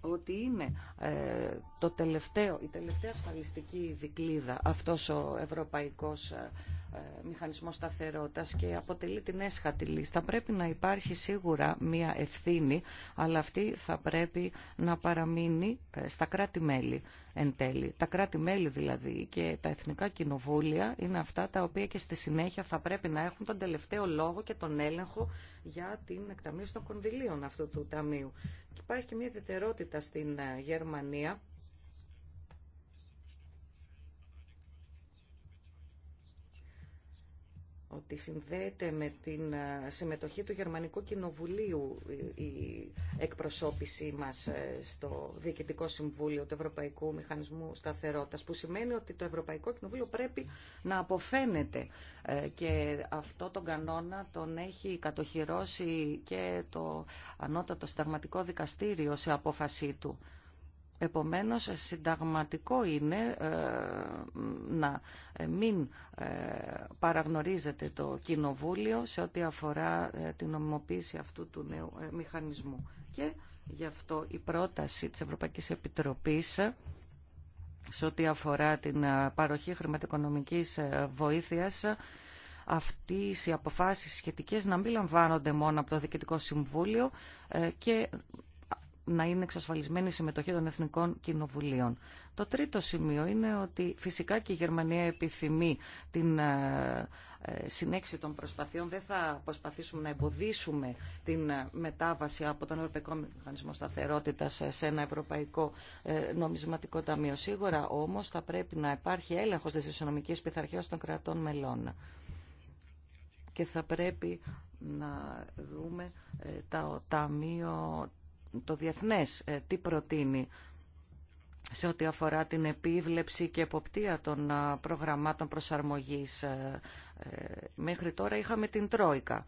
[SPEAKER 3] ότι είναι ε, το τελευταίο, η τελευταία ασφαλιστική δικλίδα αυτός ο ευρωπαϊκός ε, ε, μηχανισμό σταθερότητας και αποτελεί την έσχατη λίστα. Πρέπει να υπάρχει σίγουρα μία ευθύνη, αλλά αυτή θα πρέπει να παραμείνει ε, στα κράτη-μέλη εν τέλει. Τα κράτη-μέλη δηλαδή και τα εθνικά κοινοβούλια είναι αυτά τα οποία και στη συνέχεια θα πρέπει να έχουν τον τελευταίο λόγο και τον έλεγχο για την εκταμείωση των κονδυλίων αυτού του ταμείου. υπάρχει και μια ιδιαιτερότητα στην ε, Γερμανία ότι συνδέεται με την ε, συμμετοχή του Γερμανικού Κοινοβουλίου η εκπροσώπησή μας ε, στο Διοικητικό Συμβούλιο του Ευρωπαϊκού Μηχανισμού Σταθερότητας, που σημαίνει ότι το Ευρωπαϊκό Κοινοβούλιο πρέπει να αποφαίνεται ε, και αυτό τον κανόνα τον έχει κατοχυρώσει και το Ανώτατο Συνταγματικό Δικαστήριο σε απόφασή του. Επομένως, συνταγματικό είναι ε, να μην ε, παραγνωρίζεται το Κοινοβούλιο σε ό,τι αφορά ε, την νομιμοποίηση αυτού του νέου μηχανισμού. Και γι' αυτό η πρόταση της Ευρωπαϊκής Επιτροπής σε ό,τι αφορά την παροχή χρηματοοικονομικής βοήθειας αυτή οι αποφάσεις σχετικές να μην λαμβάνονται μόνο από το Διοικητικό Συμβούλιο να είναι εξασφαλισμένη η συμμετοχή των Εθνικών Κοινοβουλίων. Το τρίτο σημείο είναι ότι φυσικά και η Γερμανία επιθυμεί την ε, ε, συνέχιση των προσπαθειών. Δεν θα προσπαθήσουμε να εμποδίσουμε την ε, μετάβαση από τον Ευρωπαϊκό Μηχανισμό Σταθερότητα σε ένα Ευρωπαϊκό Νομισματικό Ταμείο. Σίγουρα όμω θα πρέπει να υπάρχει έλεγχο τη ισονομική πειθαρχία των κρατών μελών. Και θα πρέπει να δούμε τα ταμείο το διεθνές ε, τι προτείνει σε ό,τι αφορά την επίβλεψη και εποπτεία των ε, προγραμμάτων προσαρμογής. Ε, μέχρι τώρα είχαμε την Τρόικα.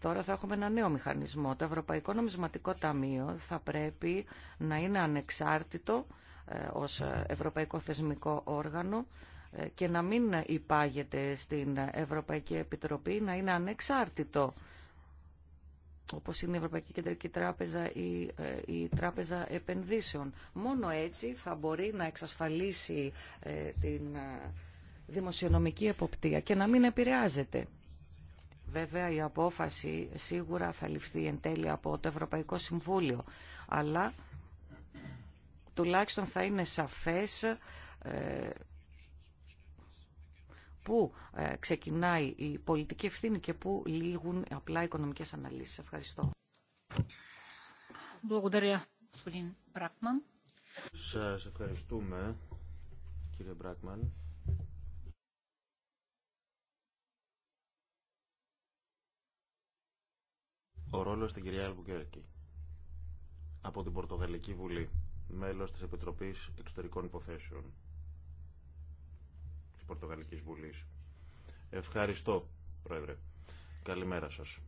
[SPEAKER 3] Τώρα θα έχουμε ένα νέο μηχανισμό. Το Ευρωπαϊκό Νομισματικό Ταμείο θα πρέπει να είναι ανεξάρτητο ως Ευρωπαϊκό Θεσμικό Όργανο και να μην υπάγεται στην Ευρωπαϊκή Επιτροπή, να είναι ανεξάρτητο όπως είναι η Ευρωπαϊκή Κεντρική Τράπεζα ή ε, η Τράπεζα Επενδύσεων. Μόνο έτσι θα μπορεί να εξασφαλίσει ε, την ε, δημοσιονομική εποπτεία και να μην επηρεάζεται. Βέβαια η απόφαση σίγουρα θα ληφθεί εν τέλει από το Ευρωπαϊκό Συμβούλιο, αλλά τουλάχιστον θα είναι σαφές πού ε, ξεκινάει η πολιτική ευθύνη και πού λήγουν απλά οι οικονομικές αναλύσεις. Ευχαριστώ.
[SPEAKER 2] Σας ευχαριστούμε, κύριε Μπράκμαν. Ο ρόλος στην κυρία Αλμπουκέρκη από την Πορτογαλική Βουλή, μέλος της Επιτροπής Εξωτερικών Υποθέσεων. Πορτογαλικής Βουλής. Ευχαριστώ, Πρόεδρε. Καλημέρα σας.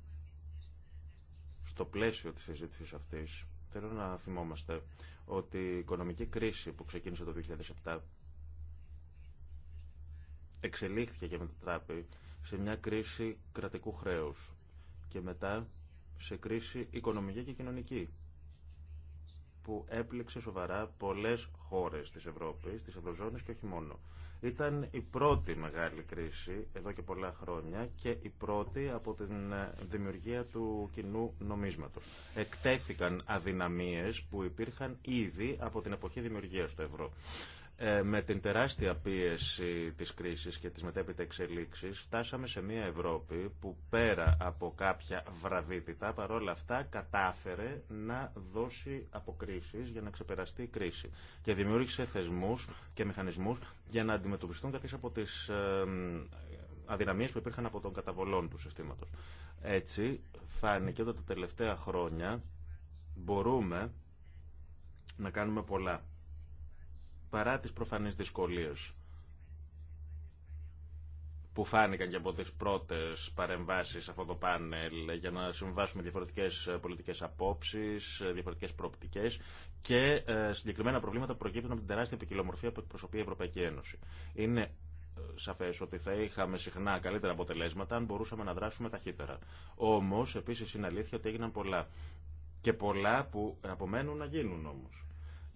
[SPEAKER 2] Στο πλαίσιο της συζήτησης αυτής, θέλω να θυμόμαστε ότι η οικονομική κρίση που ξεκίνησε το 2007 εξελίχθηκε και μετατράπη σε μια κρίση κρατικού χρέους και μετά σε κρίση οικονομική και κοινωνική που έπληξε σοβαρά πολλές χώρες της Ευρώπης, της Ευρωζώνης και όχι μόνο. Ήταν η πρώτη μεγάλη κρίση εδώ και πολλά χρόνια και η πρώτη από την ε, δημιουργία του κοινού νομίσματος. Εκτέθηκαν αδυναμίες που υπήρχαν ήδη από την εποχή δημιουργίας του ευρώ. Ε, με την τεράστια πίεση της κρίσης και της μετέπειτα εξελίξης φτάσαμε σε μια Ευρώπη που πέρα από κάποια βραδύτητα παρόλα αυτά κατάφερε να δώσει αποκρίσεις για να ξεπεραστεί η κρίση και δημιούργησε θεσμούς και μηχανισμούς για να αντιμετωπιστούν κάποιες από τις ε, αδυναμίες που υπήρχαν από τον καταβολών του συστήματος. Έτσι φάνηκε ότι τα τελευταία χρόνια μπορούμε να κάνουμε πολλά παρά τις προφανείς δυσκολίες που φάνηκαν και από τις πρώτες παρεμβάσεις σε αυτό το πάνελ για να συμβάσουμε διαφορετικές ε, πολιτικές απόψεις, ε, διαφορετικές προοπτικές και ε, συγκεκριμένα προβλήματα που προκύπτουν από την τεράστια ποικιλομορφία που εκπροσωπεί η Ευρωπαϊκή Ένωση. Είναι σαφέ ότι θα είχαμε συχνά καλύτερα αποτελέσματα αν μπορούσαμε να δράσουμε ταχύτερα. Όμω, επίση είναι αλήθεια ότι έγιναν πολλά. Και πολλά που απομένουν να γίνουν όμω.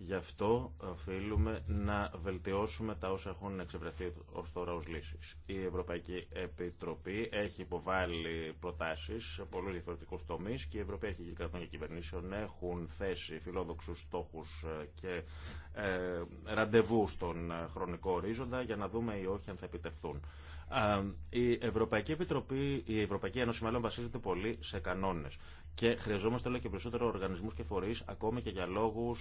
[SPEAKER 2] Γι' αυτό οφείλουμε να βελτιώσουμε τα όσα έχουν εξευρεθεί ω τώρα ω λύσει. Η Ευρωπαϊκή Επιτροπή έχει υποβάλει προτάσει σε πολλού διαφορετικού τομεί και οι Ευρωπαίοι κρατών και κυβερνήσεων έχουν θέσει φιλόδοξου στόχου ε, και ε, ραντεβού στον χρονικό ορίζοντα για να δούμε ή όχι αν θα επιτευχθούν. Ε, η Ευρωπαϊκή Επιτροπή, η Ευρωπαϊκή Ένωση μάλλον βασίζεται πολύ σε κανόνε. Και χρειαζόμαστε όλο και περισσότερο οργανισμού και φορεί, ακόμη και για λόγου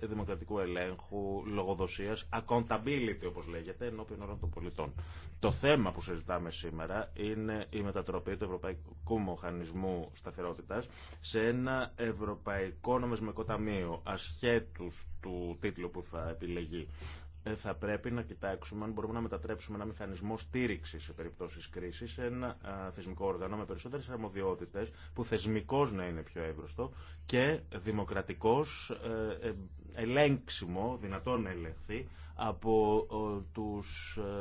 [SPEAKER 2] ε, δημοκρατικού ελέγχου, λογοδοσία, accountability όπω λέγεται, ενώπιον όλων των πολιτών. Το θέμα που συζητάμε σήμερα είναι η μετατροπή του Ευρωπαϊκού Μοχανισμού Σταθερότητα σε ένα Ευρωπαϊκό Νομισματικό Ταμείο, ασχέτω του τίτλου που θα επιλεγεί. Ε, θα πρέπει να κοιτάξουμε αν μπορούμε να μετατρέψουμε ένα μηχανισμό στήριξη σε περιπτώσει κρίση σε ένα θεσμικό όργανο με περισσότερε αρμοδιότητε που θεσμικό να είναι πιο εύρωστο και δημοκρατικό ε, ε, ελέγξιμο, δυνατόν να ελεγχθεί από του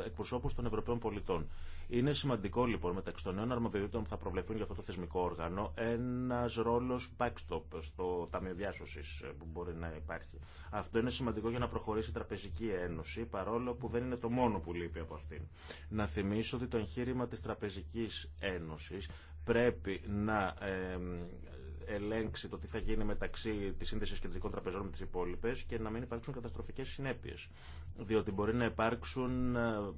[SPEAKER 2] εκπροσώπου των Ευρωπαίων πολιτών. Είναι σημαντικό λοιπόν μεταξύ των νέων αρμοδιοτήτων που θα προβλεφθούν για αυτό το θεσμικό όργανο ένα ρόλο backstop στο Ταμείο Διάσωση ε, που μπορεί να υπάρχει. Αυτό είναι σημαντικό για να προχωρήσει η Τραπεζική Ένωση, παρόλο που δεν είναι το μόνο που λείπει από αυτήν. Να θυμίσω ότι το εγχείρημα τη Τραπεζική Ένωση πρέπει να ελέγξει το τι θα γίνει μεταξύ τη σύνδεση κεντρικών τραπεζών με τι υπόλοιπε και να μην υπάρξουν καταστροφικέ συνέπειε. Διότι μπορεί να υπάρξουν ε,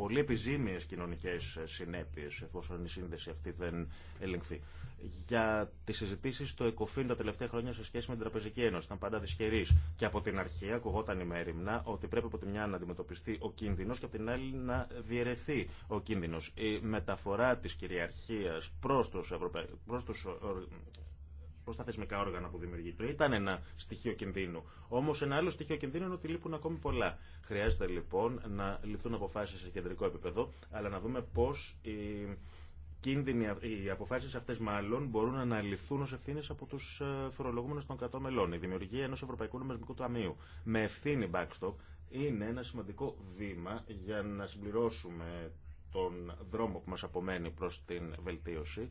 [SPEAKER 2] πολύ επιζήμιε κοινωνικέ συνέπειε, εφόσον η σύνδεση αυτή δεν ελεγχθεί. Για τις συζητήσει στο ΕΚΟΦΗΝ τα τελευταία χρόνια σε σχέση με την Τραπεζική Ένωση ήταν πάντα δυσχερή. και από την αρχή ακουγόταν η μέρημνα ότι πρέπει από τη μια να αντιμετωπιστεί ο κίνδυνο και από την άλλη να διαιρεθεί ο κίνδυνο. Η μεταφορά τη κυριαρχία προ του προ τα θεσμικά όργανα που δημιουργείται. Ήταν ένα στοιχείο κινδύνου. Όμω ένα άλλο στοιχείο κινδύνου είναι ότι λείπουν ακόμη πολλά. Χρειάζεται λοιπόν να ληφθούν αποφάσει σε κεντρικό επίπεδο, αλλά να δούμε πώ οι, κίνδυνοι, οι αποφάσει αυτέ μάλλον μπορούν να αναλυθούν ω ευθύνε από του ε, φορολογούμενου των κρατών μελών. Η δημιουργία ενό Ευρωπαϊκού Νομισματικού Ταμείου με ευθύνη backstop είναι ένα σημαντικό βήμα για να συμπληρώσουμε τον δρόμο που μας απομένει προς την βελτίωση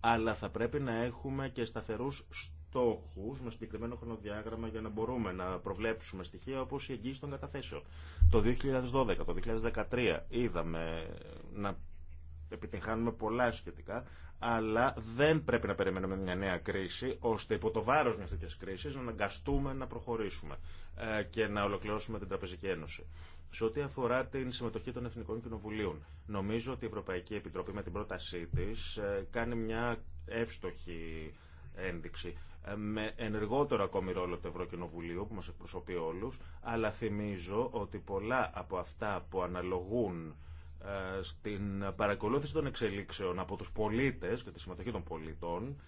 [SPEAKER 2] αλλά θα πρέπει να έχουμε και σταθερούς στόχους με συγκεκριμένο χρονοδιάγραμμα για να μπορούμε να προβλέψουμε στοιχεία όπως η εγγύηση των καταθέσεων. Το 2012, το 2013 είδαμε να επιτυγχάνουμε πολλά σχετικά, αλλά δεν πρέπει να περιμένουμε μια νέα κρίση, ώστε υπό το βάρο μια τέτοια κρίση να αναγκαστούμε να προχωρήσουμε ε, και να ολοκληρώσουμε την Τραπεζική Ένωση. Σε ό,τι αφορά την συμμετοχή των Εθνικών Κοινοβουλίων, Νομίζω ότι η Ευρωπαϊκή Επιτροπή με την πρότασή της ε, κάνει μια εύστοχη ένδειξη ε, με ενεργότερο ακόμη ρόλο του Ευρωκοινοβουλίου που μας εκπροσωπεί όλους αλλά θυμίζω ότι πολλά από αυτά που αναλογούν ε, στην παρακολούθηση των εξελίξεων από τους πολίτες και τη συμμετοχή των πολιτών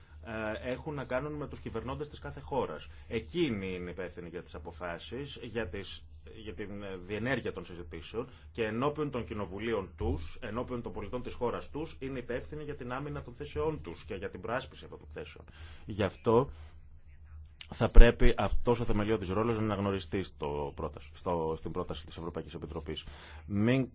[SPEAKER 2] έχουν να κάνουν με τους κυβερνώντες της κάθε χώρας. Εκείνοι είναι υπεύθυνοι για τις αποφάσεις, για τις για την ε, διενέργεια των συζητήσεων και ενώπιον των κοινοβουλίων του, ενώπιον των πολιτών τη χώρα του, είναι υπεύθυνοι για την άμυνα των θέσεών του και για την προάσπιση αυτών των θέσεων. Γι' αυτό θα πρέπει αυτό ο θεμελιώδη ρόλο να αναγνωριστεί στην πρόταση τη Ευρωπαϊκή Επιτροπή. Μην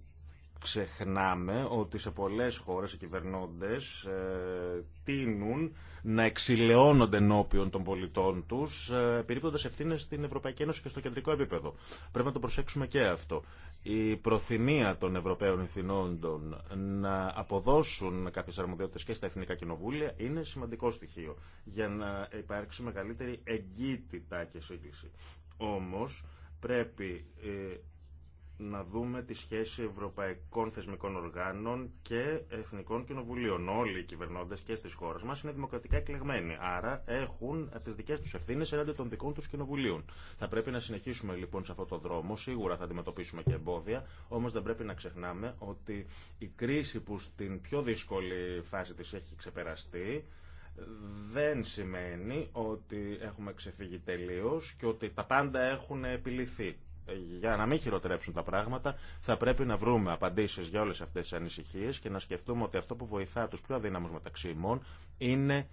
[SPEAKER 2] ξεχνάμε ότι σε πολλές χώρες οι κυβερνώντες ε, τείνουν να εξηλαιώνονται ενώπιον των πολιτών τους ε, ευθύνε ευθύνες στην Ευρωπαϊκή Ένωση και στο κεντρικό επίπεδο. Πρέπει να το προσέξουμε και αυτό. Η προθυμία των Ευρωπαίων ευθυνόντων να αποδώσουν κάποιες αρμοδιότητες και στα Εθνικά Κοινοβούλια είναι σημαντικό στοιχείο για να υπάρξει μεγαλύτερη εγκύτητα και σύγκληση. Όμως πρέπει ε, να δούμε τη σχέση ευρωπαϊκών θεσμικών οργάνων και εθνικών κοινοβουλίων. Όλοι οι κυβερνώντε και στι χώρε μα είναι δημοκρατικά εκλεγμένοι, άρα έχουν τι δικέ τους ευθύνε εναντίον των δικών του κοινοβουλίων. Θα πρέπει να συνεχίσουμε λοιπόν σε αυτό το δρόμο, σίγουρα θα αντιμετωπίσουμε και εμπόδια, όμω δεν πρέπει να ξεχνάμε ότι η κρίση που στην πιο δύσκολη φάση τη έχει ξεπεραστεί, δεν σημαίνει ότι έχουμε ξεφύγει τελείως και ότι τα πάντα έχουν επιληθεί για να μην χειροτερέψουν τα πράγματα, θα πρέπει να βρούμε απαντήσει για όλε αυτέ τι ανησυχίε και να σκεφτούμε ότι αυτό που βοηθά του πιο αδύναμου μεταξύ ημών είναι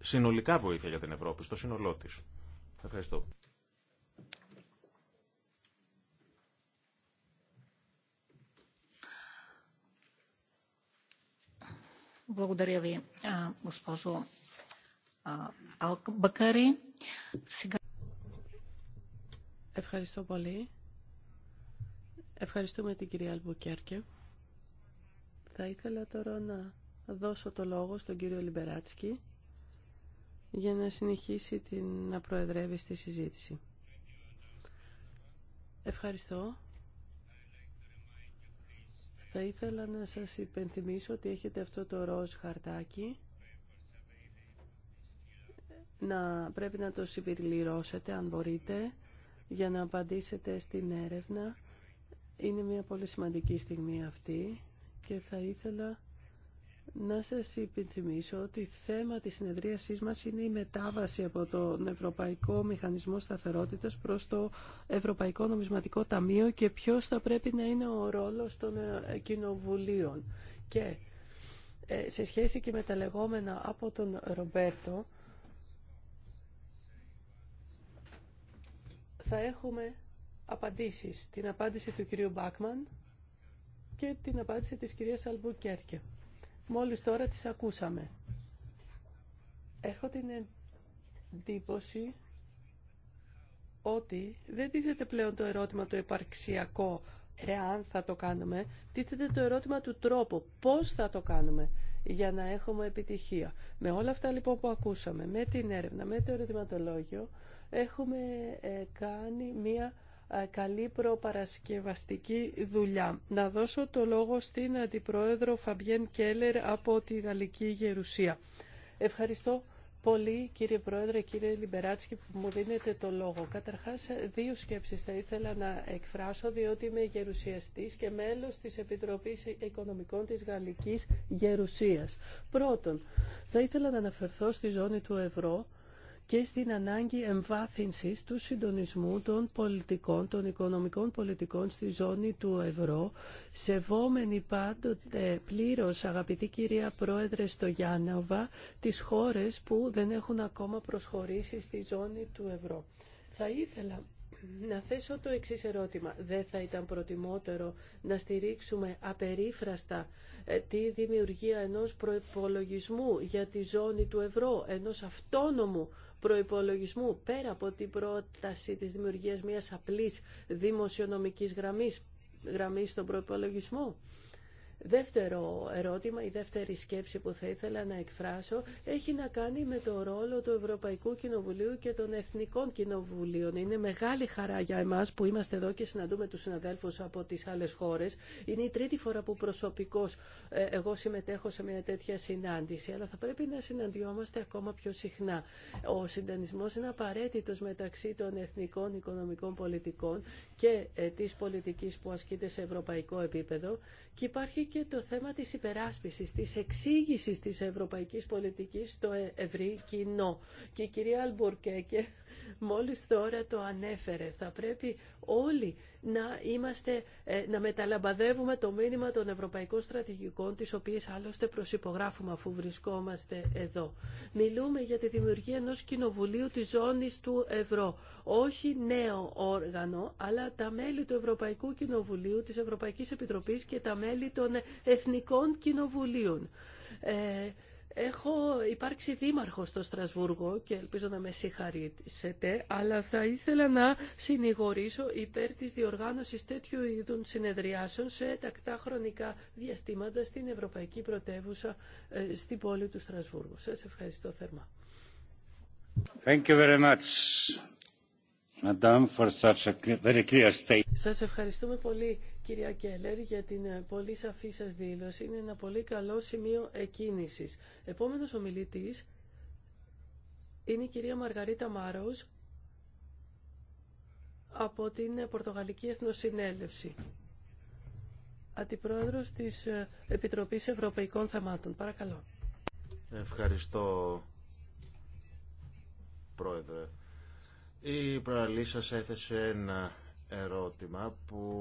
[SPEAKER 2] συνολικά βοήθεια για την Ευρώπη, στο σύνολό τη. Ευχαριστώ.
[SPEAKER 3] Благодаря ви, госпожо
[SPEAKER 5] Ευχαριστώ πολύ. Ευχαριστούμε την κυρία Αλμπουκέρκε. Θα ήθελα τώρα να δώσω το λόγο στον κύριο Λιμπεράτσκι για να συνεχίσει την, να προεδρεύει στη συζήτηση. Ευχαριστώ. Θα ήθελα να σας υπενθυμίσω ότι έχετε αυτό το ροζ χαρτάκι. Να, πρέπει να το συμπληρώσετε αν μπορείτε για να απαντήσετε στην έρευνα. Είναι μια πολύ σημαντική στιγμή αυτή και θα ήθελα να σας υπενθυμίσω ότι θέμα της συνεδρίασής μας είναι η μετάβαση από τον Ευρωπαϊκό Μηχανισμό Σταθερότητας προς το Ευρωπαϊκό Νομισματικό Ταμείο και ποιος θα πρέπει να είναι ο ρόλος των ε, κοινοβουλίων. Και ε, σε σχέση και με τα λεγόμενα από τον Ρομπέρτο, θα έχουμε απαντήσεις. Την απάντηση του κυρίου Μπάκμαν και την απάντηση της κυρίας Αλμπουκέρκε. Μόλις τώρα τις ακούσαμε. Έχω την εντύπωση ότι δεν τίθεται πλέον το ερώτημα το επαρξιακό εάν θα το κάνουμε, τίθεται το ερώτημα του τρόπου, πώς θα το κάνουμε για να έχουμε επιτυχία. Με όλα αυτά λοιπόν που ακούσαμε, με την έρευνα, με το ερωτηματολόγιο, έχουμε ε, κάνει μία ε, καλή προπαρασκευαστική δουλειά. Να δώσω το λόγο στην Αντιπρόεδρο Φαμπιέν Κέλλερ από τη Γαλλική Γερουσία. Ευχαριστώ πολύ κύριε Πρόεδρε, κύριε Λιμπεράτσκι που μου δίνετε το λόγο. Καταρχάς δύο σκέψεις θα ήθελα να εκφράσω διότι είμαι γερουσιαστής και μέλος της Επιτροπής Οικονομικών της Γαλλικής Γερουσίας. Πρώτον, θα ήθελα να αναφερθώ στη ζώνη του ευρώ και στην ανάγκη εμβάθυνσης του συντονισμού των πολιτικών, των οικονομικών πολιτικών στη ζώνη του ευρώ, σεβόμενοι πάντοτε πλήρως, αγαπητή κυρία Πρόεδρε στο τις χώρες που δεν έχουν ακόμα προσχωρήσει στη ζώνη του ευρώ. Θα ήθελα να θέσω το εξή ερώτημα. Δεν θα ήταν προτιμότερο να στηρίξουμε απερίφραστα ε, τη δημιουργία ενός προπολογισμού για τη ζώνη του ευρώ, ενός αυτόνομου προϋπολογισμού πέρα από την πρόταση της δημιουργίας μιας απλής δημοσιονομικής γραμμής, γραμμής στον προϋπολογισμό. Δεύτερο ερώτημα, η δεύτερη σκέψη που θα ήθελα να εκφράσω έχει να κάνει με το ρόλο του Ευρωπαϊκού Κοινοβουλίου και των Εθνικών Κοινοβουλίων. Είναι μεγάλη χαρά για εμάς που είμαστε εδώ και συναντούμε τους συναδέλφους από τις άλλες χώρες. Είναι η τρίτη φορά που προσωπικώς ε, εγώ συμμετέχω σε μια τέτοια συνάντηση, αλλά θα πρέπει να συναντιόμαστε ακόμα πιο συχνά. Ο συντονισμός είναι απαραίτητος μεταξύ των εθνικών οικονομικών πολιτικών και ε, της πολιτικής που ασκείται σε ευρωπαϊκό επίπεδο και υπάρχει και το θέμα της υπεράσπισης, της εξήγησης της ευρωπαϊκής πολιτικής στο ευρύ κοινό. Και η κυρία Αλμπορκέκε μόλις τώρα το ανέφερε. Θα πρέπει όλοι να, είμαστε, ε, να μεταλαμπαδεύουμε το μήνυμα των ευρωπαϊκών στρατηγικών, τις οποίες άλλωστε προσυπογράφουμε αφού βρισκόμαστε εδώ. Μιλούμε για τη δημιουργία ενός κοινοβουλίου της ζώνης του ευρώ. Όχι νέο όργανο, αλλά τα μέλη του Ευρωπαϊκού Κοινοβουλίου, της Ευρωπαϊκής Επιτροπής και τα μέλη των Εθνικών Κοινοβουλίων. Ε, Έχω υπάρξει δήμαρχος στο Στρασβούργο και ελπίζω να με συγχαρήσετε, αλλά θα ήθελα να συνηγορήσω υπέρ της διοργάνωσης τέτοιου είδου συνεδριάσεων σε τακτά χρονικά διαστήματα στην Ευρωπαϊκή Πρωτεύουσα ε, στην πόλη του Στρασβούργου. Σας ευχαριστώ θερμά.
[SPEAKER 4] Thank you very much. Madame, for such a very clear
[SPEAKER 5] Σας ευχαριστούμε πολύ κυρία Κέλλερ, για την ε, πολύ σαφή σα δήλωση. Είναι ένα πολύ καλό σημείο εκκίνησης. Επόμενος ομιλητής είναι η κυρία Μαργαρίτα Μάρο από την Πορτογαλική Εθνοσυνέλευση. Αντιπρόεδρος της ε, Επιτροπής Ευρωπαϊκών Θεμάτων. Παρακαλώ.
[SPEAKER 2] Ευχαριστώ, Πρόεδρε. Η προαλή σας έθεσε ένα ερώτημα που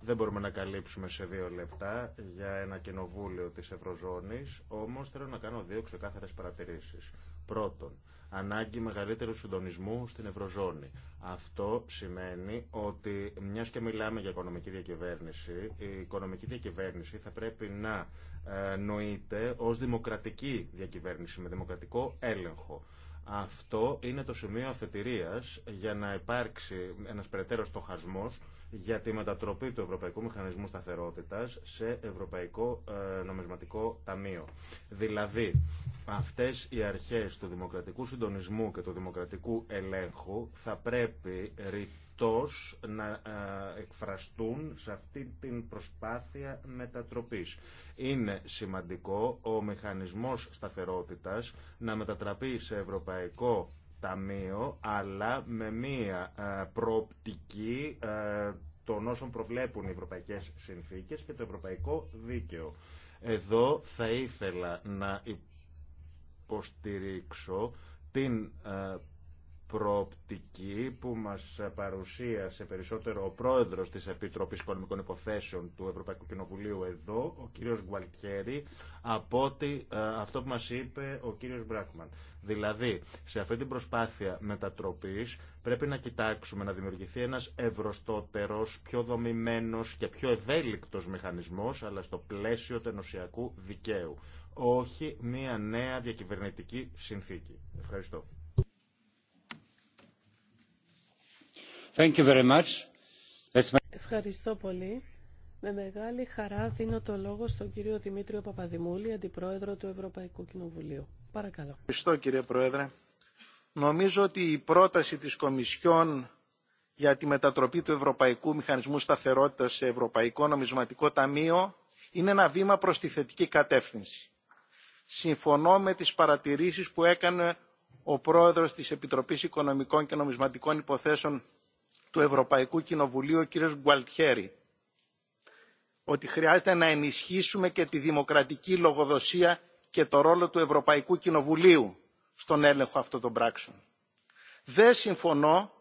[SPEAKER 2] δεν μπορούμε να καλύψουμε σε δύο λεπτά για ένα κοινοβούλιο της Ευρωζώνης, όμως θέλω να κάνω δύο ξεκάθαρες παρατηρήσεις. Πρώτον, ανάγκη μεγαλύτερου συντονισμού στην Ευρωζώνη. Αυτό σημαίνει ότι μια και μιλάμε για οικονομική διακυβέρνηση, η οικονομική διακυβέρνηση θα πρέπει να ε, νοείται ως δημοκρατική διακυβέρνηση με δημοκρατικό έλεγχο. Αυτό είναι το σημείο αφετηρίας για να υπάρξει ένας περαιτέρω στοχασμός για τη μετατροπή του Ευρωπαϊκού Μηχανισμού Σταθερότητας σε Ευρωπαϊκό ε, Νομισματικό Ταμείο. Δηλαδή, αυτές οι αρχές του δημοκρατικού συντονισμού και του δημοκρατικού ελέγχου θα πρέπει ρητός να ε, εκφραστούν σε αυτή την προσπάθεια μετατροπής. Είναι σημαντικό ο μηχανισμός σταθερότητας να μετατραπεί σε Ευρωπαϊκό ταμείο, αλλά με μία ε, προοπτική ε, των όσων προβλέπουν οι ευρωπαϊκές συνθήκες και το ευρωπαϊκό δίκαιο. Εδώ θα ήθελα να υποστηρίξω την ε, προοπτική που μας παρουσίασε περισσότερο ο πρόεδρος της Επιτροπής Οικονομικών Υποθέσεων του Ευρωπαϊκού Κοινοβουλίου εδώ, ο κύριος Γκουαλτιέρη, από ε, αυτό που μας είπε ο κύριος Μπράκμαν. Δηλαδή, σε αυτή την προσπάθεια μετατροπής πρέπει να κοιτάξουμε να δημιουργηθεί ένας ευρωστότερος, πιο δομημένος και πιο ευέλικτος μηχανισμός, αλλά στο πλαίσιο του ενωσιακού δικαίου. Όχι μια νέα διακυβερνητική συνθήκη. Ευχαριστώ.
[SPEAKER 5] Ευχαριστώ πολύ. Με μεγάλη χαρά δίνω το λόγο στον κύριο Δημήτριο Παπαδημούλη, Αντιπρόεδρο του Ευρωπαϊκού Κοινοβουλίου. Παρακαλώ.
[SPEAKER 6] Ευχαριστώ κύριε Πρόεδρε. Νομίζω ότι η πρόταση της Κομισιόν για τη μετατροπή του Ευρωπαϊκού Μηχανισμού Σταθερότητας σε Ευρωπαϊκό Νομισματικό Ταμείο είναι ένα βήμα προς τη θετική κατεύθυνση. Συμφωνώ με τις παρατηρήσεις που έκανε ο πρόεδρος της Επιτροπής Οικονομικών και Νομισματικών Υποθέσεων του Ευρωπαϊκού Κοινοβουλίου, ο κύριος Γκουαλτιέρη, ότι χρειάζεται να ενισχύσουμε και τη δημοκρατική λογοδοσία και το ρόλο του Ευρωπαϊκού Κοινοβουλίου στον έλεγχο αυτών των πράξεων. Δεν συμφωνώ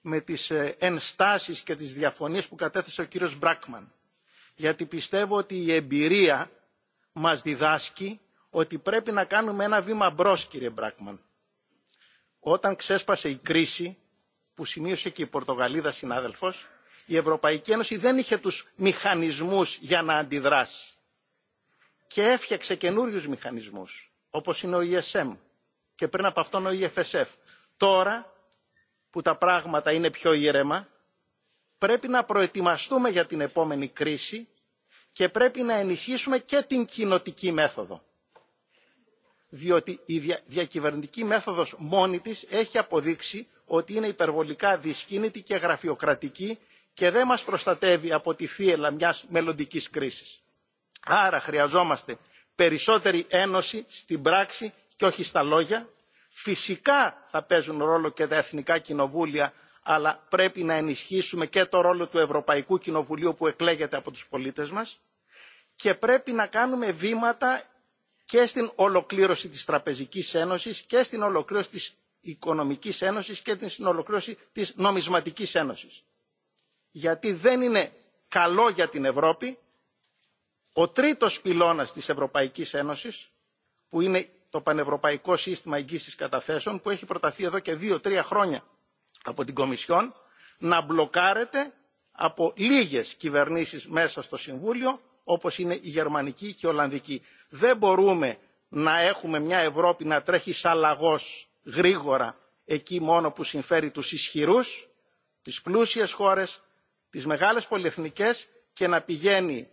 [SPEAKER 6] με τις ε, ενστάσεις και τις διαφωνίες που κατέθεσε ο κύριος Μπράκμαν, γιατί πιστεύω ότι η εμπειρία μας διδάσκει ότι πρέπει να κάνουμε ένα βήμα μπρος, κύριε Μπράκμαν. Όταν ξέσπασε η κρίση, που σημείωσε και η Πορτογαλίδα συνάδελφος, η Ευρωπαϊκή Ένωση δεν είχε τους μηχανισμούς για να αντιδράσει. Και έφτιαξε καινούριου μηχανισμούς, όπως είναι ο ESM και πριν από αυτόν ο EFSF. Τώρα που τα πράγματα είναι πιο ήρεμα, πρέπει να προετοιμαστούμε για την επόμενη κρίση και πρέπει να ενισχύσουμε και την κοινοτική μέθοδο διότι η διακυβερνητική μέθοδος μόνη της έχει αποδείξει ότι είναι υπερβολικά δυσκίνητη και γραφειοκρατική και δεν μας προστατεύει από τη θύελα μιας μελλοντικής κρίσης. Άρα χρειαζόμαστε περισσότερη ένωση στην πράξη και όχι στα λόγια. Φυσικά θα παίζουν ρόλο και τα εθνικά κοινοβούλια, αλλά πρέπει να ενισχύσουμε και το ρόλο του Ευρωπαϊκού Κοινοβουλίου που εκλέγεται από τους πολίτες μας και πρέπει να κάνουμε βήματα και στην ολοκλήρωση της Τραπεζικής Ένωσης και στην ολοκλήρωση της Οικονομικής Ένωσης και στην ολοκλήρωση της Νομισματικής Ένωσης. Γιατί δεν είναι καλό για την Ευρώπη ο τρίτος πυλώνας της Ευρωπαϊκής Ένωσης που είναι το Πανευρωπαϊκό Σύστημα Εγγύσης Καταθέσεων που έχει προταθεί εδώ και δύο-τρία χρόνια από την Κομισιόν να μπλοκάρεται από λίγες κυβερνήσεις μέσα στο Συμβούλιο όπως είναι η Γερμανική και η Ολλανδική δεν μπορούμε να έχουμε μια Ευρώπη να τρέχει σαλαγός γρήγορα εκεί μόνο που συμφέρει τους ισχυρούς, τις πλούσιες χώρες, τις μεγάλες πολυεθνικές και να πηγαίνει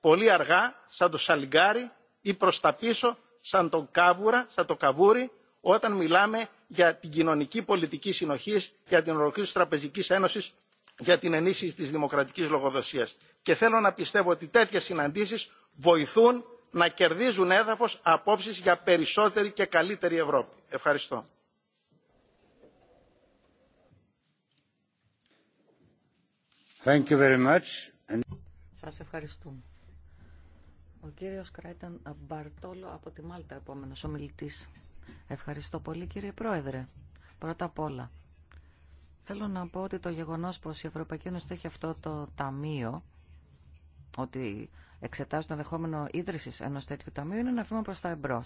[SPEAKER 6] πολύ αργά σαν το σαλιγκάρι ή προς τα πίσω σαν τον κάβουρα, σαν το καβούρι όταν μιλάμε για την κοινωνική πολιτική συνοχή, για την ολοκλήρωση τη Τραπεζική Ένωση, για την ενίσχυση τη δημοκρατική λογοδοσία. Και θέλω να πιστεύω ότι τέτοιε συναντήσει βοηθούν να κερδίζουν έδαφος απόψεις για περισσότερη και καλύτερη Ευρώπη. Ευχαριστώ.
[SPEAKER 4] Thank you very much.
[SPEAKER 3] Σας ευχαριστούμε. Ο κύριος Κράιταν Μπαρτόλο από τη Μάλτα, επόμενος ομιλητής. Ευχαριστώ πολύ κύριε Πρόεδρε. Πρώτα απ' όλα, θέλω να πω ότι το γεγονός πως η Ευρωπαϊκή Ένωση έχει αυτό το ταμείο, ότι εξετάζουν το ενδεχόμενο ίδρυση ενό τέτοιου ταμείου είναι ένα βήμα προ τα εμπρό.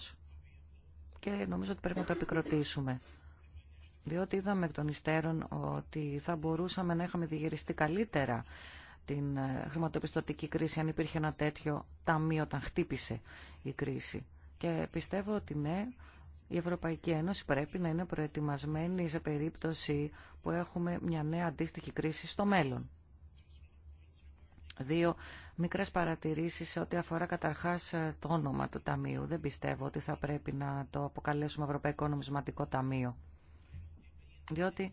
[SPEAKER 3] Και νομίζω ότι πρέπει να το επικροτήσουμε. Διότι είδαμε εκ των υστέρων ότι θα μπορούσαμε να είχαμε διαχειριστεί καλύτερα την ε, χρηματοπιστωτική κρίση αν υπήρχε ένα τέτοιο ταμείο όταν χτύπησε η κρίση. Και πιστεύω ότι ναι, η Ευρωπαϊκή Ένωση πρέπει να είναι προετοιμασμένη σε περίπτωση που έχουμε μια νέα αντίστοιχη κρίση στο μέλλον. Δύο μικρές παρατηρήσεις σε ό,τι αφορά καταρχάς ε, το όνομα του Ταμείου. Δεν πιστεύω ότι θα πρέπει να το αποκαλέσουμε Ευρωπαϊκό Νομισματικό Ταμείο. Διότι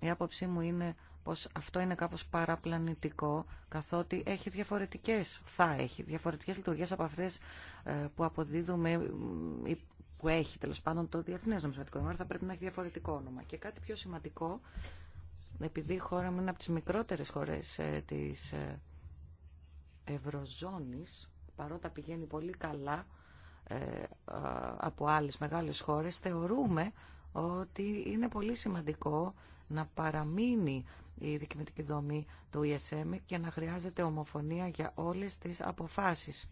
[SPEAKER 3] η άποψή μου είναι πως αυτό είναι κάπως παραπλανητικό, καθότι έχει διαφορετικές, θα έχει διαφορετικές λειτουργίες από αυτές ε, που αποδίδουμε ή που έχει τέλος πάντων το Διεθνές Νομισματικό Όνομα, θα πρέπει να έχει διαφορετικό όνομα. Και κάτι πιο σημαντικό, επειδή η που εχει τελος παντων το διεθνες νομισματικο αρα θα πρεπει να εχει διαφορετικο ονομα και κατι πιο σημαντικο επειδη η χωρα μου είναι από τις μικρότερες χώρες ε, τη. Ευρωζώνης, παρότι πηγαίνει πολύ καλά ε, από άλλες μεγάλες χώρες, θεωρούμε ότι είναι πολύ σημαντικό να παραμείνει η δικαιωματική δομή του ESM και να χρειάζεται ομοφωνία για όλες τις αποφάσεις.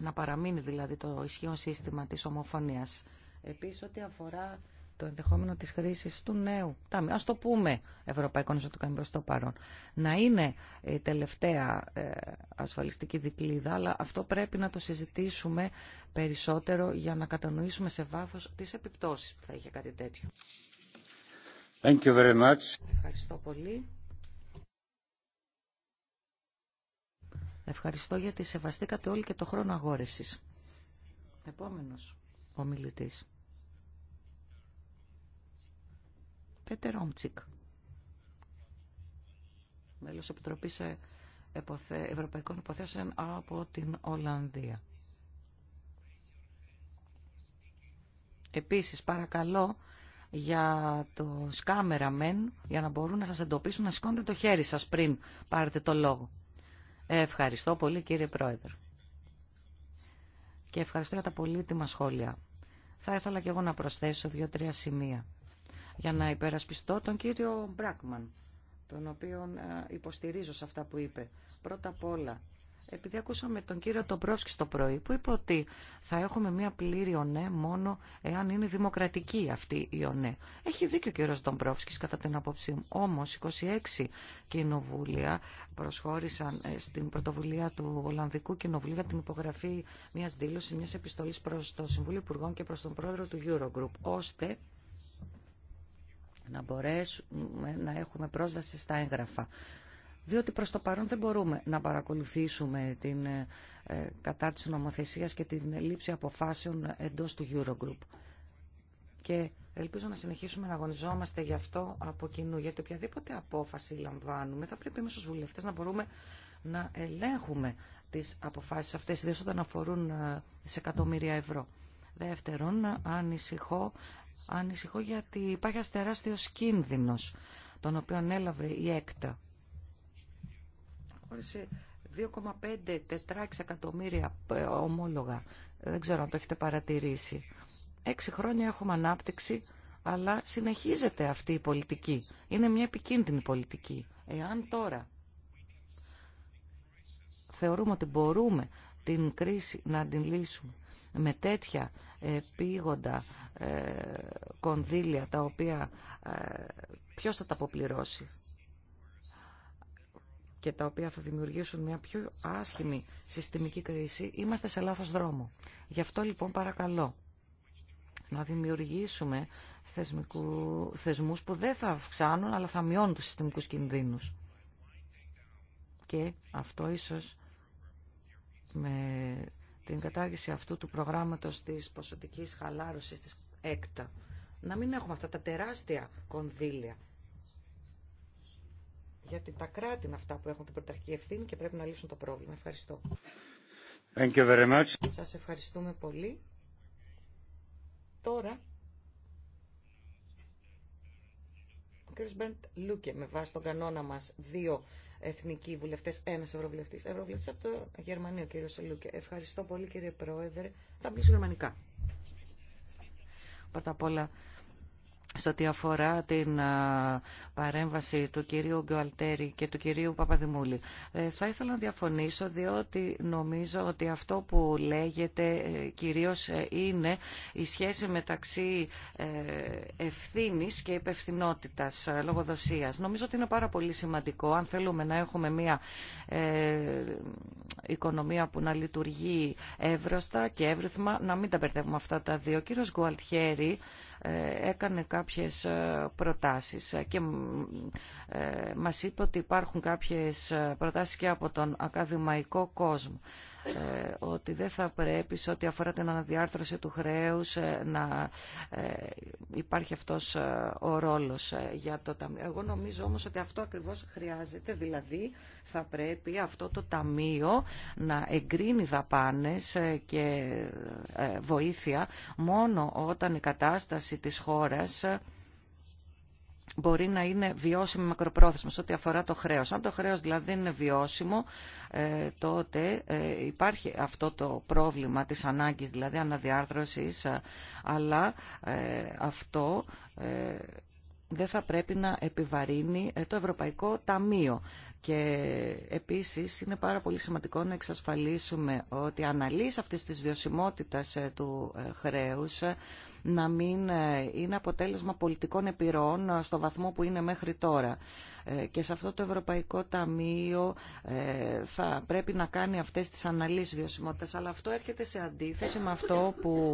[SPEAKER 3] Να παραμείνει δηλαδή το ισχύον σύστημα της ομοφωνίας. Επίσης, ό,τι αφορά το ενδεχόμενο της χρήσης του νέου ταμείου. Ας το πούμε Ευρωπαϊκό Νόμισμα το προς το παρόν. Να είναι η τελευταία ε, ασφαλιστική δικλίδα, αλλά αυτό πρέπει να το συζητήσουμε περισσότερο για να κατανοήσουμε σε βάθος τις επιπτώσεις που θα είχε κάτι τέτοιο.
[SPEAKER 4] Thank you very much.
[SPEAKER 3] Ευχαριστώ πολύ. Ευχαριστώ γιατί σεβαστήκατε όλοι και το χρόνο αγόρευσης. Επόμενος ο Πέτερ Όμτσικ, μέλος Επιτροπής ε, Ευρωπαϊκών Υποθέσεων από την Ολλανδία. Επίσης, παρακαλώ για το σκάμερα για να μπορούν να σας εντοπίσουν, να σηκώνετε το χέρι σας πριν πάρετε το λόγο. Ε, ευχαριστώ πολύ κύριε Πρόεδρε. Και ευχαριστώ για τα πολύτιμα σχόλια. Θα ήθελα και εγώ να προσθέσω δύο-τρία σημεία για να υπερασπιστώ τον κύριο Μπράκμαν, τον οποίο ε, υποστηρίζω σε αυτά που είπε. Πρώτα απ' όλα, επειδή ακούσαμε τον κύριο Τομπρόφσκι το πρωί, που είπε ότι θα έχουμε μια πλήρη ονέ μόνο εάν είναι δημοκρατική αυτή η ονέ. Έχει δίκιο ο κύριο Τομπρόφσκι κατά την απόψη μου. Όμω 26 κοινοβούλια προσχώρησαν ε, στην πρωτοβουλία του Ολλανδικού Κοινοβουλίου για την υπογραφή μια δήλωση, μια επιστολή προ το Συμβούλιο Υπουργών και προ τον πρόεδρο του Eurogroup, ώστε να μπορέσουμε να έχουμε πρόσβαση στα έγγραφα. Διότι προς το παρόν δεν μπορούμε να παρακολουθήσουμε την ε, ε, κατάρτιση νομοθεσίας και την λήψη αποφάσεων εντός του Eurogroup. Και ελπίζω να συνεχίσουμε να αγωνιζόμαστε γι' αυτό από κοινού, γιατί οποιαδήποτε απόφαση λαμβάνουμε θα πρέπει εμείς ως βουλευτές να μπορούμε να ελέγχουμε τις αποφάσεις αυτές, ιδίως όταν αφορούν σε εκατομμύρια ευρώ. Δεύτερον, ανησυχώ, ανησυχώ γιατί υπάρχει ένα τεράστιο κίνδυνο τον οποίο έλαβε η ΕΚΤΑ. Χωρίς 2,5 2,5-4 εκατομμύρια ομόλογα. Δεν ξέρω αν το έχετε παρατηρήσει. Έξι χρόνια έχουμε ανάπτυξη, αλλά συνεχίζεται αυτή η πολιτική. Είναι μια επικίνδυνη πολιτική. Εάν τώρα θεωρούμε ότι μπορούμε την κρίση να την με τέτοια πήγοντα ε, κονδύλια τα οποία ε, ποιος θα τα αποπληρώσει και τα οποία θα δημιουργήσουν μια πιο άσχημη συστημική κρίση, είμαστε σε λάθος δρόμο. Γι' αυτό λοιπόν παρακαλώ να δημιουργήσουμε θεσμικού, θεσμούς που δεν θα αυξάνουν αλλά θα μειώνουν τους συστημικούς κινδύνους. Και αυτό ίσως με την κατάργηση αυτού του προγράμματος της ποσοτικής χαλάρωσης της ΕΚΤΑ. Να μην έχουμε αυτά τα τεράστια κονδύλια. Γιατί τα κράτη είναι αυτά που έχουν την πρωταρχική ευθύνη και πρέπει να λύσουν το πρόβλημα. Ευχαριστώ.
[SPEAKER 4] Thank you very much. Σας
[SPEAKER 3] ευχαριστούμε πολύ. Τώρα, ο κ. Μπέρντ Λούκε, με βάση τον κανόνα μας, δύο εθνικοί βουλευτέ, ένα ευρωβουλευτής. Ευρωβουλευτής από το Γερμανίο, κύριο Σελούκε. Ευχαριστώ πολύ κύριε Πρόεδρε. Θα μιλήσω γερμανικά. Πρώτα απ' όλα σε ό,τι αφορά την παρέμβαση του κυρίου Γκουαλτέρη και του κυρίου Παπαδημούλη. Ε, θα ήθελα να διαφωνήσω διότι νομίζω ότι αυτό που λέγεται ε, κυρίως ε, είναι η σχέση μεταξύ ευθύνης και υπευθυνότητας λογοδοσίας. Νομίζω ότι είναι πάρα πολύ σημαντικό αν θέλουμε να έχουμε μια οικονομία που να λειτουργεί εύρωστα και εύρυθμα να μην τα μπερδεύουμε αυτά τα δύο. Ο κύριος Γκουαλτέρη... Ε, έκανε κάποιες ε, προτάσεις και ε, μας είπε ότι υπάρχουν κάποιες προτάσεις και από τον ακαδημαϊκό κόσμο. Ε, ότι δεν θα πρέπει σε ό,τι αφορά την αναδιάρθρωση του χρέους ε, να ε, υπάρχει αυτός ο ρόλος για το ταμείο. Εγώ νομίζω όμως ότι αυτό ακριβώς χρειάζεται, δηλαδή θα πρέπει αυτό το ταμείο να εγκρίνει δαπάνες και βοήθεια μόνο όταν η κατάσταση της χώρας μπορεί να είναι βιώσιμη μακροπρόθεσμα σε ό,τι αφορά το χρέος. Αν το χρέος δηλαδή είναι βιώσιμο, ε, τότε ε, υπάρχει αυτό το πρόβλημα της ανάγκης δηλαδή αναδιάρθρωσης, ε, αλλά αυτό δεν θα πρέπει να επιβαρύνει το Ευρωπαϊκό Ταμείο. Και επίσης είναι πάρα πολύ σημαντικό να εξασφαλίσουμε ότι αναλύσει αυτής της βιωσιμότητας του χρέους να μην ε, είναι αποτέλεσμα πολιτικών επιρροών ε, στο βαθμό που είναι μέχρι τώρα. Ε, και σε αυτό το Ευρωπαϊκό Ταμείο ε, θα πρέπει να κάνει αυτές τις αναλύσεις βιωσιμότητας αλλά αυτό έρχεται σε αντίθεση με αυτό που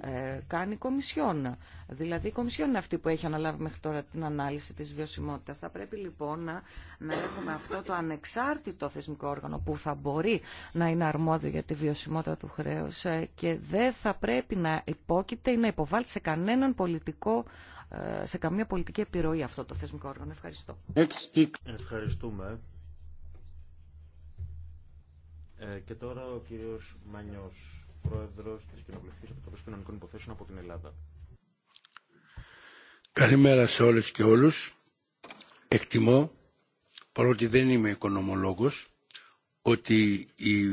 [SPEAKER 3] ε, κάνει η Κομισιόν. Δηλαδή η Κομισιόν είναι αυτή που έχει αναλάβει μέχρι τώρα την ανάλυση της βιωσιμότητας. Θα πρέπει λοιπόν να, να έχουμε αυτό το ανεξάρτητο θεσμικό όργανο που θα μπορεί να είναι αρμόδιο για τη βιωσιμότητα του χρέους και δεν θα πρέπει να υπόκειται ή να υποβάλει σε κανέναν πολιτικό ε, σε καμία πολιτική επιρροή αυτό το θεσμικό όργανο. Ευχαριστώ.
[SPEAKER 2] Ευχαριστούμε. Ε, και τώρα ο κύριος Μανιός, πρόεδρος της Κοινοβουλευτικής Επιτροπής Κοινωνικών Υποθέσεων από την Ελλάδα.
[SPEAKER 1] Καλημέρα σε όλες και όλους. Εκτιμώ, παρότι δεν είμαι οικονομολόγος, ότι η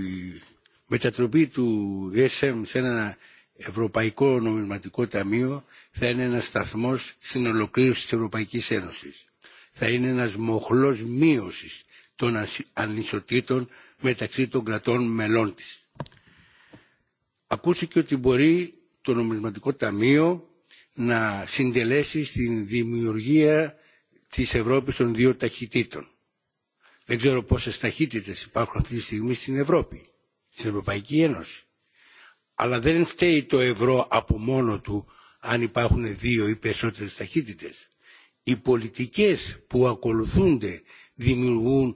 [SPEAKER 1] μετατροπή του ESM σε ένα Ευρωπαϊκό Νομισματικό Ταμείο θα είναι ένας σταθμός στην ολοκλήρωση της Ευρωπαϊκής Ένωσης. Θα είναι ένας μοχλός μείωσης των ανισοτήτων μεταξύ των κρατών μελών της. Ακούστηκε ότι μπορεί το Νομισματικό Ταμείο να συντελέσει στην δημιουργία της Ευρώπης των δύο ταχυτήτων. Δεν ξέρω πόσες ταχύτητες υπάρχουν αυτή τη στιγμή στην Ευρώπη, στην Ευρωπαϊκή Ένωση αλλά δεν φταίει το ευρώ από μόνο του αν υπάρχουν δύο ή περισσότερες ταχύτητες. Οι πολιτικές που ακολουθούνται δημιουργούν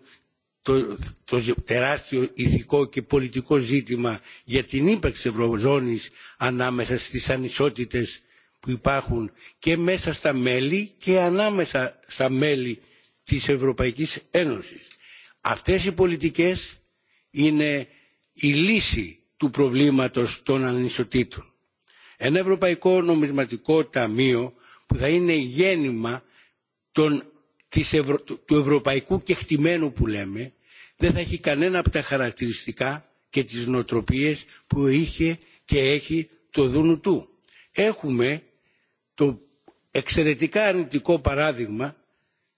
[SPEAKER 1] το, το τεράστιο ηθικό και πολιτικό ζήτημα για την ύπαρξη ευρωζώνης ανάμεσα στις ανισότητες που υπάρχουν και μέσα στα μέλη και ανάμεσα στα μέλη της Ευρωπαϊκής Ένωσης. Αυτές οι πολιτικές είναι η λύση του προβλήματος των ανισοτήτων. Ένα Ευρωπαϊκό Νομισματικό Ταμείο που θα είναι γέννημα του ευρωπαϊκού κεχτημένου που λέμε δεν θα έχει κανένα από τα χαρακτηριστικά και τις νοοτροπίες που είχε και έχει το δούνου του. Έχουμε το εξαιρετικά αρνητικό παράδειγμα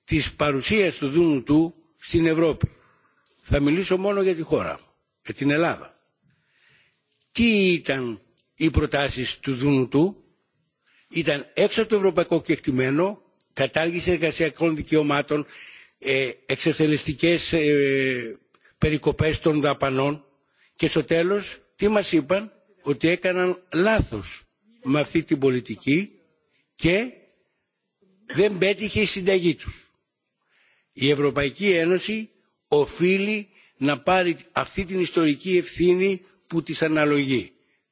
[SPEAKER 1] της παρουσίας του δούνου του στην Ευρώπη. Θα μιλήσω μόνο για τη χώρα μου, για την Ελλάδα τι ήταν οι προτάσεις του Δούνου Ήταν έξω από το ευρωπαϊκό κεκτημένο, κατάργηση εργασιακών δικαιωμάτων, ε, εξευθελιστικές ε, περικοπές των δαπανών και στο τέλος τι μας είπαν ότι έκαναν λάθος με αυτή την πολιτική και δεν πέτυχε η συνταγή τους. Η Ευρωπαϊκή Ένωση οφείλει να πάρει αυτή την ιστορική ευθύνη που της αναλογεί.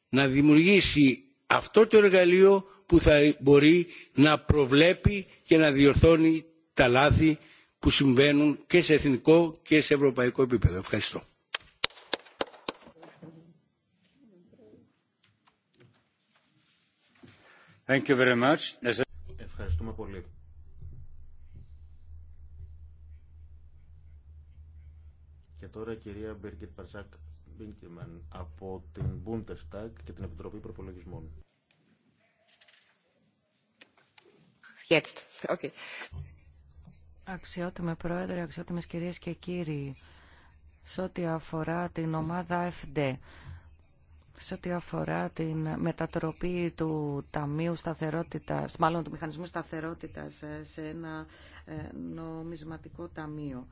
[SPEAKER 1] Να δημιουργήσει αυτό το εργαλείο που θα μπορεί να προβλέπει και να διορθώνει τα λάθη που συμβαίνουν και σε εθνικό και σε ευρωπαϊκό επίπεδο. Ευχαριστώ.
[SPEAKER 4] Thank you very much. Ευχαριστούμε πολύ.
[SPEAKER 2] Και τώρα η κυρία Μπίρκετ Παρσάκ από την Bundestag και την Επιτροπή Προπολογισμών.
[SPEAKER 5] Jetzt. Okay.
[SPEAKER 3] Αξιότιμε Πρόεδρε, αξιότιμες κυρίες και κύριοι, σε ό,τι αφορά την ομάδα FD, σε ό,τι αφορά την μετατροπή του Ταμείου Σταθερότητας, μάλλον του Μηχανισμού Σταθερότητας ε, σε ένα ε, νομισματικό ταμείο.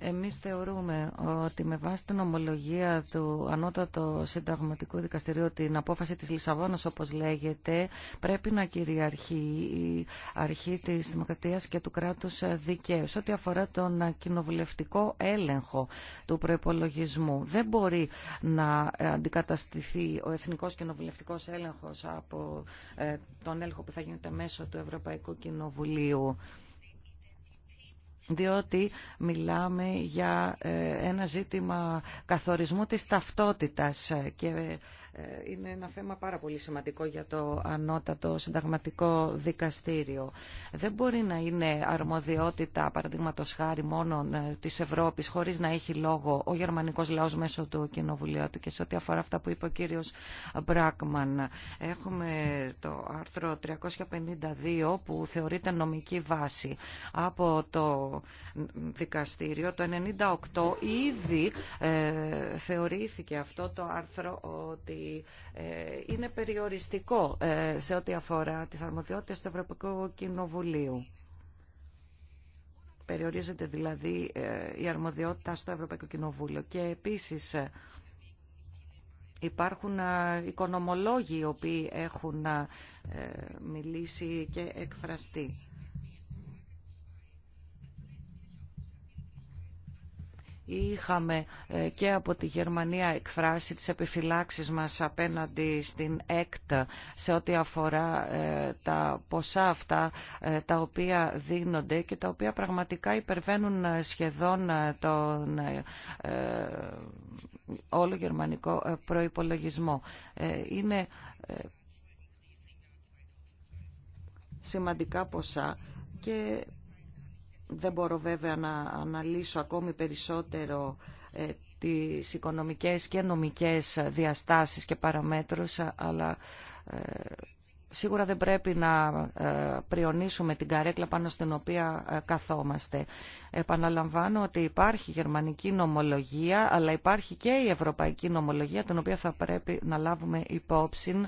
[SPEAKER 3] Εμείς θεωρούμε ότι με βάση την ομολογία του Ανώτατου Συνταγματικού Δικαστηρίου την απόφαση της Λισαβόνας όπως λέγεται πρέπει να κυριαρχεί η αρχή της δημοκρατίας και του κράτους δικαίου ό,τι αφορά τον κοινοβουλευτικό έλεγχο του προπολογισμού. Δεν μπορεί να αντικαταστηθεί ο Εθνικός Κοινοβουλευτικός Έλεγχος από ε, τον έλεγχο που θα γίνεται μέσω του Ευρωπαϊκού Κοινοβουλίου διότι μιλάμε για ε, ένα ζήτημα καθορισμού της ταυτότητας και ε, είναι ένα θέμα πάρα πολύ σημαντικό για το ανώτατο συνταγματικό δικαστήριο. Δεν μπορεί να είναι αρμοδιότητα, παραδείγματο χάρη, μόνο ε, τη Ευρώπη, χωρί να έχει λόγο ο γερμανικό λαό μέσω του κοινοβουλίου του. Και σε ό,τι αφορά αυτά που είπε ο κύριο Μπράκμαν, έχουμε το άρθρο 352 που θεωρείται νομική βάση από το δικαστήριο. Το 98 ήδη ε, θεωρήθηκε αυτό το άρθρο ότι ε, είναι περιοριστικό ε, σε ό,τι αφορά τις αρμοδιότητες του Ευρωπαϊκού Κοινοβουλίου. Περιορίζεται δηλαδή ε, η αρμοδιότητα στο Ευρωπαϊκό Κοινοβούλιο. Και επίσης υπάρχουν οικονομολόγοι οι οποίοι έχουν μιλήσει και εκφραστεί. Είχαμε ε, και από τη Γερμανία εκφράσει τις επιφυλάξεις μας απέναντι στην ΕΚΤ σε ό,τι αφορά ε, τα ποσά αυτά ε, τα οποία δίνονται και τα οποία πραγματικά υπερβαίνουν σχεδόν τον όλο γερμανικό προϋπολογισμό. Είναι σημαντικά ποσά και δεν μπορώ βέβαια να αναλύσω ακόμη περισσότερο ε, τις οικονομικές και νομικές διαστάσεις και παραμέτρους, αλλά ε, σίγουρα δεν πρέπει να ε, πριονίσουμε την καρέκλα πάνω στην οποία καθόμαστε. Επαναλαμβάνω ότι υπάρχει γερμανική νομολογία, αλλά υπάρχει και η ευρωπαϊκή νομολογία, την οποία θα πρέπει να λάβουμε υπόψη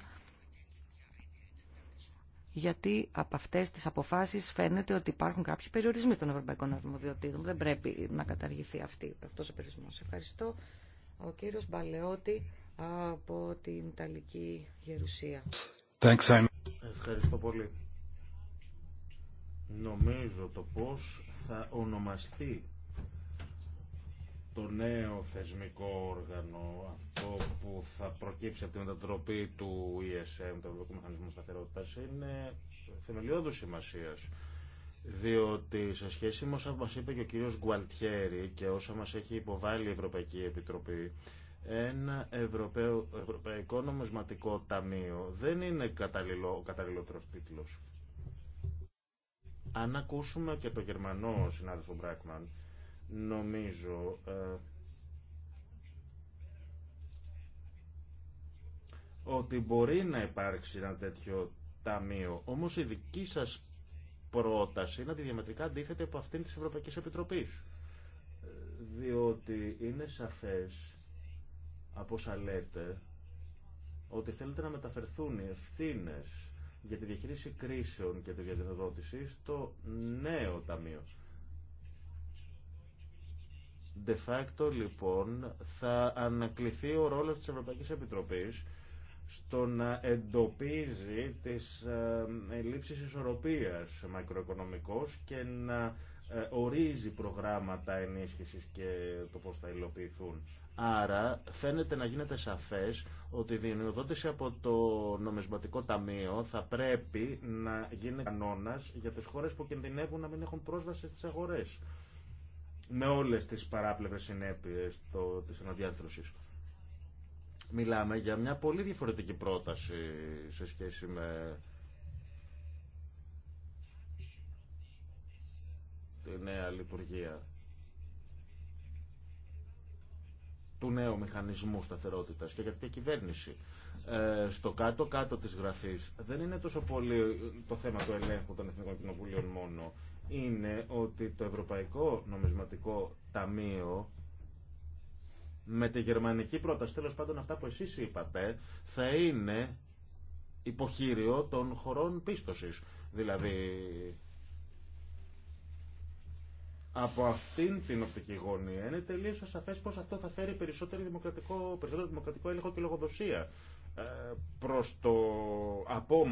[SPEAKER 3] γιατί από αυτές τις αποφάσεις φαίνεται ότι υπάρχουν κάποιοι περιορισμοί των ευρωπαϊκών αρμοδιοτήτων. Δεν πρέπει να καταργηθεί αυτή, αυτός ο περιορισμός. Ευχαριστώ. Ο κύριος Μπαλεώτη από την Ιταλική Γερουσία. Thanks, Ευχαριστώ πολύ. Νομίζω το πώς θα
[SPEAKER 2] ονομαστεί το νέο θεσμικό όργανο, αυτό που θα προκύψει από τη μετατροπή του ESM, του Ευρωπαϊκού Μηχανισμού Σταθερότητα, είναι θεμελιώδου σημασία. Διότι σε σχέση με όσα μα είπε και ο κύριος Γκουαλτιέρη και όσα μα έχει υποβάλει η Ευρωπαϊκή Επιτροπή, ένα Ευρωπαϊκό Νομισματικό Ταμείο δεν είναι καταλληλό, ο καταλληλότερο τίτλο. Αν ακούσουμε και το γερμανό συνάδελφο Μπράκμαν, νομίζω ε, ότι μπορεί να υπάρξει ένα τέτοιο ταμείο. Όμως η δική σας πρόταση είναι αντιδιαμετρικά αντίθετη από αυτήν της Ευρωπαϊκής Επιτροπής. Διότι είναι σαφές, από όσα λέτε, ότι θέλετε να μεταφερθούν οι ευθύνε για τη διαχείριση κρίσεων και τη διαδεδότηση στο νέο ταμείο. De facto λοιπόν θα ανακληθεί ο ρόλος της Ευρωπαϊκής Επιτροπής στο να εντοπίζει τις ε, ε, ελλείψεις ισορροπίας μακροοικονομικός και να ε, ορίζει προγράμματα ενίσχυσης και το πώς θα υλοποιηθούν. Άρα φαίνεται να γίνεται σαφές ότι η διενειοδότηση από το νομισματικό ταμείο θα πρέπει να γίνει κανόνας για τις χώρες που κινδυνεύουν να μην έχουν πρόσβαση στις αγορές με όλες τις παράπλευρες συνέπειες το, της αναδιάρθρωσης. Μιλάμε για μια πολύ διαφορετική πρόταση σε σχέση με τη νέα λειτουργία του νέου μηχανισμού σταθερότητας και για την κυβέρνηση. Ε, στο κάτω-κάτω της γραφής δεν είναι τόσο πολύ το θέμα του ελέγχου των Εθνικών Κοινοβουλίων μόνο είναι ότι το Ευρωπαϊκό Νομισματικό Ταμείο με τη γερμανική πρόταση, τέλο πάντων αυτά που εσείς είπατε, θα είναι υποχείριο των χωρών πίστοσης. Δηλαδή, από αυτήν την οπτική γωνία είναι τελείως ασαφές πως αυτό θα φέρει περισσότερο δημοκρατικό, περισσότερο δημοκρατικό έλεγχο και λογοδοσία ε, προς το, από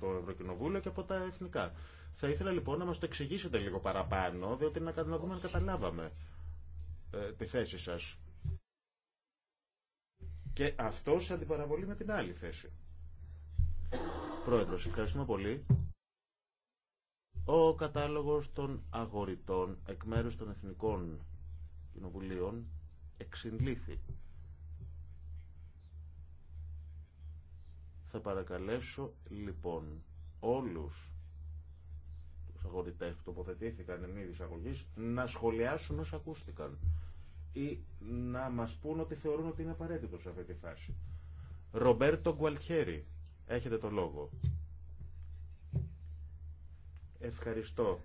[SPEAKER 2] το Ευρωκοινοβούλιο και από τα εθνικά. Θα ήθελα λοιπόν να μας το εξηγήσετε λίγο παραπάνω, διότι να, να δούμε αν καταλάβαμε ε, τη θέση σας. Και αυτό σε αντιπαραβολή με την άλλη θέση. Πρόεδρος, ευχαριστούμε πολύ. Ο κατάλογος των αγοριτών εκ μέρους των Εθνικών Κοινοβουλίων εξυνλήθη. Θα παρακαλέσω λοιπόν όλους αγορητέ που τοποθετήθηκαν εν είδη εισαγωγή να σχολιάσουν όσα ακούστηκαν ή να μα πούν ότι θεωρούν ότι είναι απαραίτητο σε αυτή τη φάση. Ρομπέρτο Γκουαλτιέρη, έχετε το λόγο. Ευχαριστώ.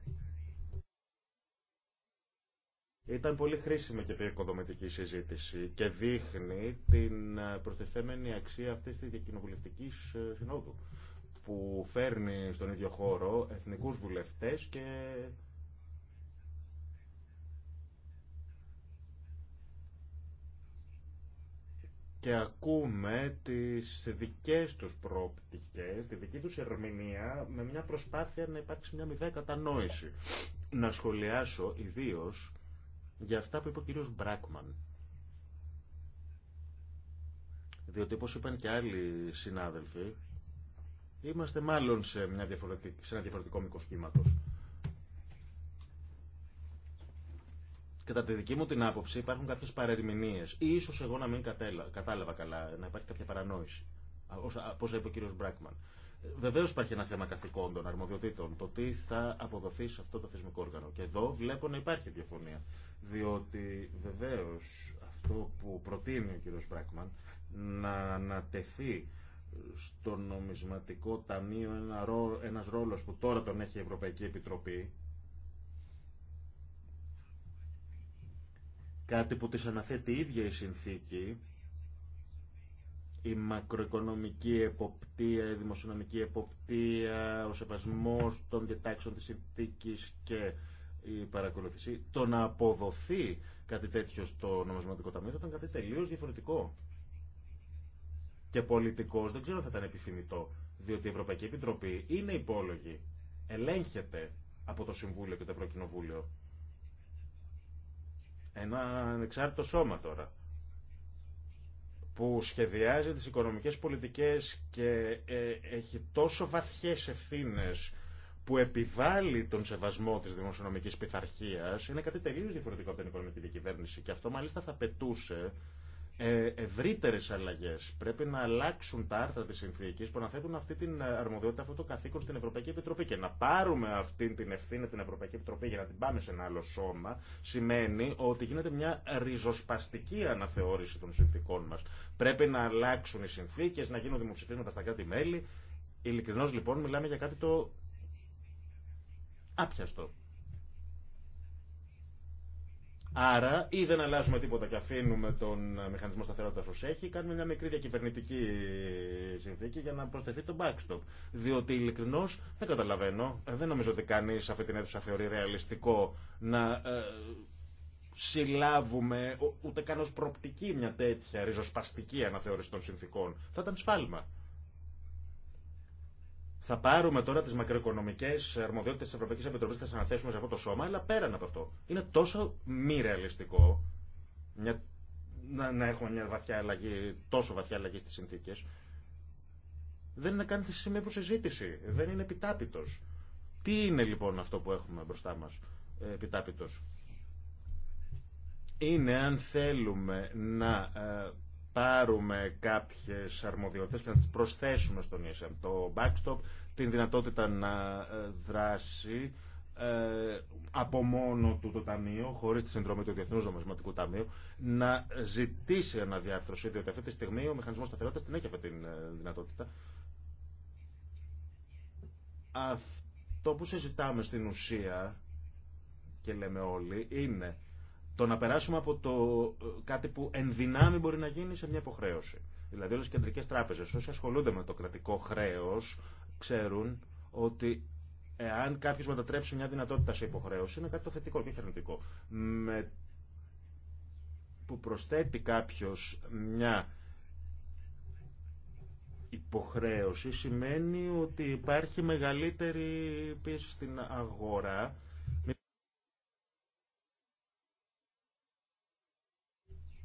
[SPEAKER 2] Ήταν πολύ χρήσιμη και οικοδομητική συζήτηση και δείχνει την ε, προτεθέμενη αξία αυτής της διακοινοβουλευτικής ε, συνόδου που φέρνει στον ίδιο χώρο εθνικούς βουλευτές και και ακούμε τις δικές τους προοπτικές, τη δική τους ερμηνεία με μια προσπάθεια να υπάρξει μια μηδέα κατανόηση. Να σχολιάσω ιδίω για αυτά που είπε ο κύριος Μπράκμαν. Διότι όπως είπαν και άλλοι συνάδελφοι, Είμαστε μάλλον σε, μια σε ένα διαφορετικό μήκο κύματο. Κατά τη δική μου την άποψη υπάρχουν κάποιε παρερμηνίε ή ίσω εγώ να μην κατέλα, κατάλαβα καλά, να υπάρχει κάποια παρανόηση. Όπω είπε ο κύριο Μπράκμαν. Ε, βεβαίω υπάρχει ένα θέμα καθηκόντων, αρμοδιοτήτων, το τι θα αποδοθεί σε αυτό το θεσμικό όργανο. Και εδώ βλέπω να υπάρχει διαφωνία. Διότι βεβαίω αυτό που προτείνει ο κύριο Μπράκμαν να ανατεθεί στο νομισματικό ταμείο ένα ρόλο, ένας ρόλος που τώρα τον έχει η Ευρωπαϊκή Επιτροπή κάτι που της αναθέτει η ίδια η συνθήκη η μακροοικονομική εποπτεία, η δημοσιονομική εποπτεία, ο σεβασμός των διατάξεων της συνθήκης και η παρακολουθήση, το να αποδοθεί κάτι τέτοιο στο νομισματικό ταμείο θα ήταν κάτι τελείως διαφορετικό και πολιτικό δεν ξέρω αν θα ήταν επιθυμητό, διότι η Ευρωπαϊκή Επιτροπή είναι υπόλογη, ελέγχεται από το Συμβούλιο και το Ευρωκοινοβούλιο. Ένα ανεξάρτητο σώμα τώρα που σχεδιάζει τις οικονομικές πολιτικές και ε, έχει τόσο βαθιές ευθύνες που επιβάλλει τον σεβασμό της δημοσιονομικής πειθαρχία είναι κάτι τελείως διαφορετικό από την οικονομική διακυβέρνηση και αυτό μάλιστα θα πετούσε ε, ευρύτερε αλλαγέ. Πρέπει να αλλάξουν τα άρθρα τη συνθήκη που αναθέτουν αυτή την ε, αρμοδιότητα, αυτό το καθήκον στην Ευρωπαϊκή Επιτροπή. Και να πάρουμε αυτή την ευθύνη την Ευρωπαϊκή Επιτροπή για να την πάμε σε ένα άλλο σώμα, σημαίνει ότι γίνεται μια ριζοσπαστική αναθεώρηση των συνθήκων μα. Πρέπει να αλλάξουν οι συνθήκε, να γίνουν δημοψηφίσματα στα κράτη-μέλη. Ειλικρινώ λοιπόν μιλάμε για κάτι το άπιαστο. Άρα, ή δεν αλλάζουμε τίποτα και αφήνουμε τον ε, μηχανισμό σταθερότητα ω έχει, κάνουμε μια μικρή διακυβερνητική συνθήκη για να προσθεθεί το backstop. Διότι ειλικρινώ δεν καταλαβαίνω, ε, δεν νομίζω ότι κανεί σε αυτή την αίθουσα θεωρεί ρεαλιστικό να ε, συλλάβουμε ούτε καν ω προπτική μια τέτοια ριζοσπαστική αναθεώρηση των συνθήκων. Θα ήταν σφάλμα. Θα πάρουμε τώρα τι μακροοικονομικέ αρμοδιότητε τη Ευρωπαϊκή Επιτροπή και θα τι αναθέσουμε σε αυτό το σώμα, αλλά πέραν από αυτό. Είναι τόσο μη ρεαλιστικό να, να έχουμε μια βαθιά αλλαγή, τόσο βαθιά αλλαγή στι συνθήκε. Δεν είναι καν σημείο που συζήτηση. Δεν είναι επιτάπητο. Τι είναι λοιπόν αυτό που έχουμε μπροστά μα, ε, επιτάπητο. Είναι αν θέλουμε να ε, πάρουμε κάποιες αρμοδιότητες και να τις προσθέσουμε στον ESM. Το backstop, την δυνατότητα να ε, δράσει ε, από μόνο του το Ταμείο, χωρίς τη συνδρομή του διεθνού Νομισματικού Ταμείου, να ζητήσει αναδιάρθρωση, διότι αυτή τη στιγμή ο μηχανισμός σταθερότητα την έχει αυτή τη ε, δυνατότητα. Αυτό που συζητάμε στην ουσία και λέμε όλοι είναι το να περάσουμε από το ε, κάτι που ενδυνάμει μπορεί να γίνει σε μια υποχρέωση. Δηλαδή όλες οι κεντρικές τράπεζες, όσοι ασχολούνται με το κρατικό χρέος, ξέρουν ότι εάν κάποιο μετατρέψει μια δυνατότητα σε υποχρέωση, είναι κάτι το θετικό και χαρνητικό. Με... Που προσθέτει κάποιο μια υποχρέωση σημαίνει ότι υπάρχει μεγαλύτερη πίεση στην αγορά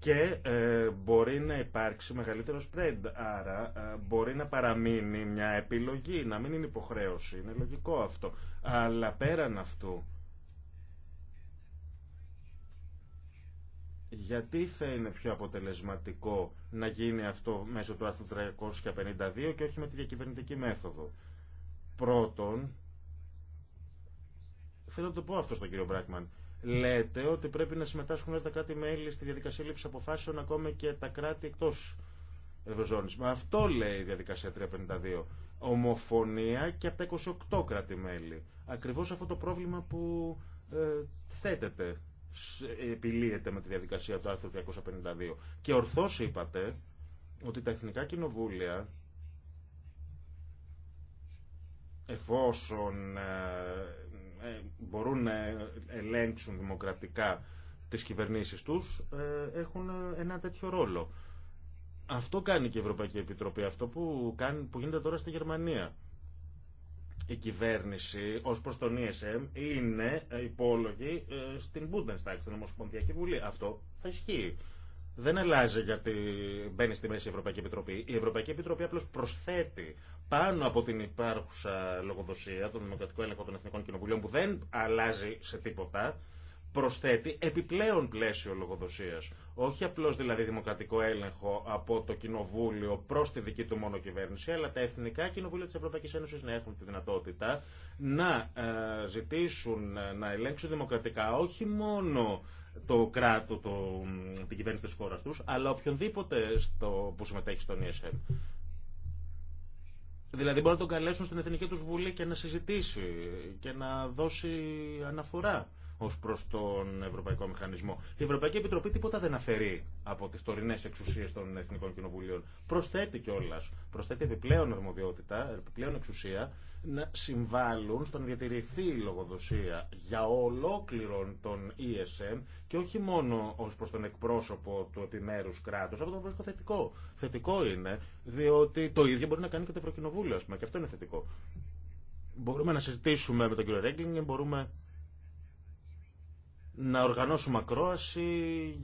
[SPEAKER 2] και ε, μπορεί να υπάρξει μεγαλύτερο spread. Άρα ε, μπορεί να παραμείνει μια επιλογή, να μην είναι υποχρέωση. Είναι λογικό αυτό. Αλλά πέραν αυτού, γιατί θα είναι πιο αποτελεσματικό να γίνει αυτό μέσω του άρθρου 352 και όχι με τη διακυβερνητική μέθοδο. Πρώτον, θέλω να το πω αυτό στον κύριο Μπράκμαν, Λέτε ότι πρέπει να συμμετάσχουν τα κράτη-μέλη στη διαδικασία λήψη αποφάσεων, ακόμη και τα κράτη εκτό Ευρωζώνη. Μα αυτό λέει η διαδικασία 352. Ομοφωνία και από τα 28 κράτη-μέλη. Ακριβώ αυτό το πρόβλημα που ε, θέτεται, επιλύεται με τη διαδικασία του άρθρου 352. Και ορθώ είπατε ότι τα εθνικά κοινοβούλια εφόσον ε, ε, μπορούν να ελέγξουν δημοκρατικά τις κυβερνήσεις τους, ε, έχουν ένα τέτοιο ρόλο. Αυτό κάνει και η Ευρωπαϊκή Επιτροπή, αυτό που, κάνει, που γίνεται τώρα στη Γερμανία. Η κυβέρνηση ως προ τον ESM είναι υπόλογη ε, στην Bundestag, στην Ομοσπονδιακή Βουλή. Αυτό θα ισχύει. Δεν αλλάζει γιατί μπαίνει στη μέση η Ευρωπαϊκή Επιτροπή. Η Ευρωπαϊκή Επιτροπή απλώ προσθέτει πάνω από την υπάρχουσα λογοδοσία, τον Δημοκρατικό Έλεγχο των Εθνικών Κοινοβουλίων, που δεν αλλάζει σε τίποτα, προσθέτει επιπλέον πλαίσιο λογοδοσία. Όχι απλώ δηλαδή δημοκρατικό έλεγχο από το Κοινοβούλιο προ τη δική του μόνο κυβέρνηση, αλλά τα εθνικά κοινοβούλια τη Ευρωπαϊκή Ένωση να έχουν τη δυνατότητα να ε, ζητήσουν ε, να ελέγξουν δημοκρατικά όχι μόνο το κράτο, το, την κυβέρνηση τη χώρα του, αλλά οποιονδήποτε στο, που συμμετέχει στον ESM. Δηλαδή μπορεί να τον καλέσουν στην Εθνική τους Βουλή και να συζητήσει και να δώσει αναφορά ω προ τον Ευρωπαϊκό Μηχανισμό. Η Ευρωπαϊκή Επιτροπή τίποτα δεν αφαιρεί από τι τωρινέ εξουσίε των Εθνικών Κοινοβουλίων. Προσθέτει κιόλα. Προσθέτει επιπλέον αρμοδιότητα, επιπλέον εξουσία να συμβάλλουν στο να διατηρηθεί η λογοδοσία για ολόκληρον τον ESM και όχι μόνο ω προ τον εκπρόσωπο του επιμέρου κράτου. Αυτό το βρίσκω θετικό. Θετικό είναι, διότι το ίδιο μπορεί να κάνει και το Ευρωκοινοβούλιο, α πούμε, και αυτό είναι θετικό. Μπορούμε να συζητήσουμε με τον κύριο Ρέγκλινγκ, μπορούμε να οργανώσουμε ακρόαση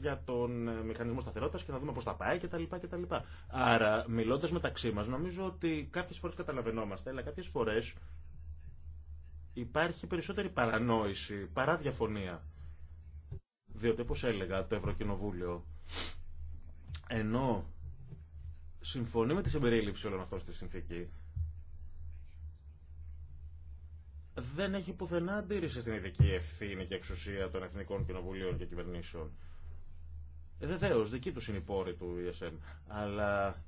[SPEAKER 2] για τον ε, μηχανισμό σταθερότητα και να δούμε πώ θα πάει κτλ. Άρα, μιλώντα μεταξύ μα, νομίζω ότι κάποιε φορέ καταλαβαίνόμαστε, αλλά κάποιε φορέ υπάρχει περισσότερη παρανόηση παρά διαφωνία. Διότι, όπω έλεγα, το Ευρωκοινοβούλιο ενώ συμφωνεί με τη συμπερίληψη όλων αυτών στη συνθήκη, δεν έχει πουθενά αντίρρηση στην ειδική ευθύνη και εξουσία των Εθνικών Κοινοβουλίων και Κυβερνήσεων. Ε, Βεβαίω, δική του είναι η πόρη του ESM. Αλλά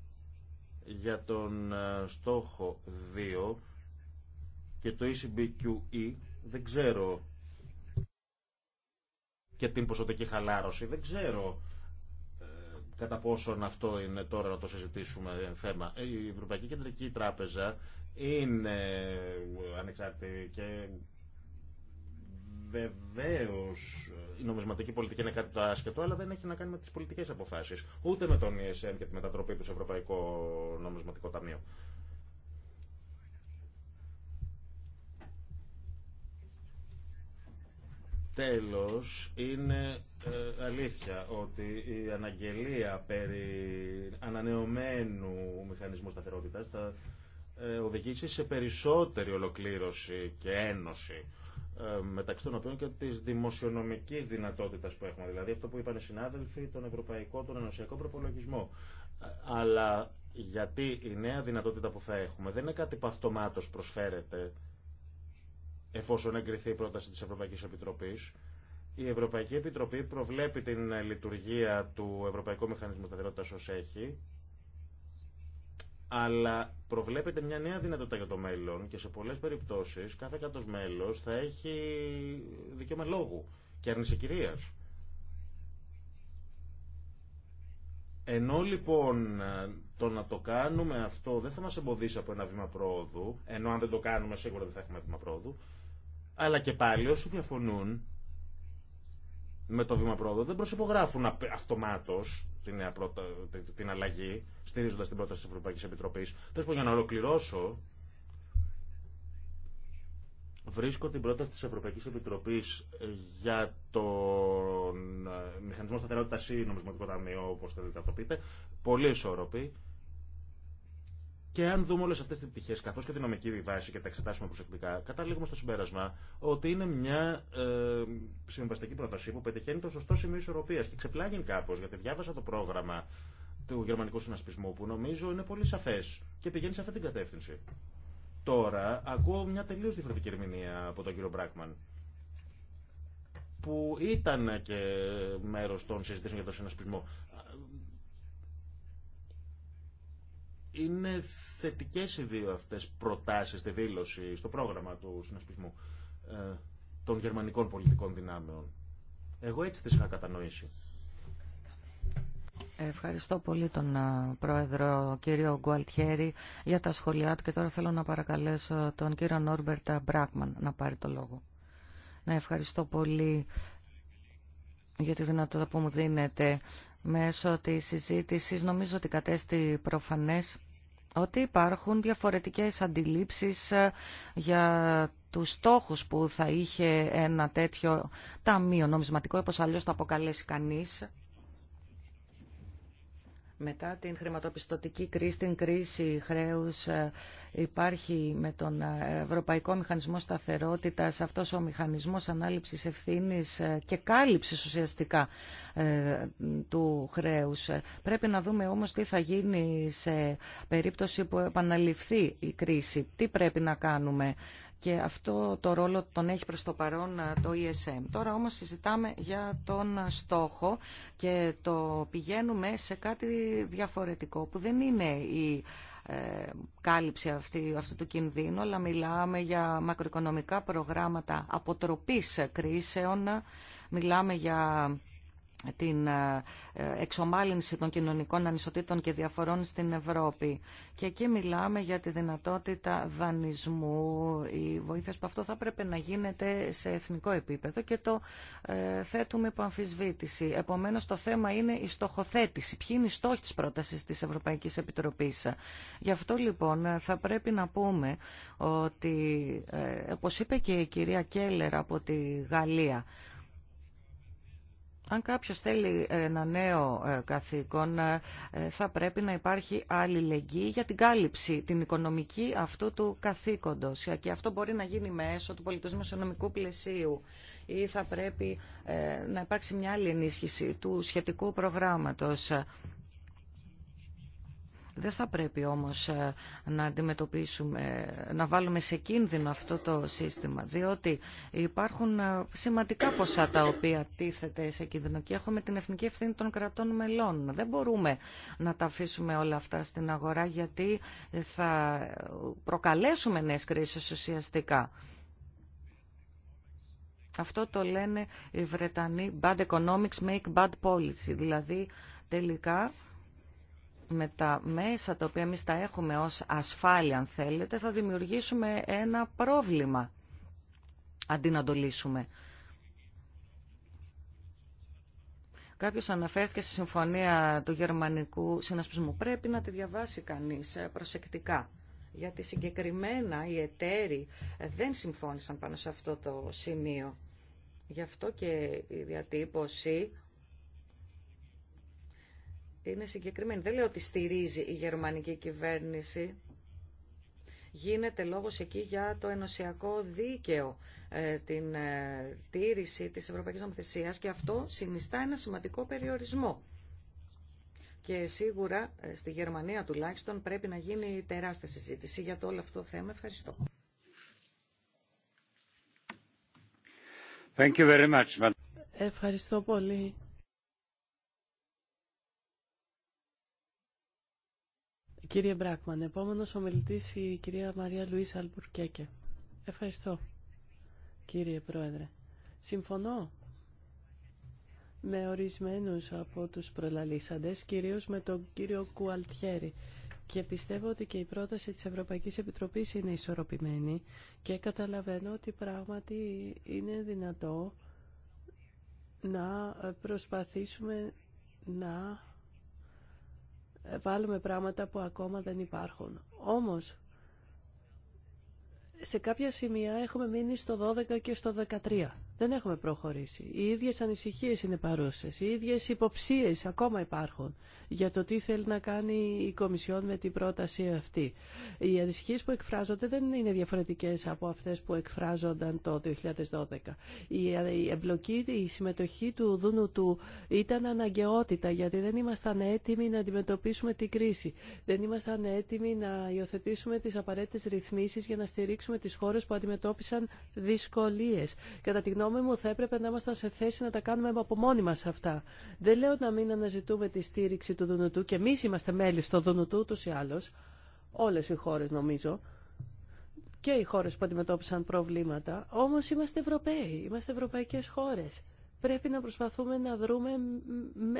[SPEAKER 2] για τον ε, στόχο 2 και το ECBQE δεν ξέρω και την ποσοτική χαλάρωση δεν ξέρω ε, κατά πόσον αυτό είναι τώρα να το συζητήσουμε θέμα. Η Ευρωπαϊκή Κεντρική Τράπεζα είναι ε, ανεξάρτητη και βεβαίω η νομισματική πολιτική είναι κάτι το άσχετο, αλλά δεν έχει να κάνει με τι πολιτικέ αποφάσει. Ούτε με τον ESM και τη μετατροπή του σε Ευρωπαϊκό Νομισματικό Ταμείο. Τέλος, είναι ε, αλήθεια ότι η αναγγελία περί ανανεωμένου μηχανισμού σταθερότητας, τα ε, οδηγήσει σε περισσότερη ολοκλήρωση και ένωση ε, μεταξύ των οποίων και τη δημοσιονομική δυνατότητα που έχουμε. Δηλαδή αυτό που είπαν οι συνάδελφοι, τον ευρωπαϊκό, τον ενωσιακό προπολογισμό. Ε, αλλά γιατί η νέα δυνατότητα που θα έχουμε δεν είναι κάτι που αυτομάτω προσφέρεται εφόσον εγκριθεί η πρόταση τη Ευρωπαϊκή Επιτροπή. Η Ευρωπαϊκή Επιτροπή προβλέπει την λειτουργία του Ευρωπαϊκού Μηχανισμού Σταθερότητα ω έχει αλλά προβλέπεται μια νέα δυνατότητα για το μέλλον και σε πολλές περιπτώσεις κάθε κάτος μέλος θα έχει δικαίωμα λόγου και άρνηση κυρίας. Ενώ λοιπόν ε, το να το κάνουμε αυτό δεν θα μας εμποδίσει από ένα βήμα πρόοδου, ενώ αν δεν το κάνουμε σίγουρα δεν θα έχουμε βήμα πρόοδου, αλλά και πάλι όσοι διαφωνούν με το βήμα πρόοδου δεν προσυπογράφουν αυτομάτως την, αλλαγή, στηρίζοντα την πρόταση τη Ευρωπαϊκή Επιτροπή. Τέλο πάντων, για να ολοκληρώσω, βρίσκω την πρόταση τη Ευρωπαϊκή Επιτροπή για τον ε, μηχανισμό σταθερότητα ή νομισματικό ταμείο, όπω θέλετε να το πείτε, πολύ ισόρροπη. Και αν δούμε όλε αυτέ τι πτυχέ, καθώ και τη νομική βάση και τα εξετάσουμε προσεκτικά, καταλήγουμε στο συμπέρασμα ότι είναι μια ε, συμβαστική πρόταση που πετυχαίνει το σωστό σημείο ισορροπία. Και ξεπλάγει κάπω, γιατί διάβασα το πρόγραμμα του γερμανικού συνασπισμού, που νομίζω είναι πολύ σαφέ και πηγαίνει σε αυτή την κατεύθυνση. Τώρα ακούω μια τελείω διαφορετική ερμηνεία από τον κύριο Μπράκμαν που ήταν και μέρο των συζητήσεων για τον συνασπισμό. Είναι θετικές οι δύο αυτές προτάσεις στη δήλωση, στο πρόγραμμα του συνασπισμού ε, των γερμανικών πολιτικών δυνάμεων. Εγώ έτσι τις είχα κατανοήσει.
[SPEAKER 3] Ευχαριστώ πολύ τον ε, Πρόεδρο κύριο Γκουαλτιέρη για τα σχόλιά του και τώρα θέλω να παρακαλέσω τον κύριο Νόρμπερτ Μπράκμαν να πάρει το λόγο. Να ευχαριστώ πολύ για τη δυνατότητα που μου δίνετε μέσω τη συζήτηση, νομίζω ότι κατέστη προφανές ότι υπάρχουν διαφορετικές αντιλήψεις ε, για τους στόχους που θα είχε ένα τέτοιο ταμείο νομισματικό, όπως αλλιώς το αποκαλέσει κανείς. Μετά την χρηματοπιστωτική κρίση, την κρίση χρέους, ε, υπάρχει με τον ε, Ευρωπαϊκό Μηχανισμό Σταθερότητας αυτός ο μηχανισμός ανάληψης ευθύνης ε, και κάλυψης ουσιαστικά του χρέους. Πρέπει να δούμε όμως τι θα γίνει σε περίπτωση που επαναληφθεί η κρίση. Τι πρέπει να κάνουμε και αυτό το ρόλο τον έχει προς το παρόν το ESM. Τώρα όμως συζητάμε για τον στόχο και το πηγαίνουμε σε κάτι διαφορετικό που δεν είναι η ε, κάλυψη αυτή, αυτού του κινδύνου, αλλά μιλάμε για μακροοικονομικά προγράμματα αποτροπής κρίσεων, μιλάμε για την ε, εξομάλυνση των κοινωνικών ανισοτήτων και διαφορών στην Ευρώπη. Και εκεί μιλάμε για τη δυνατότητα δανεισμού, η βοήθεια που αυτό θα πρέπει να γίνεται σε εθνικό επίπεδο και το ε, θέτουμε υπό αμφισβήτηση. Επομένως το θέμα είναι η στοχοθέτηση. Ποιοι είναι οι στόχοι της πρότασης της Ευρωπαϊκής Επιτροπής. Γι' αυτό λοιπόν θα πρέπει να πούμε ότι, ε, όπως είπε και η κυρία Κέλλερ από τη Γαλλία, αν κάποιος θέλει ε, ένα νέο ε, καθήκον, ε, θα πρέπει να υπάρχει άλλη αλληλεγγύη για την κάλυψη, την οικονομική αυτού του καθήκοντος. Και αυτό μπορεί να γίνει μέσω του πολιτισμού οικονομικού πλαισίου ή θα πρέπει να υπάρξει μια άλλη ενίσχυση του σχετικού προγράμματος. Δεν θα πρέπει όμως ε, να αντιμετωπίσουμε, να βάλουμε σε κίνδυνο αυτό το σύστημα, διότι υπάρχουν ε, σημαντικά ποσά τα οποία τίθεται σε κίνδυνο και έχουμε την εθνική ευθύνη των κρατών μελών. Δεν μπορούμε να τα αφήσουμε όλα αυτά στην αγορά γιατί θα προκαλέσουμε νέες κρίσεις ουσιαστικά. Αυτό το λένε οι Βρετανοί bad economics make bad policy, δηλαδή τελικά με τα μέσα τα οποία εμείς τα έχουμε ως ασφάλεια αν θέλετε θα δημιουργήσουμε ένα πρόβλημα αντί να το λύσουμε. Κάποιος αναφέρθηκε στη συμφωνία του γερμανικού συνασπισμού. Πρέπει να τη διαβάσει κανείς ε, προσεκτικά. Γιατί συγκεκριμένα οι εταίροι ε, δεν συμφώνησαν πάνω σε αυτό το σημείο. Γι' αυτό και η διατύπωση είναι συγκεκριμένη. Δεν λέω ότι στηρίζει η γερμανική κυβέρνηση. Γίνεται λόγος εκεί για το ενωσιακό δίκαιο, ε, την ε, τήρηση της Ευρωπαϊκής Νομοθεσίας και αυτό συνιστά ένα σημαντικό περιορισμό. Και σίγουρα ε, στη Γερμανία τουλάχιστον πρέπει να γίνει τεράστια συζήτηση για το όλο αυτό το θέμα. Ευχαριστώ.
[SPEAKER 4] Thank you very much.
[SPEAKER 5] Ευχαριστώ πολύ Κύριε Μπράκμαν, επόμενος ομιλητής η κυρία Μαρία Λουίς Αλμπουρκέκε. Ευχαριστώ, κύριε Πρόεδρε. Συμφωνώ με ορισμένους από τους προλαλήσαντες, κυρίως με τον κύριο Κουαλτιέρη. Και πιστεύω ότι και η πρόταση της Ευρωπαϊκής Επιτροπής είναι ισορροπημένη και καταλαβαίνω ότι πράγματι είναι δυνατό να προσπαθήσουμε να βάλουμε πράγματα που ακόμα δεν υπάρχουν. Όμως, σε κάποια σημεία έχουμε μείνει στο 12 και στο 13 δεν έχουμε προχωρήσει. Οι ίδιες ανησυχίες είναι παρούσες, οι ίδιες υποψίες ακόμα υπάρχουν για το τι θέλει να κάνει η Κομισιόν με την πρόταση αυτή. Οι ανησυχίες που εκφράζονται δεν είναι διαφορετικές από αυτές που εκφράζονταν το 2012. Η εμπλοκή, η συμμετοχή του Δούνου του ήταν αναγκαιότητα γιατί δεν ήμασταν έτοιμοι να αντιμετωπίσουμε την κρίση. Δεν ήμασταν έτοιμοι να υιοθετήσουμε τις απαραίτητες ρυθμίσεις για να στηρίξουμε τις χώρες που αντιμετώπισαν δυσκολίες. Κατά τη γνώμη μου θα έπρεπε να ήμασταν σε θέση να τα κάνουμε από μόνοι μας αυτά. Δεν λέω να μην αναζητούμε τη στήριξη του Δουνουτού και εμείς είμαστε μέλη στο Δουνουτού ούτως ή άλλω, όλες οι χώρες νομίζω, και οι χώρες που αντιμετώπισαν προβλήματα, όμως είμαστε Ευρωπαίοι, είμαστε ευρωπαϊκές χώρες πρέπει να προσπαθούμε να δρούμε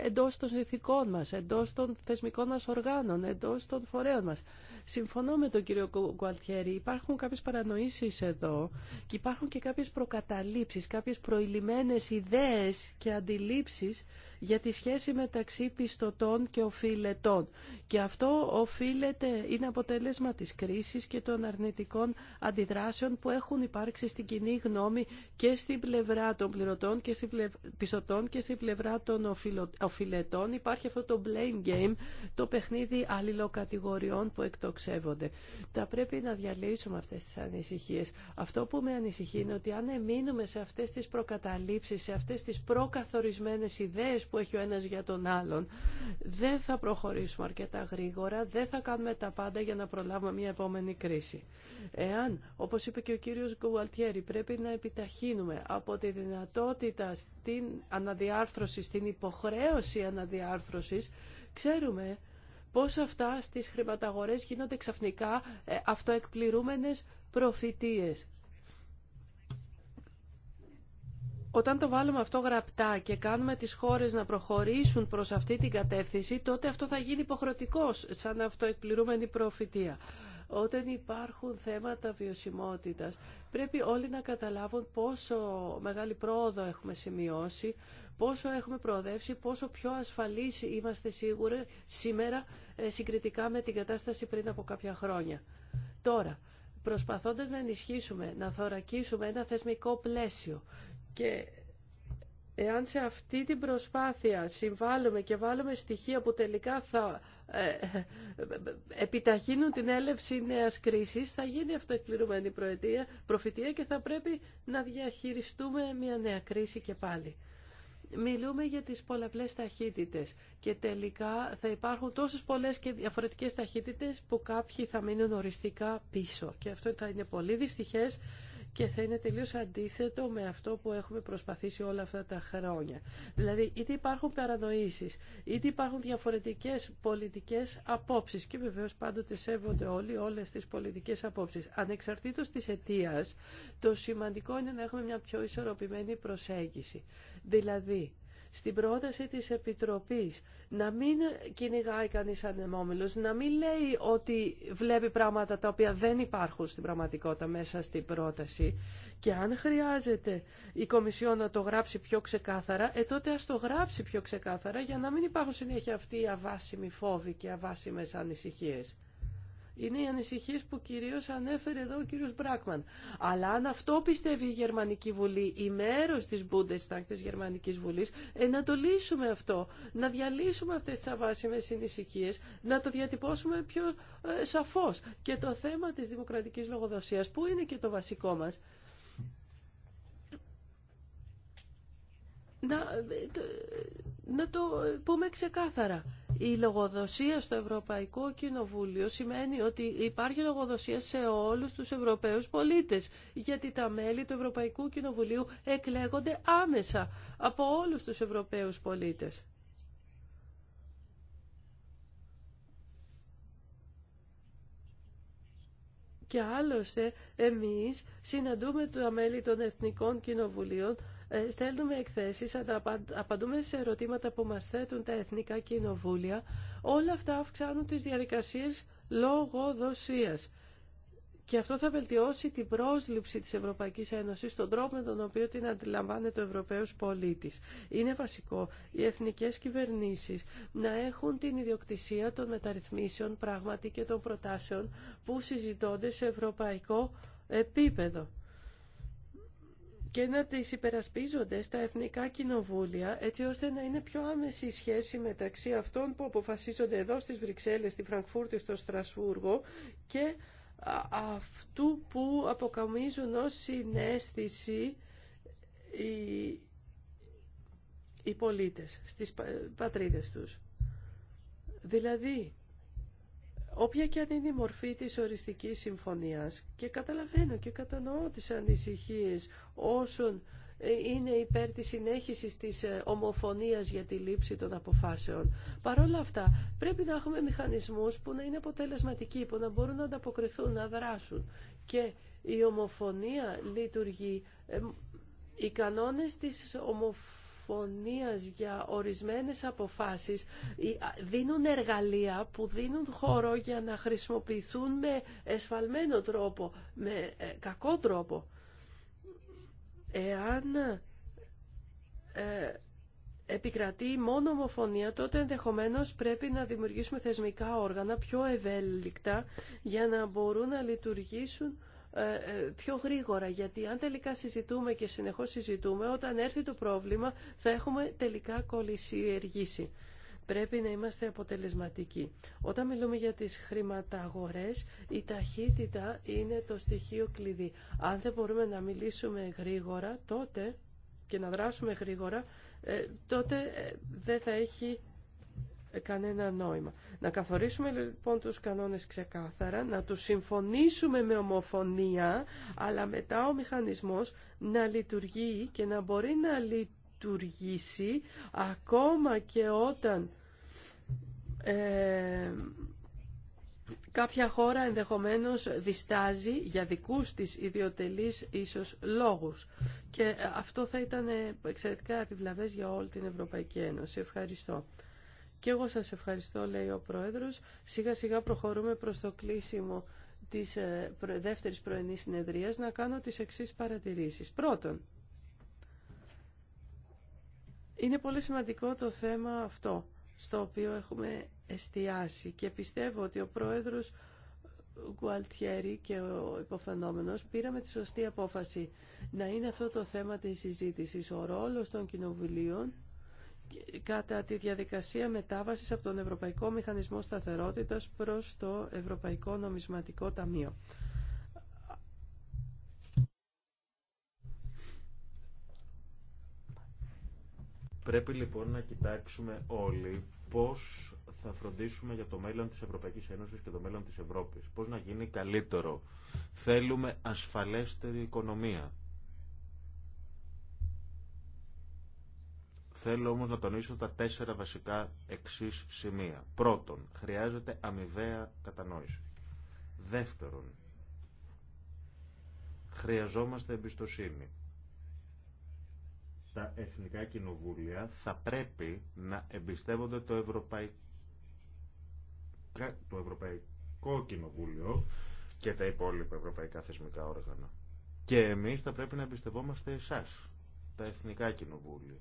[SPEAKER 5] εντός των συνθηκών μας, εντός των θεσμικών μας οργάνων, εντός των φορέων μας. Συμφωνώ με τον κύριο Γκουαλτιέρη, υπάρχουν κάποιες παρανοήσεις εδώ και υπάρχουν και κάποιες προκαταλήψεις, κάποιες προηλημένες ιδέες και αντιλήψεις για τη σχέση μεταξύ πιστωτών και οφειλετών. Και αυτό οφείλεται, είναι αποτέλεσμα της κρίσης και των αρνητικών αντιδράσεων που έχουν υπάρξει στην κοινή γνώμη και στην πλευρά των πληρωτών και στην πιστωτών και στην πλευρά των οφειλετών. Υπάρχει αυτό το blame game, το παιχνίδι αλληλοκατηγοριών που εκτοξεύονται. Θα πρέπει να διαλύσουμε αυτές τις ανησυχίες. Αυτό που με ανησυχεί είναι ότι αν εμείνουμε σε αυτές τις προκαταλήψεις, σε αυτές τις προκαθορισμένες ιδέες που έχει ο ένας για τον άλλον. Δεν θα προχωρήσουμε αρκετά γρήγορα, δεν θα κάνουμε τα πάντα για να προλάβουμε μια επόμενη κρίση. Εάν, όπως είπε και ο κύριος Γκουαλτιέρη, πρέπει να επιταχύνουμε από τη δυνατότητα στην αναδιάρθρωση, στην υποχρέωση αναδιάρθρωσης, ξέρουμε πώς αυτά στις χρηματαγορές γίνονται ξαφνικά ε, αυτοεκπληρούμενες προφητείες. Όταν το βάλουμε αυτό γραπτά και κάνουμε τις χώρες να προχωρήσουν προς αυτή την κατεύθυνση, τότε αυτό θα γίνει υποχρεωτικός, σαν αυτοεκπληρούμενη προφητεία. Όταν υπάρχουν θέματα βιωσιμότητας, πρέπει όλοι να καταλάβουν πόσο μεγάλη πρόοδο έχουμε σημειώσει, πόσο έχουμε προοδεύσει, πόσο πιο ασφαλείς είμαστε σίγουροι σήμερα ε, συγκριτικά με την κατάσταση πριν από κάποια χρόνια. Τώρα, προσπαθώντας να ενισχύσουμε, να θωρακίσουμε ένα θεσμικό πλαίσιο και εάν σε αυτή την προσπάθεια συμβάλλουμε και βάλουμε στοιχεία που τελικά θα ε, επιταχύνουν την έλευση νέας κρίσης, θα γίνει αυτοεκπληρωμένη προετία, προφητεία και θα πρέπει να διαχειριστούμε μια νέα κρίση και πάλι. Μιλούμε για τις πολλαπλές ταχύτητες και τελικά θα υπάρχουν τόσες πολλές και διαφορετικές ταχύτητες που κάποιοι θα μείνουν οριστικά πίσω και αυτό θα είναι πολύ δυστυχές και θα είναι τελείως αντίθετο με αυτό που έχουμε προσπαθήσει όλα αυτά τα χρόνια. Δηλαδή, είτε υπάρχουν παρανοήσει, είτε υπάρχουν διαφορετικές πολιτικές απόψεις και βεβαίως πάντοτε σέβονται όλοι όλες τις πολιτικές απόψεις. Ανεξαρτήτως τη αιτία, το σημαντικό είναι να έχουμε μια πιο ισορροπημένη προσέγγιση. Δηλαδή, στην πρόταση της Επιτροπής να μην κυνηγάει κανείς ανεμόμυλος, να μην λέει ότι βλέπει πράγματα τα οποία δεν υπάρχουν στην πραγματικότητα μέσα στην πρόταση και αν χρειάζεται η Κομισιό να το γράψει πιο ξεκάθαρα, ε, τότε ας το γράψει πιο ξεκάθαρα για να μην υπάρχουν συνέχεια αυτοί οι αβάσιμοι φόβοι και αβάσιμες ανησυχίες. Είναι οι ανησυχίε που κυρίω ανέφερε εδώ ο κύριο Μπράκμαν. Αλλά αν αυτό πιστεύει η Γερμανική Βουλή, η μέρο τη Bundestag τη Γερμανική Βουλή, ε, να το λύσουμε αυτό. Να διαλύσουμε αυτέ τι αβάσιμε ανησυχίε, να το διατυπώσουμε πιο ε, σαφώ. Και το θέμα τη δημοκρατική λογοδοσία, που είναι και το βασικό μα, να, να το πούμε ξεκάθαρα. Η λογοδοσία στο Ευρωπαϊκό Κοινοβούλιο σημαίνει ότι υπάρχει λογοδοσία σε όλους τους Ευρωπαίους πολίτες, γιατί τα μέλη του Ευρωπαϊκού Κοινοβουλίου εκλέγονται άμεσα από όλους τους Ευρωπαίους πολίτες. Και άλλωστε εμείς συναντούμε τα μέλη των Εθνικών Κοινοβουλίων ε, στέλνουμε εκθέσεις, απαντούμε σε ερωτήματα που μας θέτουν τα εθνικά κοινοβούλια. Όλα αυτά αυξάνουν τις διαδικασίες λογοδοσίας. Και αυτό θα βελτιώσει την πρόσληψη της Ευρωπαϊκής Ένωσης στον τρόπο με τον οποίο την αντιλαμβάνεται ο Ευρωπαίος πολίτης. Είναι βασικό οι εθνικές κυβερνήσεις να έχουν την ιδιοκτησία των μεταρρυθμίσεων πράγματι και των προτάσεων που συζητώνται σε ευρωπαϊκό επίπεδο και να τις υπερασπίζονται στα εθνικά κοινοβούλια έτσι ώστε να είναι πιο άμεση η σχέση μεταξύ αυτών που αποφασίζονται εδώ στις Βρυξέλλες, στη Φραγκφούρτη, στο Στρασβούργο και αυτού που αποκαμίζουν ως συνέστηση οι, οι πολίτες στις πατρίδες τους. Δηλαδή, όποια και αν είναι η μορφή της οριστικής συμφωνίας και καταλαβαίνω και κατανοώ τις ανησυχίες όσων ε, είναι υπέρ της συνέχισης της ε, ομοφωνίας για τη λήψη των αποφάσεων. Παρ' όλα αυτά, πρέπει να έχουμε μηχανισμούς που να είναι αποτελεσματικοί, που να μπορούν να ανταποκριθούν, να δράσουν. Και η ομοφωνία λειτουργεί. Ε, οι κανόνες της ομοφωνίας συμφωνίας για ορισμένες αποφάσεις δίνουν εργαλεία που δίνουν χώρο για να χρησιμοποιηθούν με εσφαλμένο τρόπο, με ε, κακό τρόπο. Εάν ε, επικρατεί μόνο ομοφωνία, τότε ενδεχομένως πρέπει να δημιουργήσουμε θεσμικά όργανα πιο ευέλικτα για να μπορούν να λειτουργήσουν ε, ε, πιο γρήγορα. Γιατί αν τελικά συζητούμε και συνεχώς συζητούμε, όταν έρθει το πρόβλημα θα έχουμε τελικά κολλησιεργήσει. Πρέπει να είμαστε αποτελεσματικοί. Όταν μιλούμε για τις χρηματαγορές, η ταχύτητα είναι το στοιχείο κλειδί. Αν δεν μπορούμε να μιλήσουμε γρήγορα τότε και να δράσουμε γρήγορα, ε, τότε δεν θα έχει κανένα νόημα. Να καθορίσουμε λοιπόν τους κανόνες ξεκάθαρα, να τους συμφωνήσουμε με ομοφωνία, αλλά μετά ο μηχανισμός να λειτουργεί και να μπορεί να λειτουργήσει ακόμα και όταν ε, κάποια χώρα ενδεχομένως διστάζει για δικούς της ιδιωτελείς ίσως λόγους. Και αυτό θα ήταν εξαιρετικά επιβλαβές για όλη την Ευρωπαϊκή Ένωση. Ευχαριστώ. Και εγώ σας ευχαριστώ, λέει ο Πρόεδρος. Σιγά σιγά προχωρούμε προς το κλείσιμο της ε, δεύτερης πρωινής συνεδρίας να κάνω τις εξής παρατηρήσεις. Πρώτον, είναι πολύ σημαντικό το θέμα αυτό στο οποίο έχουμε εστιάσει και πιστεύω ότι ο Πρόεδρος Γκουαλτιέρη και ο υποφαινόμενος πήραμε τη σωστή απόφαση να είναι αυτό το θέμα της συζήτησης, ο ρόλος των κοινοβουλίων κατά τη διαδικασία μετάβασης από τον Ευρωπαϊκό Μηχανισμό Σταθερότητας προς το Ευρωπαϊκό Νομισματικό Ταμείο.
[SPEAKER 2] Πρέπει λοιπόν να κοιτάξουμε όλοι πώς θα φροντίσουμε για το μέλλον της Ευρωπαϊκής Ένωσης και το μέλλον της Ευρώπης. Πώς να γίνει καλύτερο. Θέλουμε ασφαλέστερη οικονομία. Θέλω όμως να τονίσω τα τέσσερα βασικά εξής σημεία. Πρώτον, χρειάζεται αμοιβαία κατανόηση. Δεύτερον, χρειαζόμαστε εμπιστοσύνη. Τα εθνικά κοινοβούλια θα πρέπει να εμπιστεύονται το ευρωπαϊκό το Κοινοβούλιο και τα υπόλοιπα ευρωπαϊκά θεσμικά όργανα. Και εμείς θα πρέπει να εμπιστευόμαστε εσάς, τα Εθνικά Κοινοβούλια.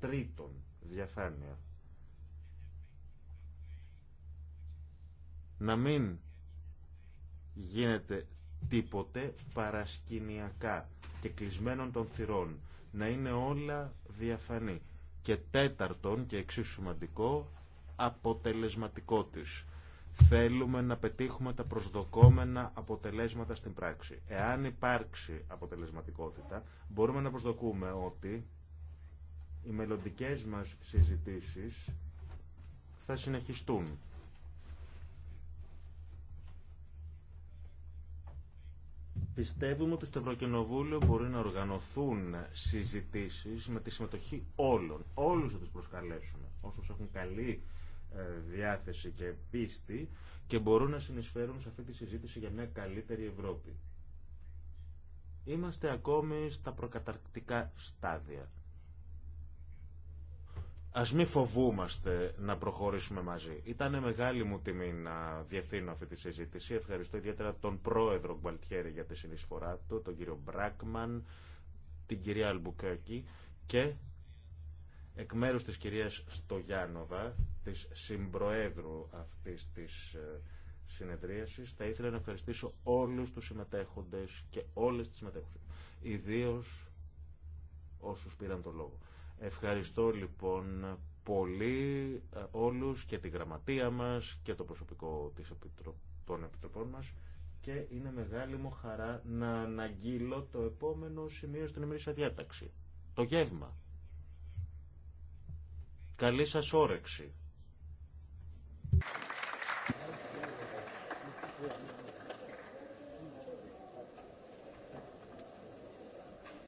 [SPEAKER 2] Τρίτον, διαφάνεια. Να μην γίνεται τίποτε παρασκηνιακά και κλεισμένων των θυρών. Να είναι όλα διαφανή. Και τέταρτον και εξίσου σημαντικό, αποτελεσματικό της. Θέλουμε να πετύχουμε τα προσδοκόμενα αποτελέσματα στην πράξη. Εάν υπάρξει αποτελεσματικότητα, μπορούμε να προσδοκούμε ότι οι μελλοντικέ μας συζητήσεις θα συνεχιστούν. Πιστεύουμε ότι στο Ευρωκοινοβούλιο μπορεί να οργανωθούν συζητήσεις με τη συμμετοχή όλων. Όλους θα τους προσκαλέσουμε, όσους έχουν καλή ε, διάθεση και πίστη και μπορούν να συνεισφέρουν σε αυτή τη συζήτηση για μια καλύτερη Ευρώπη. Είμαστε ακόμη στα προκαταρκτικά στάδια. Ας μην φοβούμαστε να προχωρήσουμε μαζί. Ήταν μεγάλη μου τιμή να διευθύνω αυτή τη συζήτηση. Ευχαριστώ ιδιαίτερα τον πρόεδρο Γκουαλτιέρη για τη συνεισφορά του, τον κύριο Μπράκμαν, την κυρία Αλμπουκέρκη και εκ μέρους της κυρίας Στογιάνοβα, της συμπροέδρου αυτής της ε, συνεδρίασης, θα ήθελα να ευχαριστήσω όλους τους συμμετέχοντες και όλες τις συμμετέχουσες, ιδίως όσους πήραν το λόγο. Ευχαριστώ λοιπόν πολύ ε, όλους και τη γραμματεία μας και το προσωπικό της Επιτρο... των Επιτροπών μας και είναι μεγάλη μου χαρά να αναγγείλω το επόμενο σημείο στην ημερήσια διάταξη. Το γεύμα. Καλή σας όρεξη.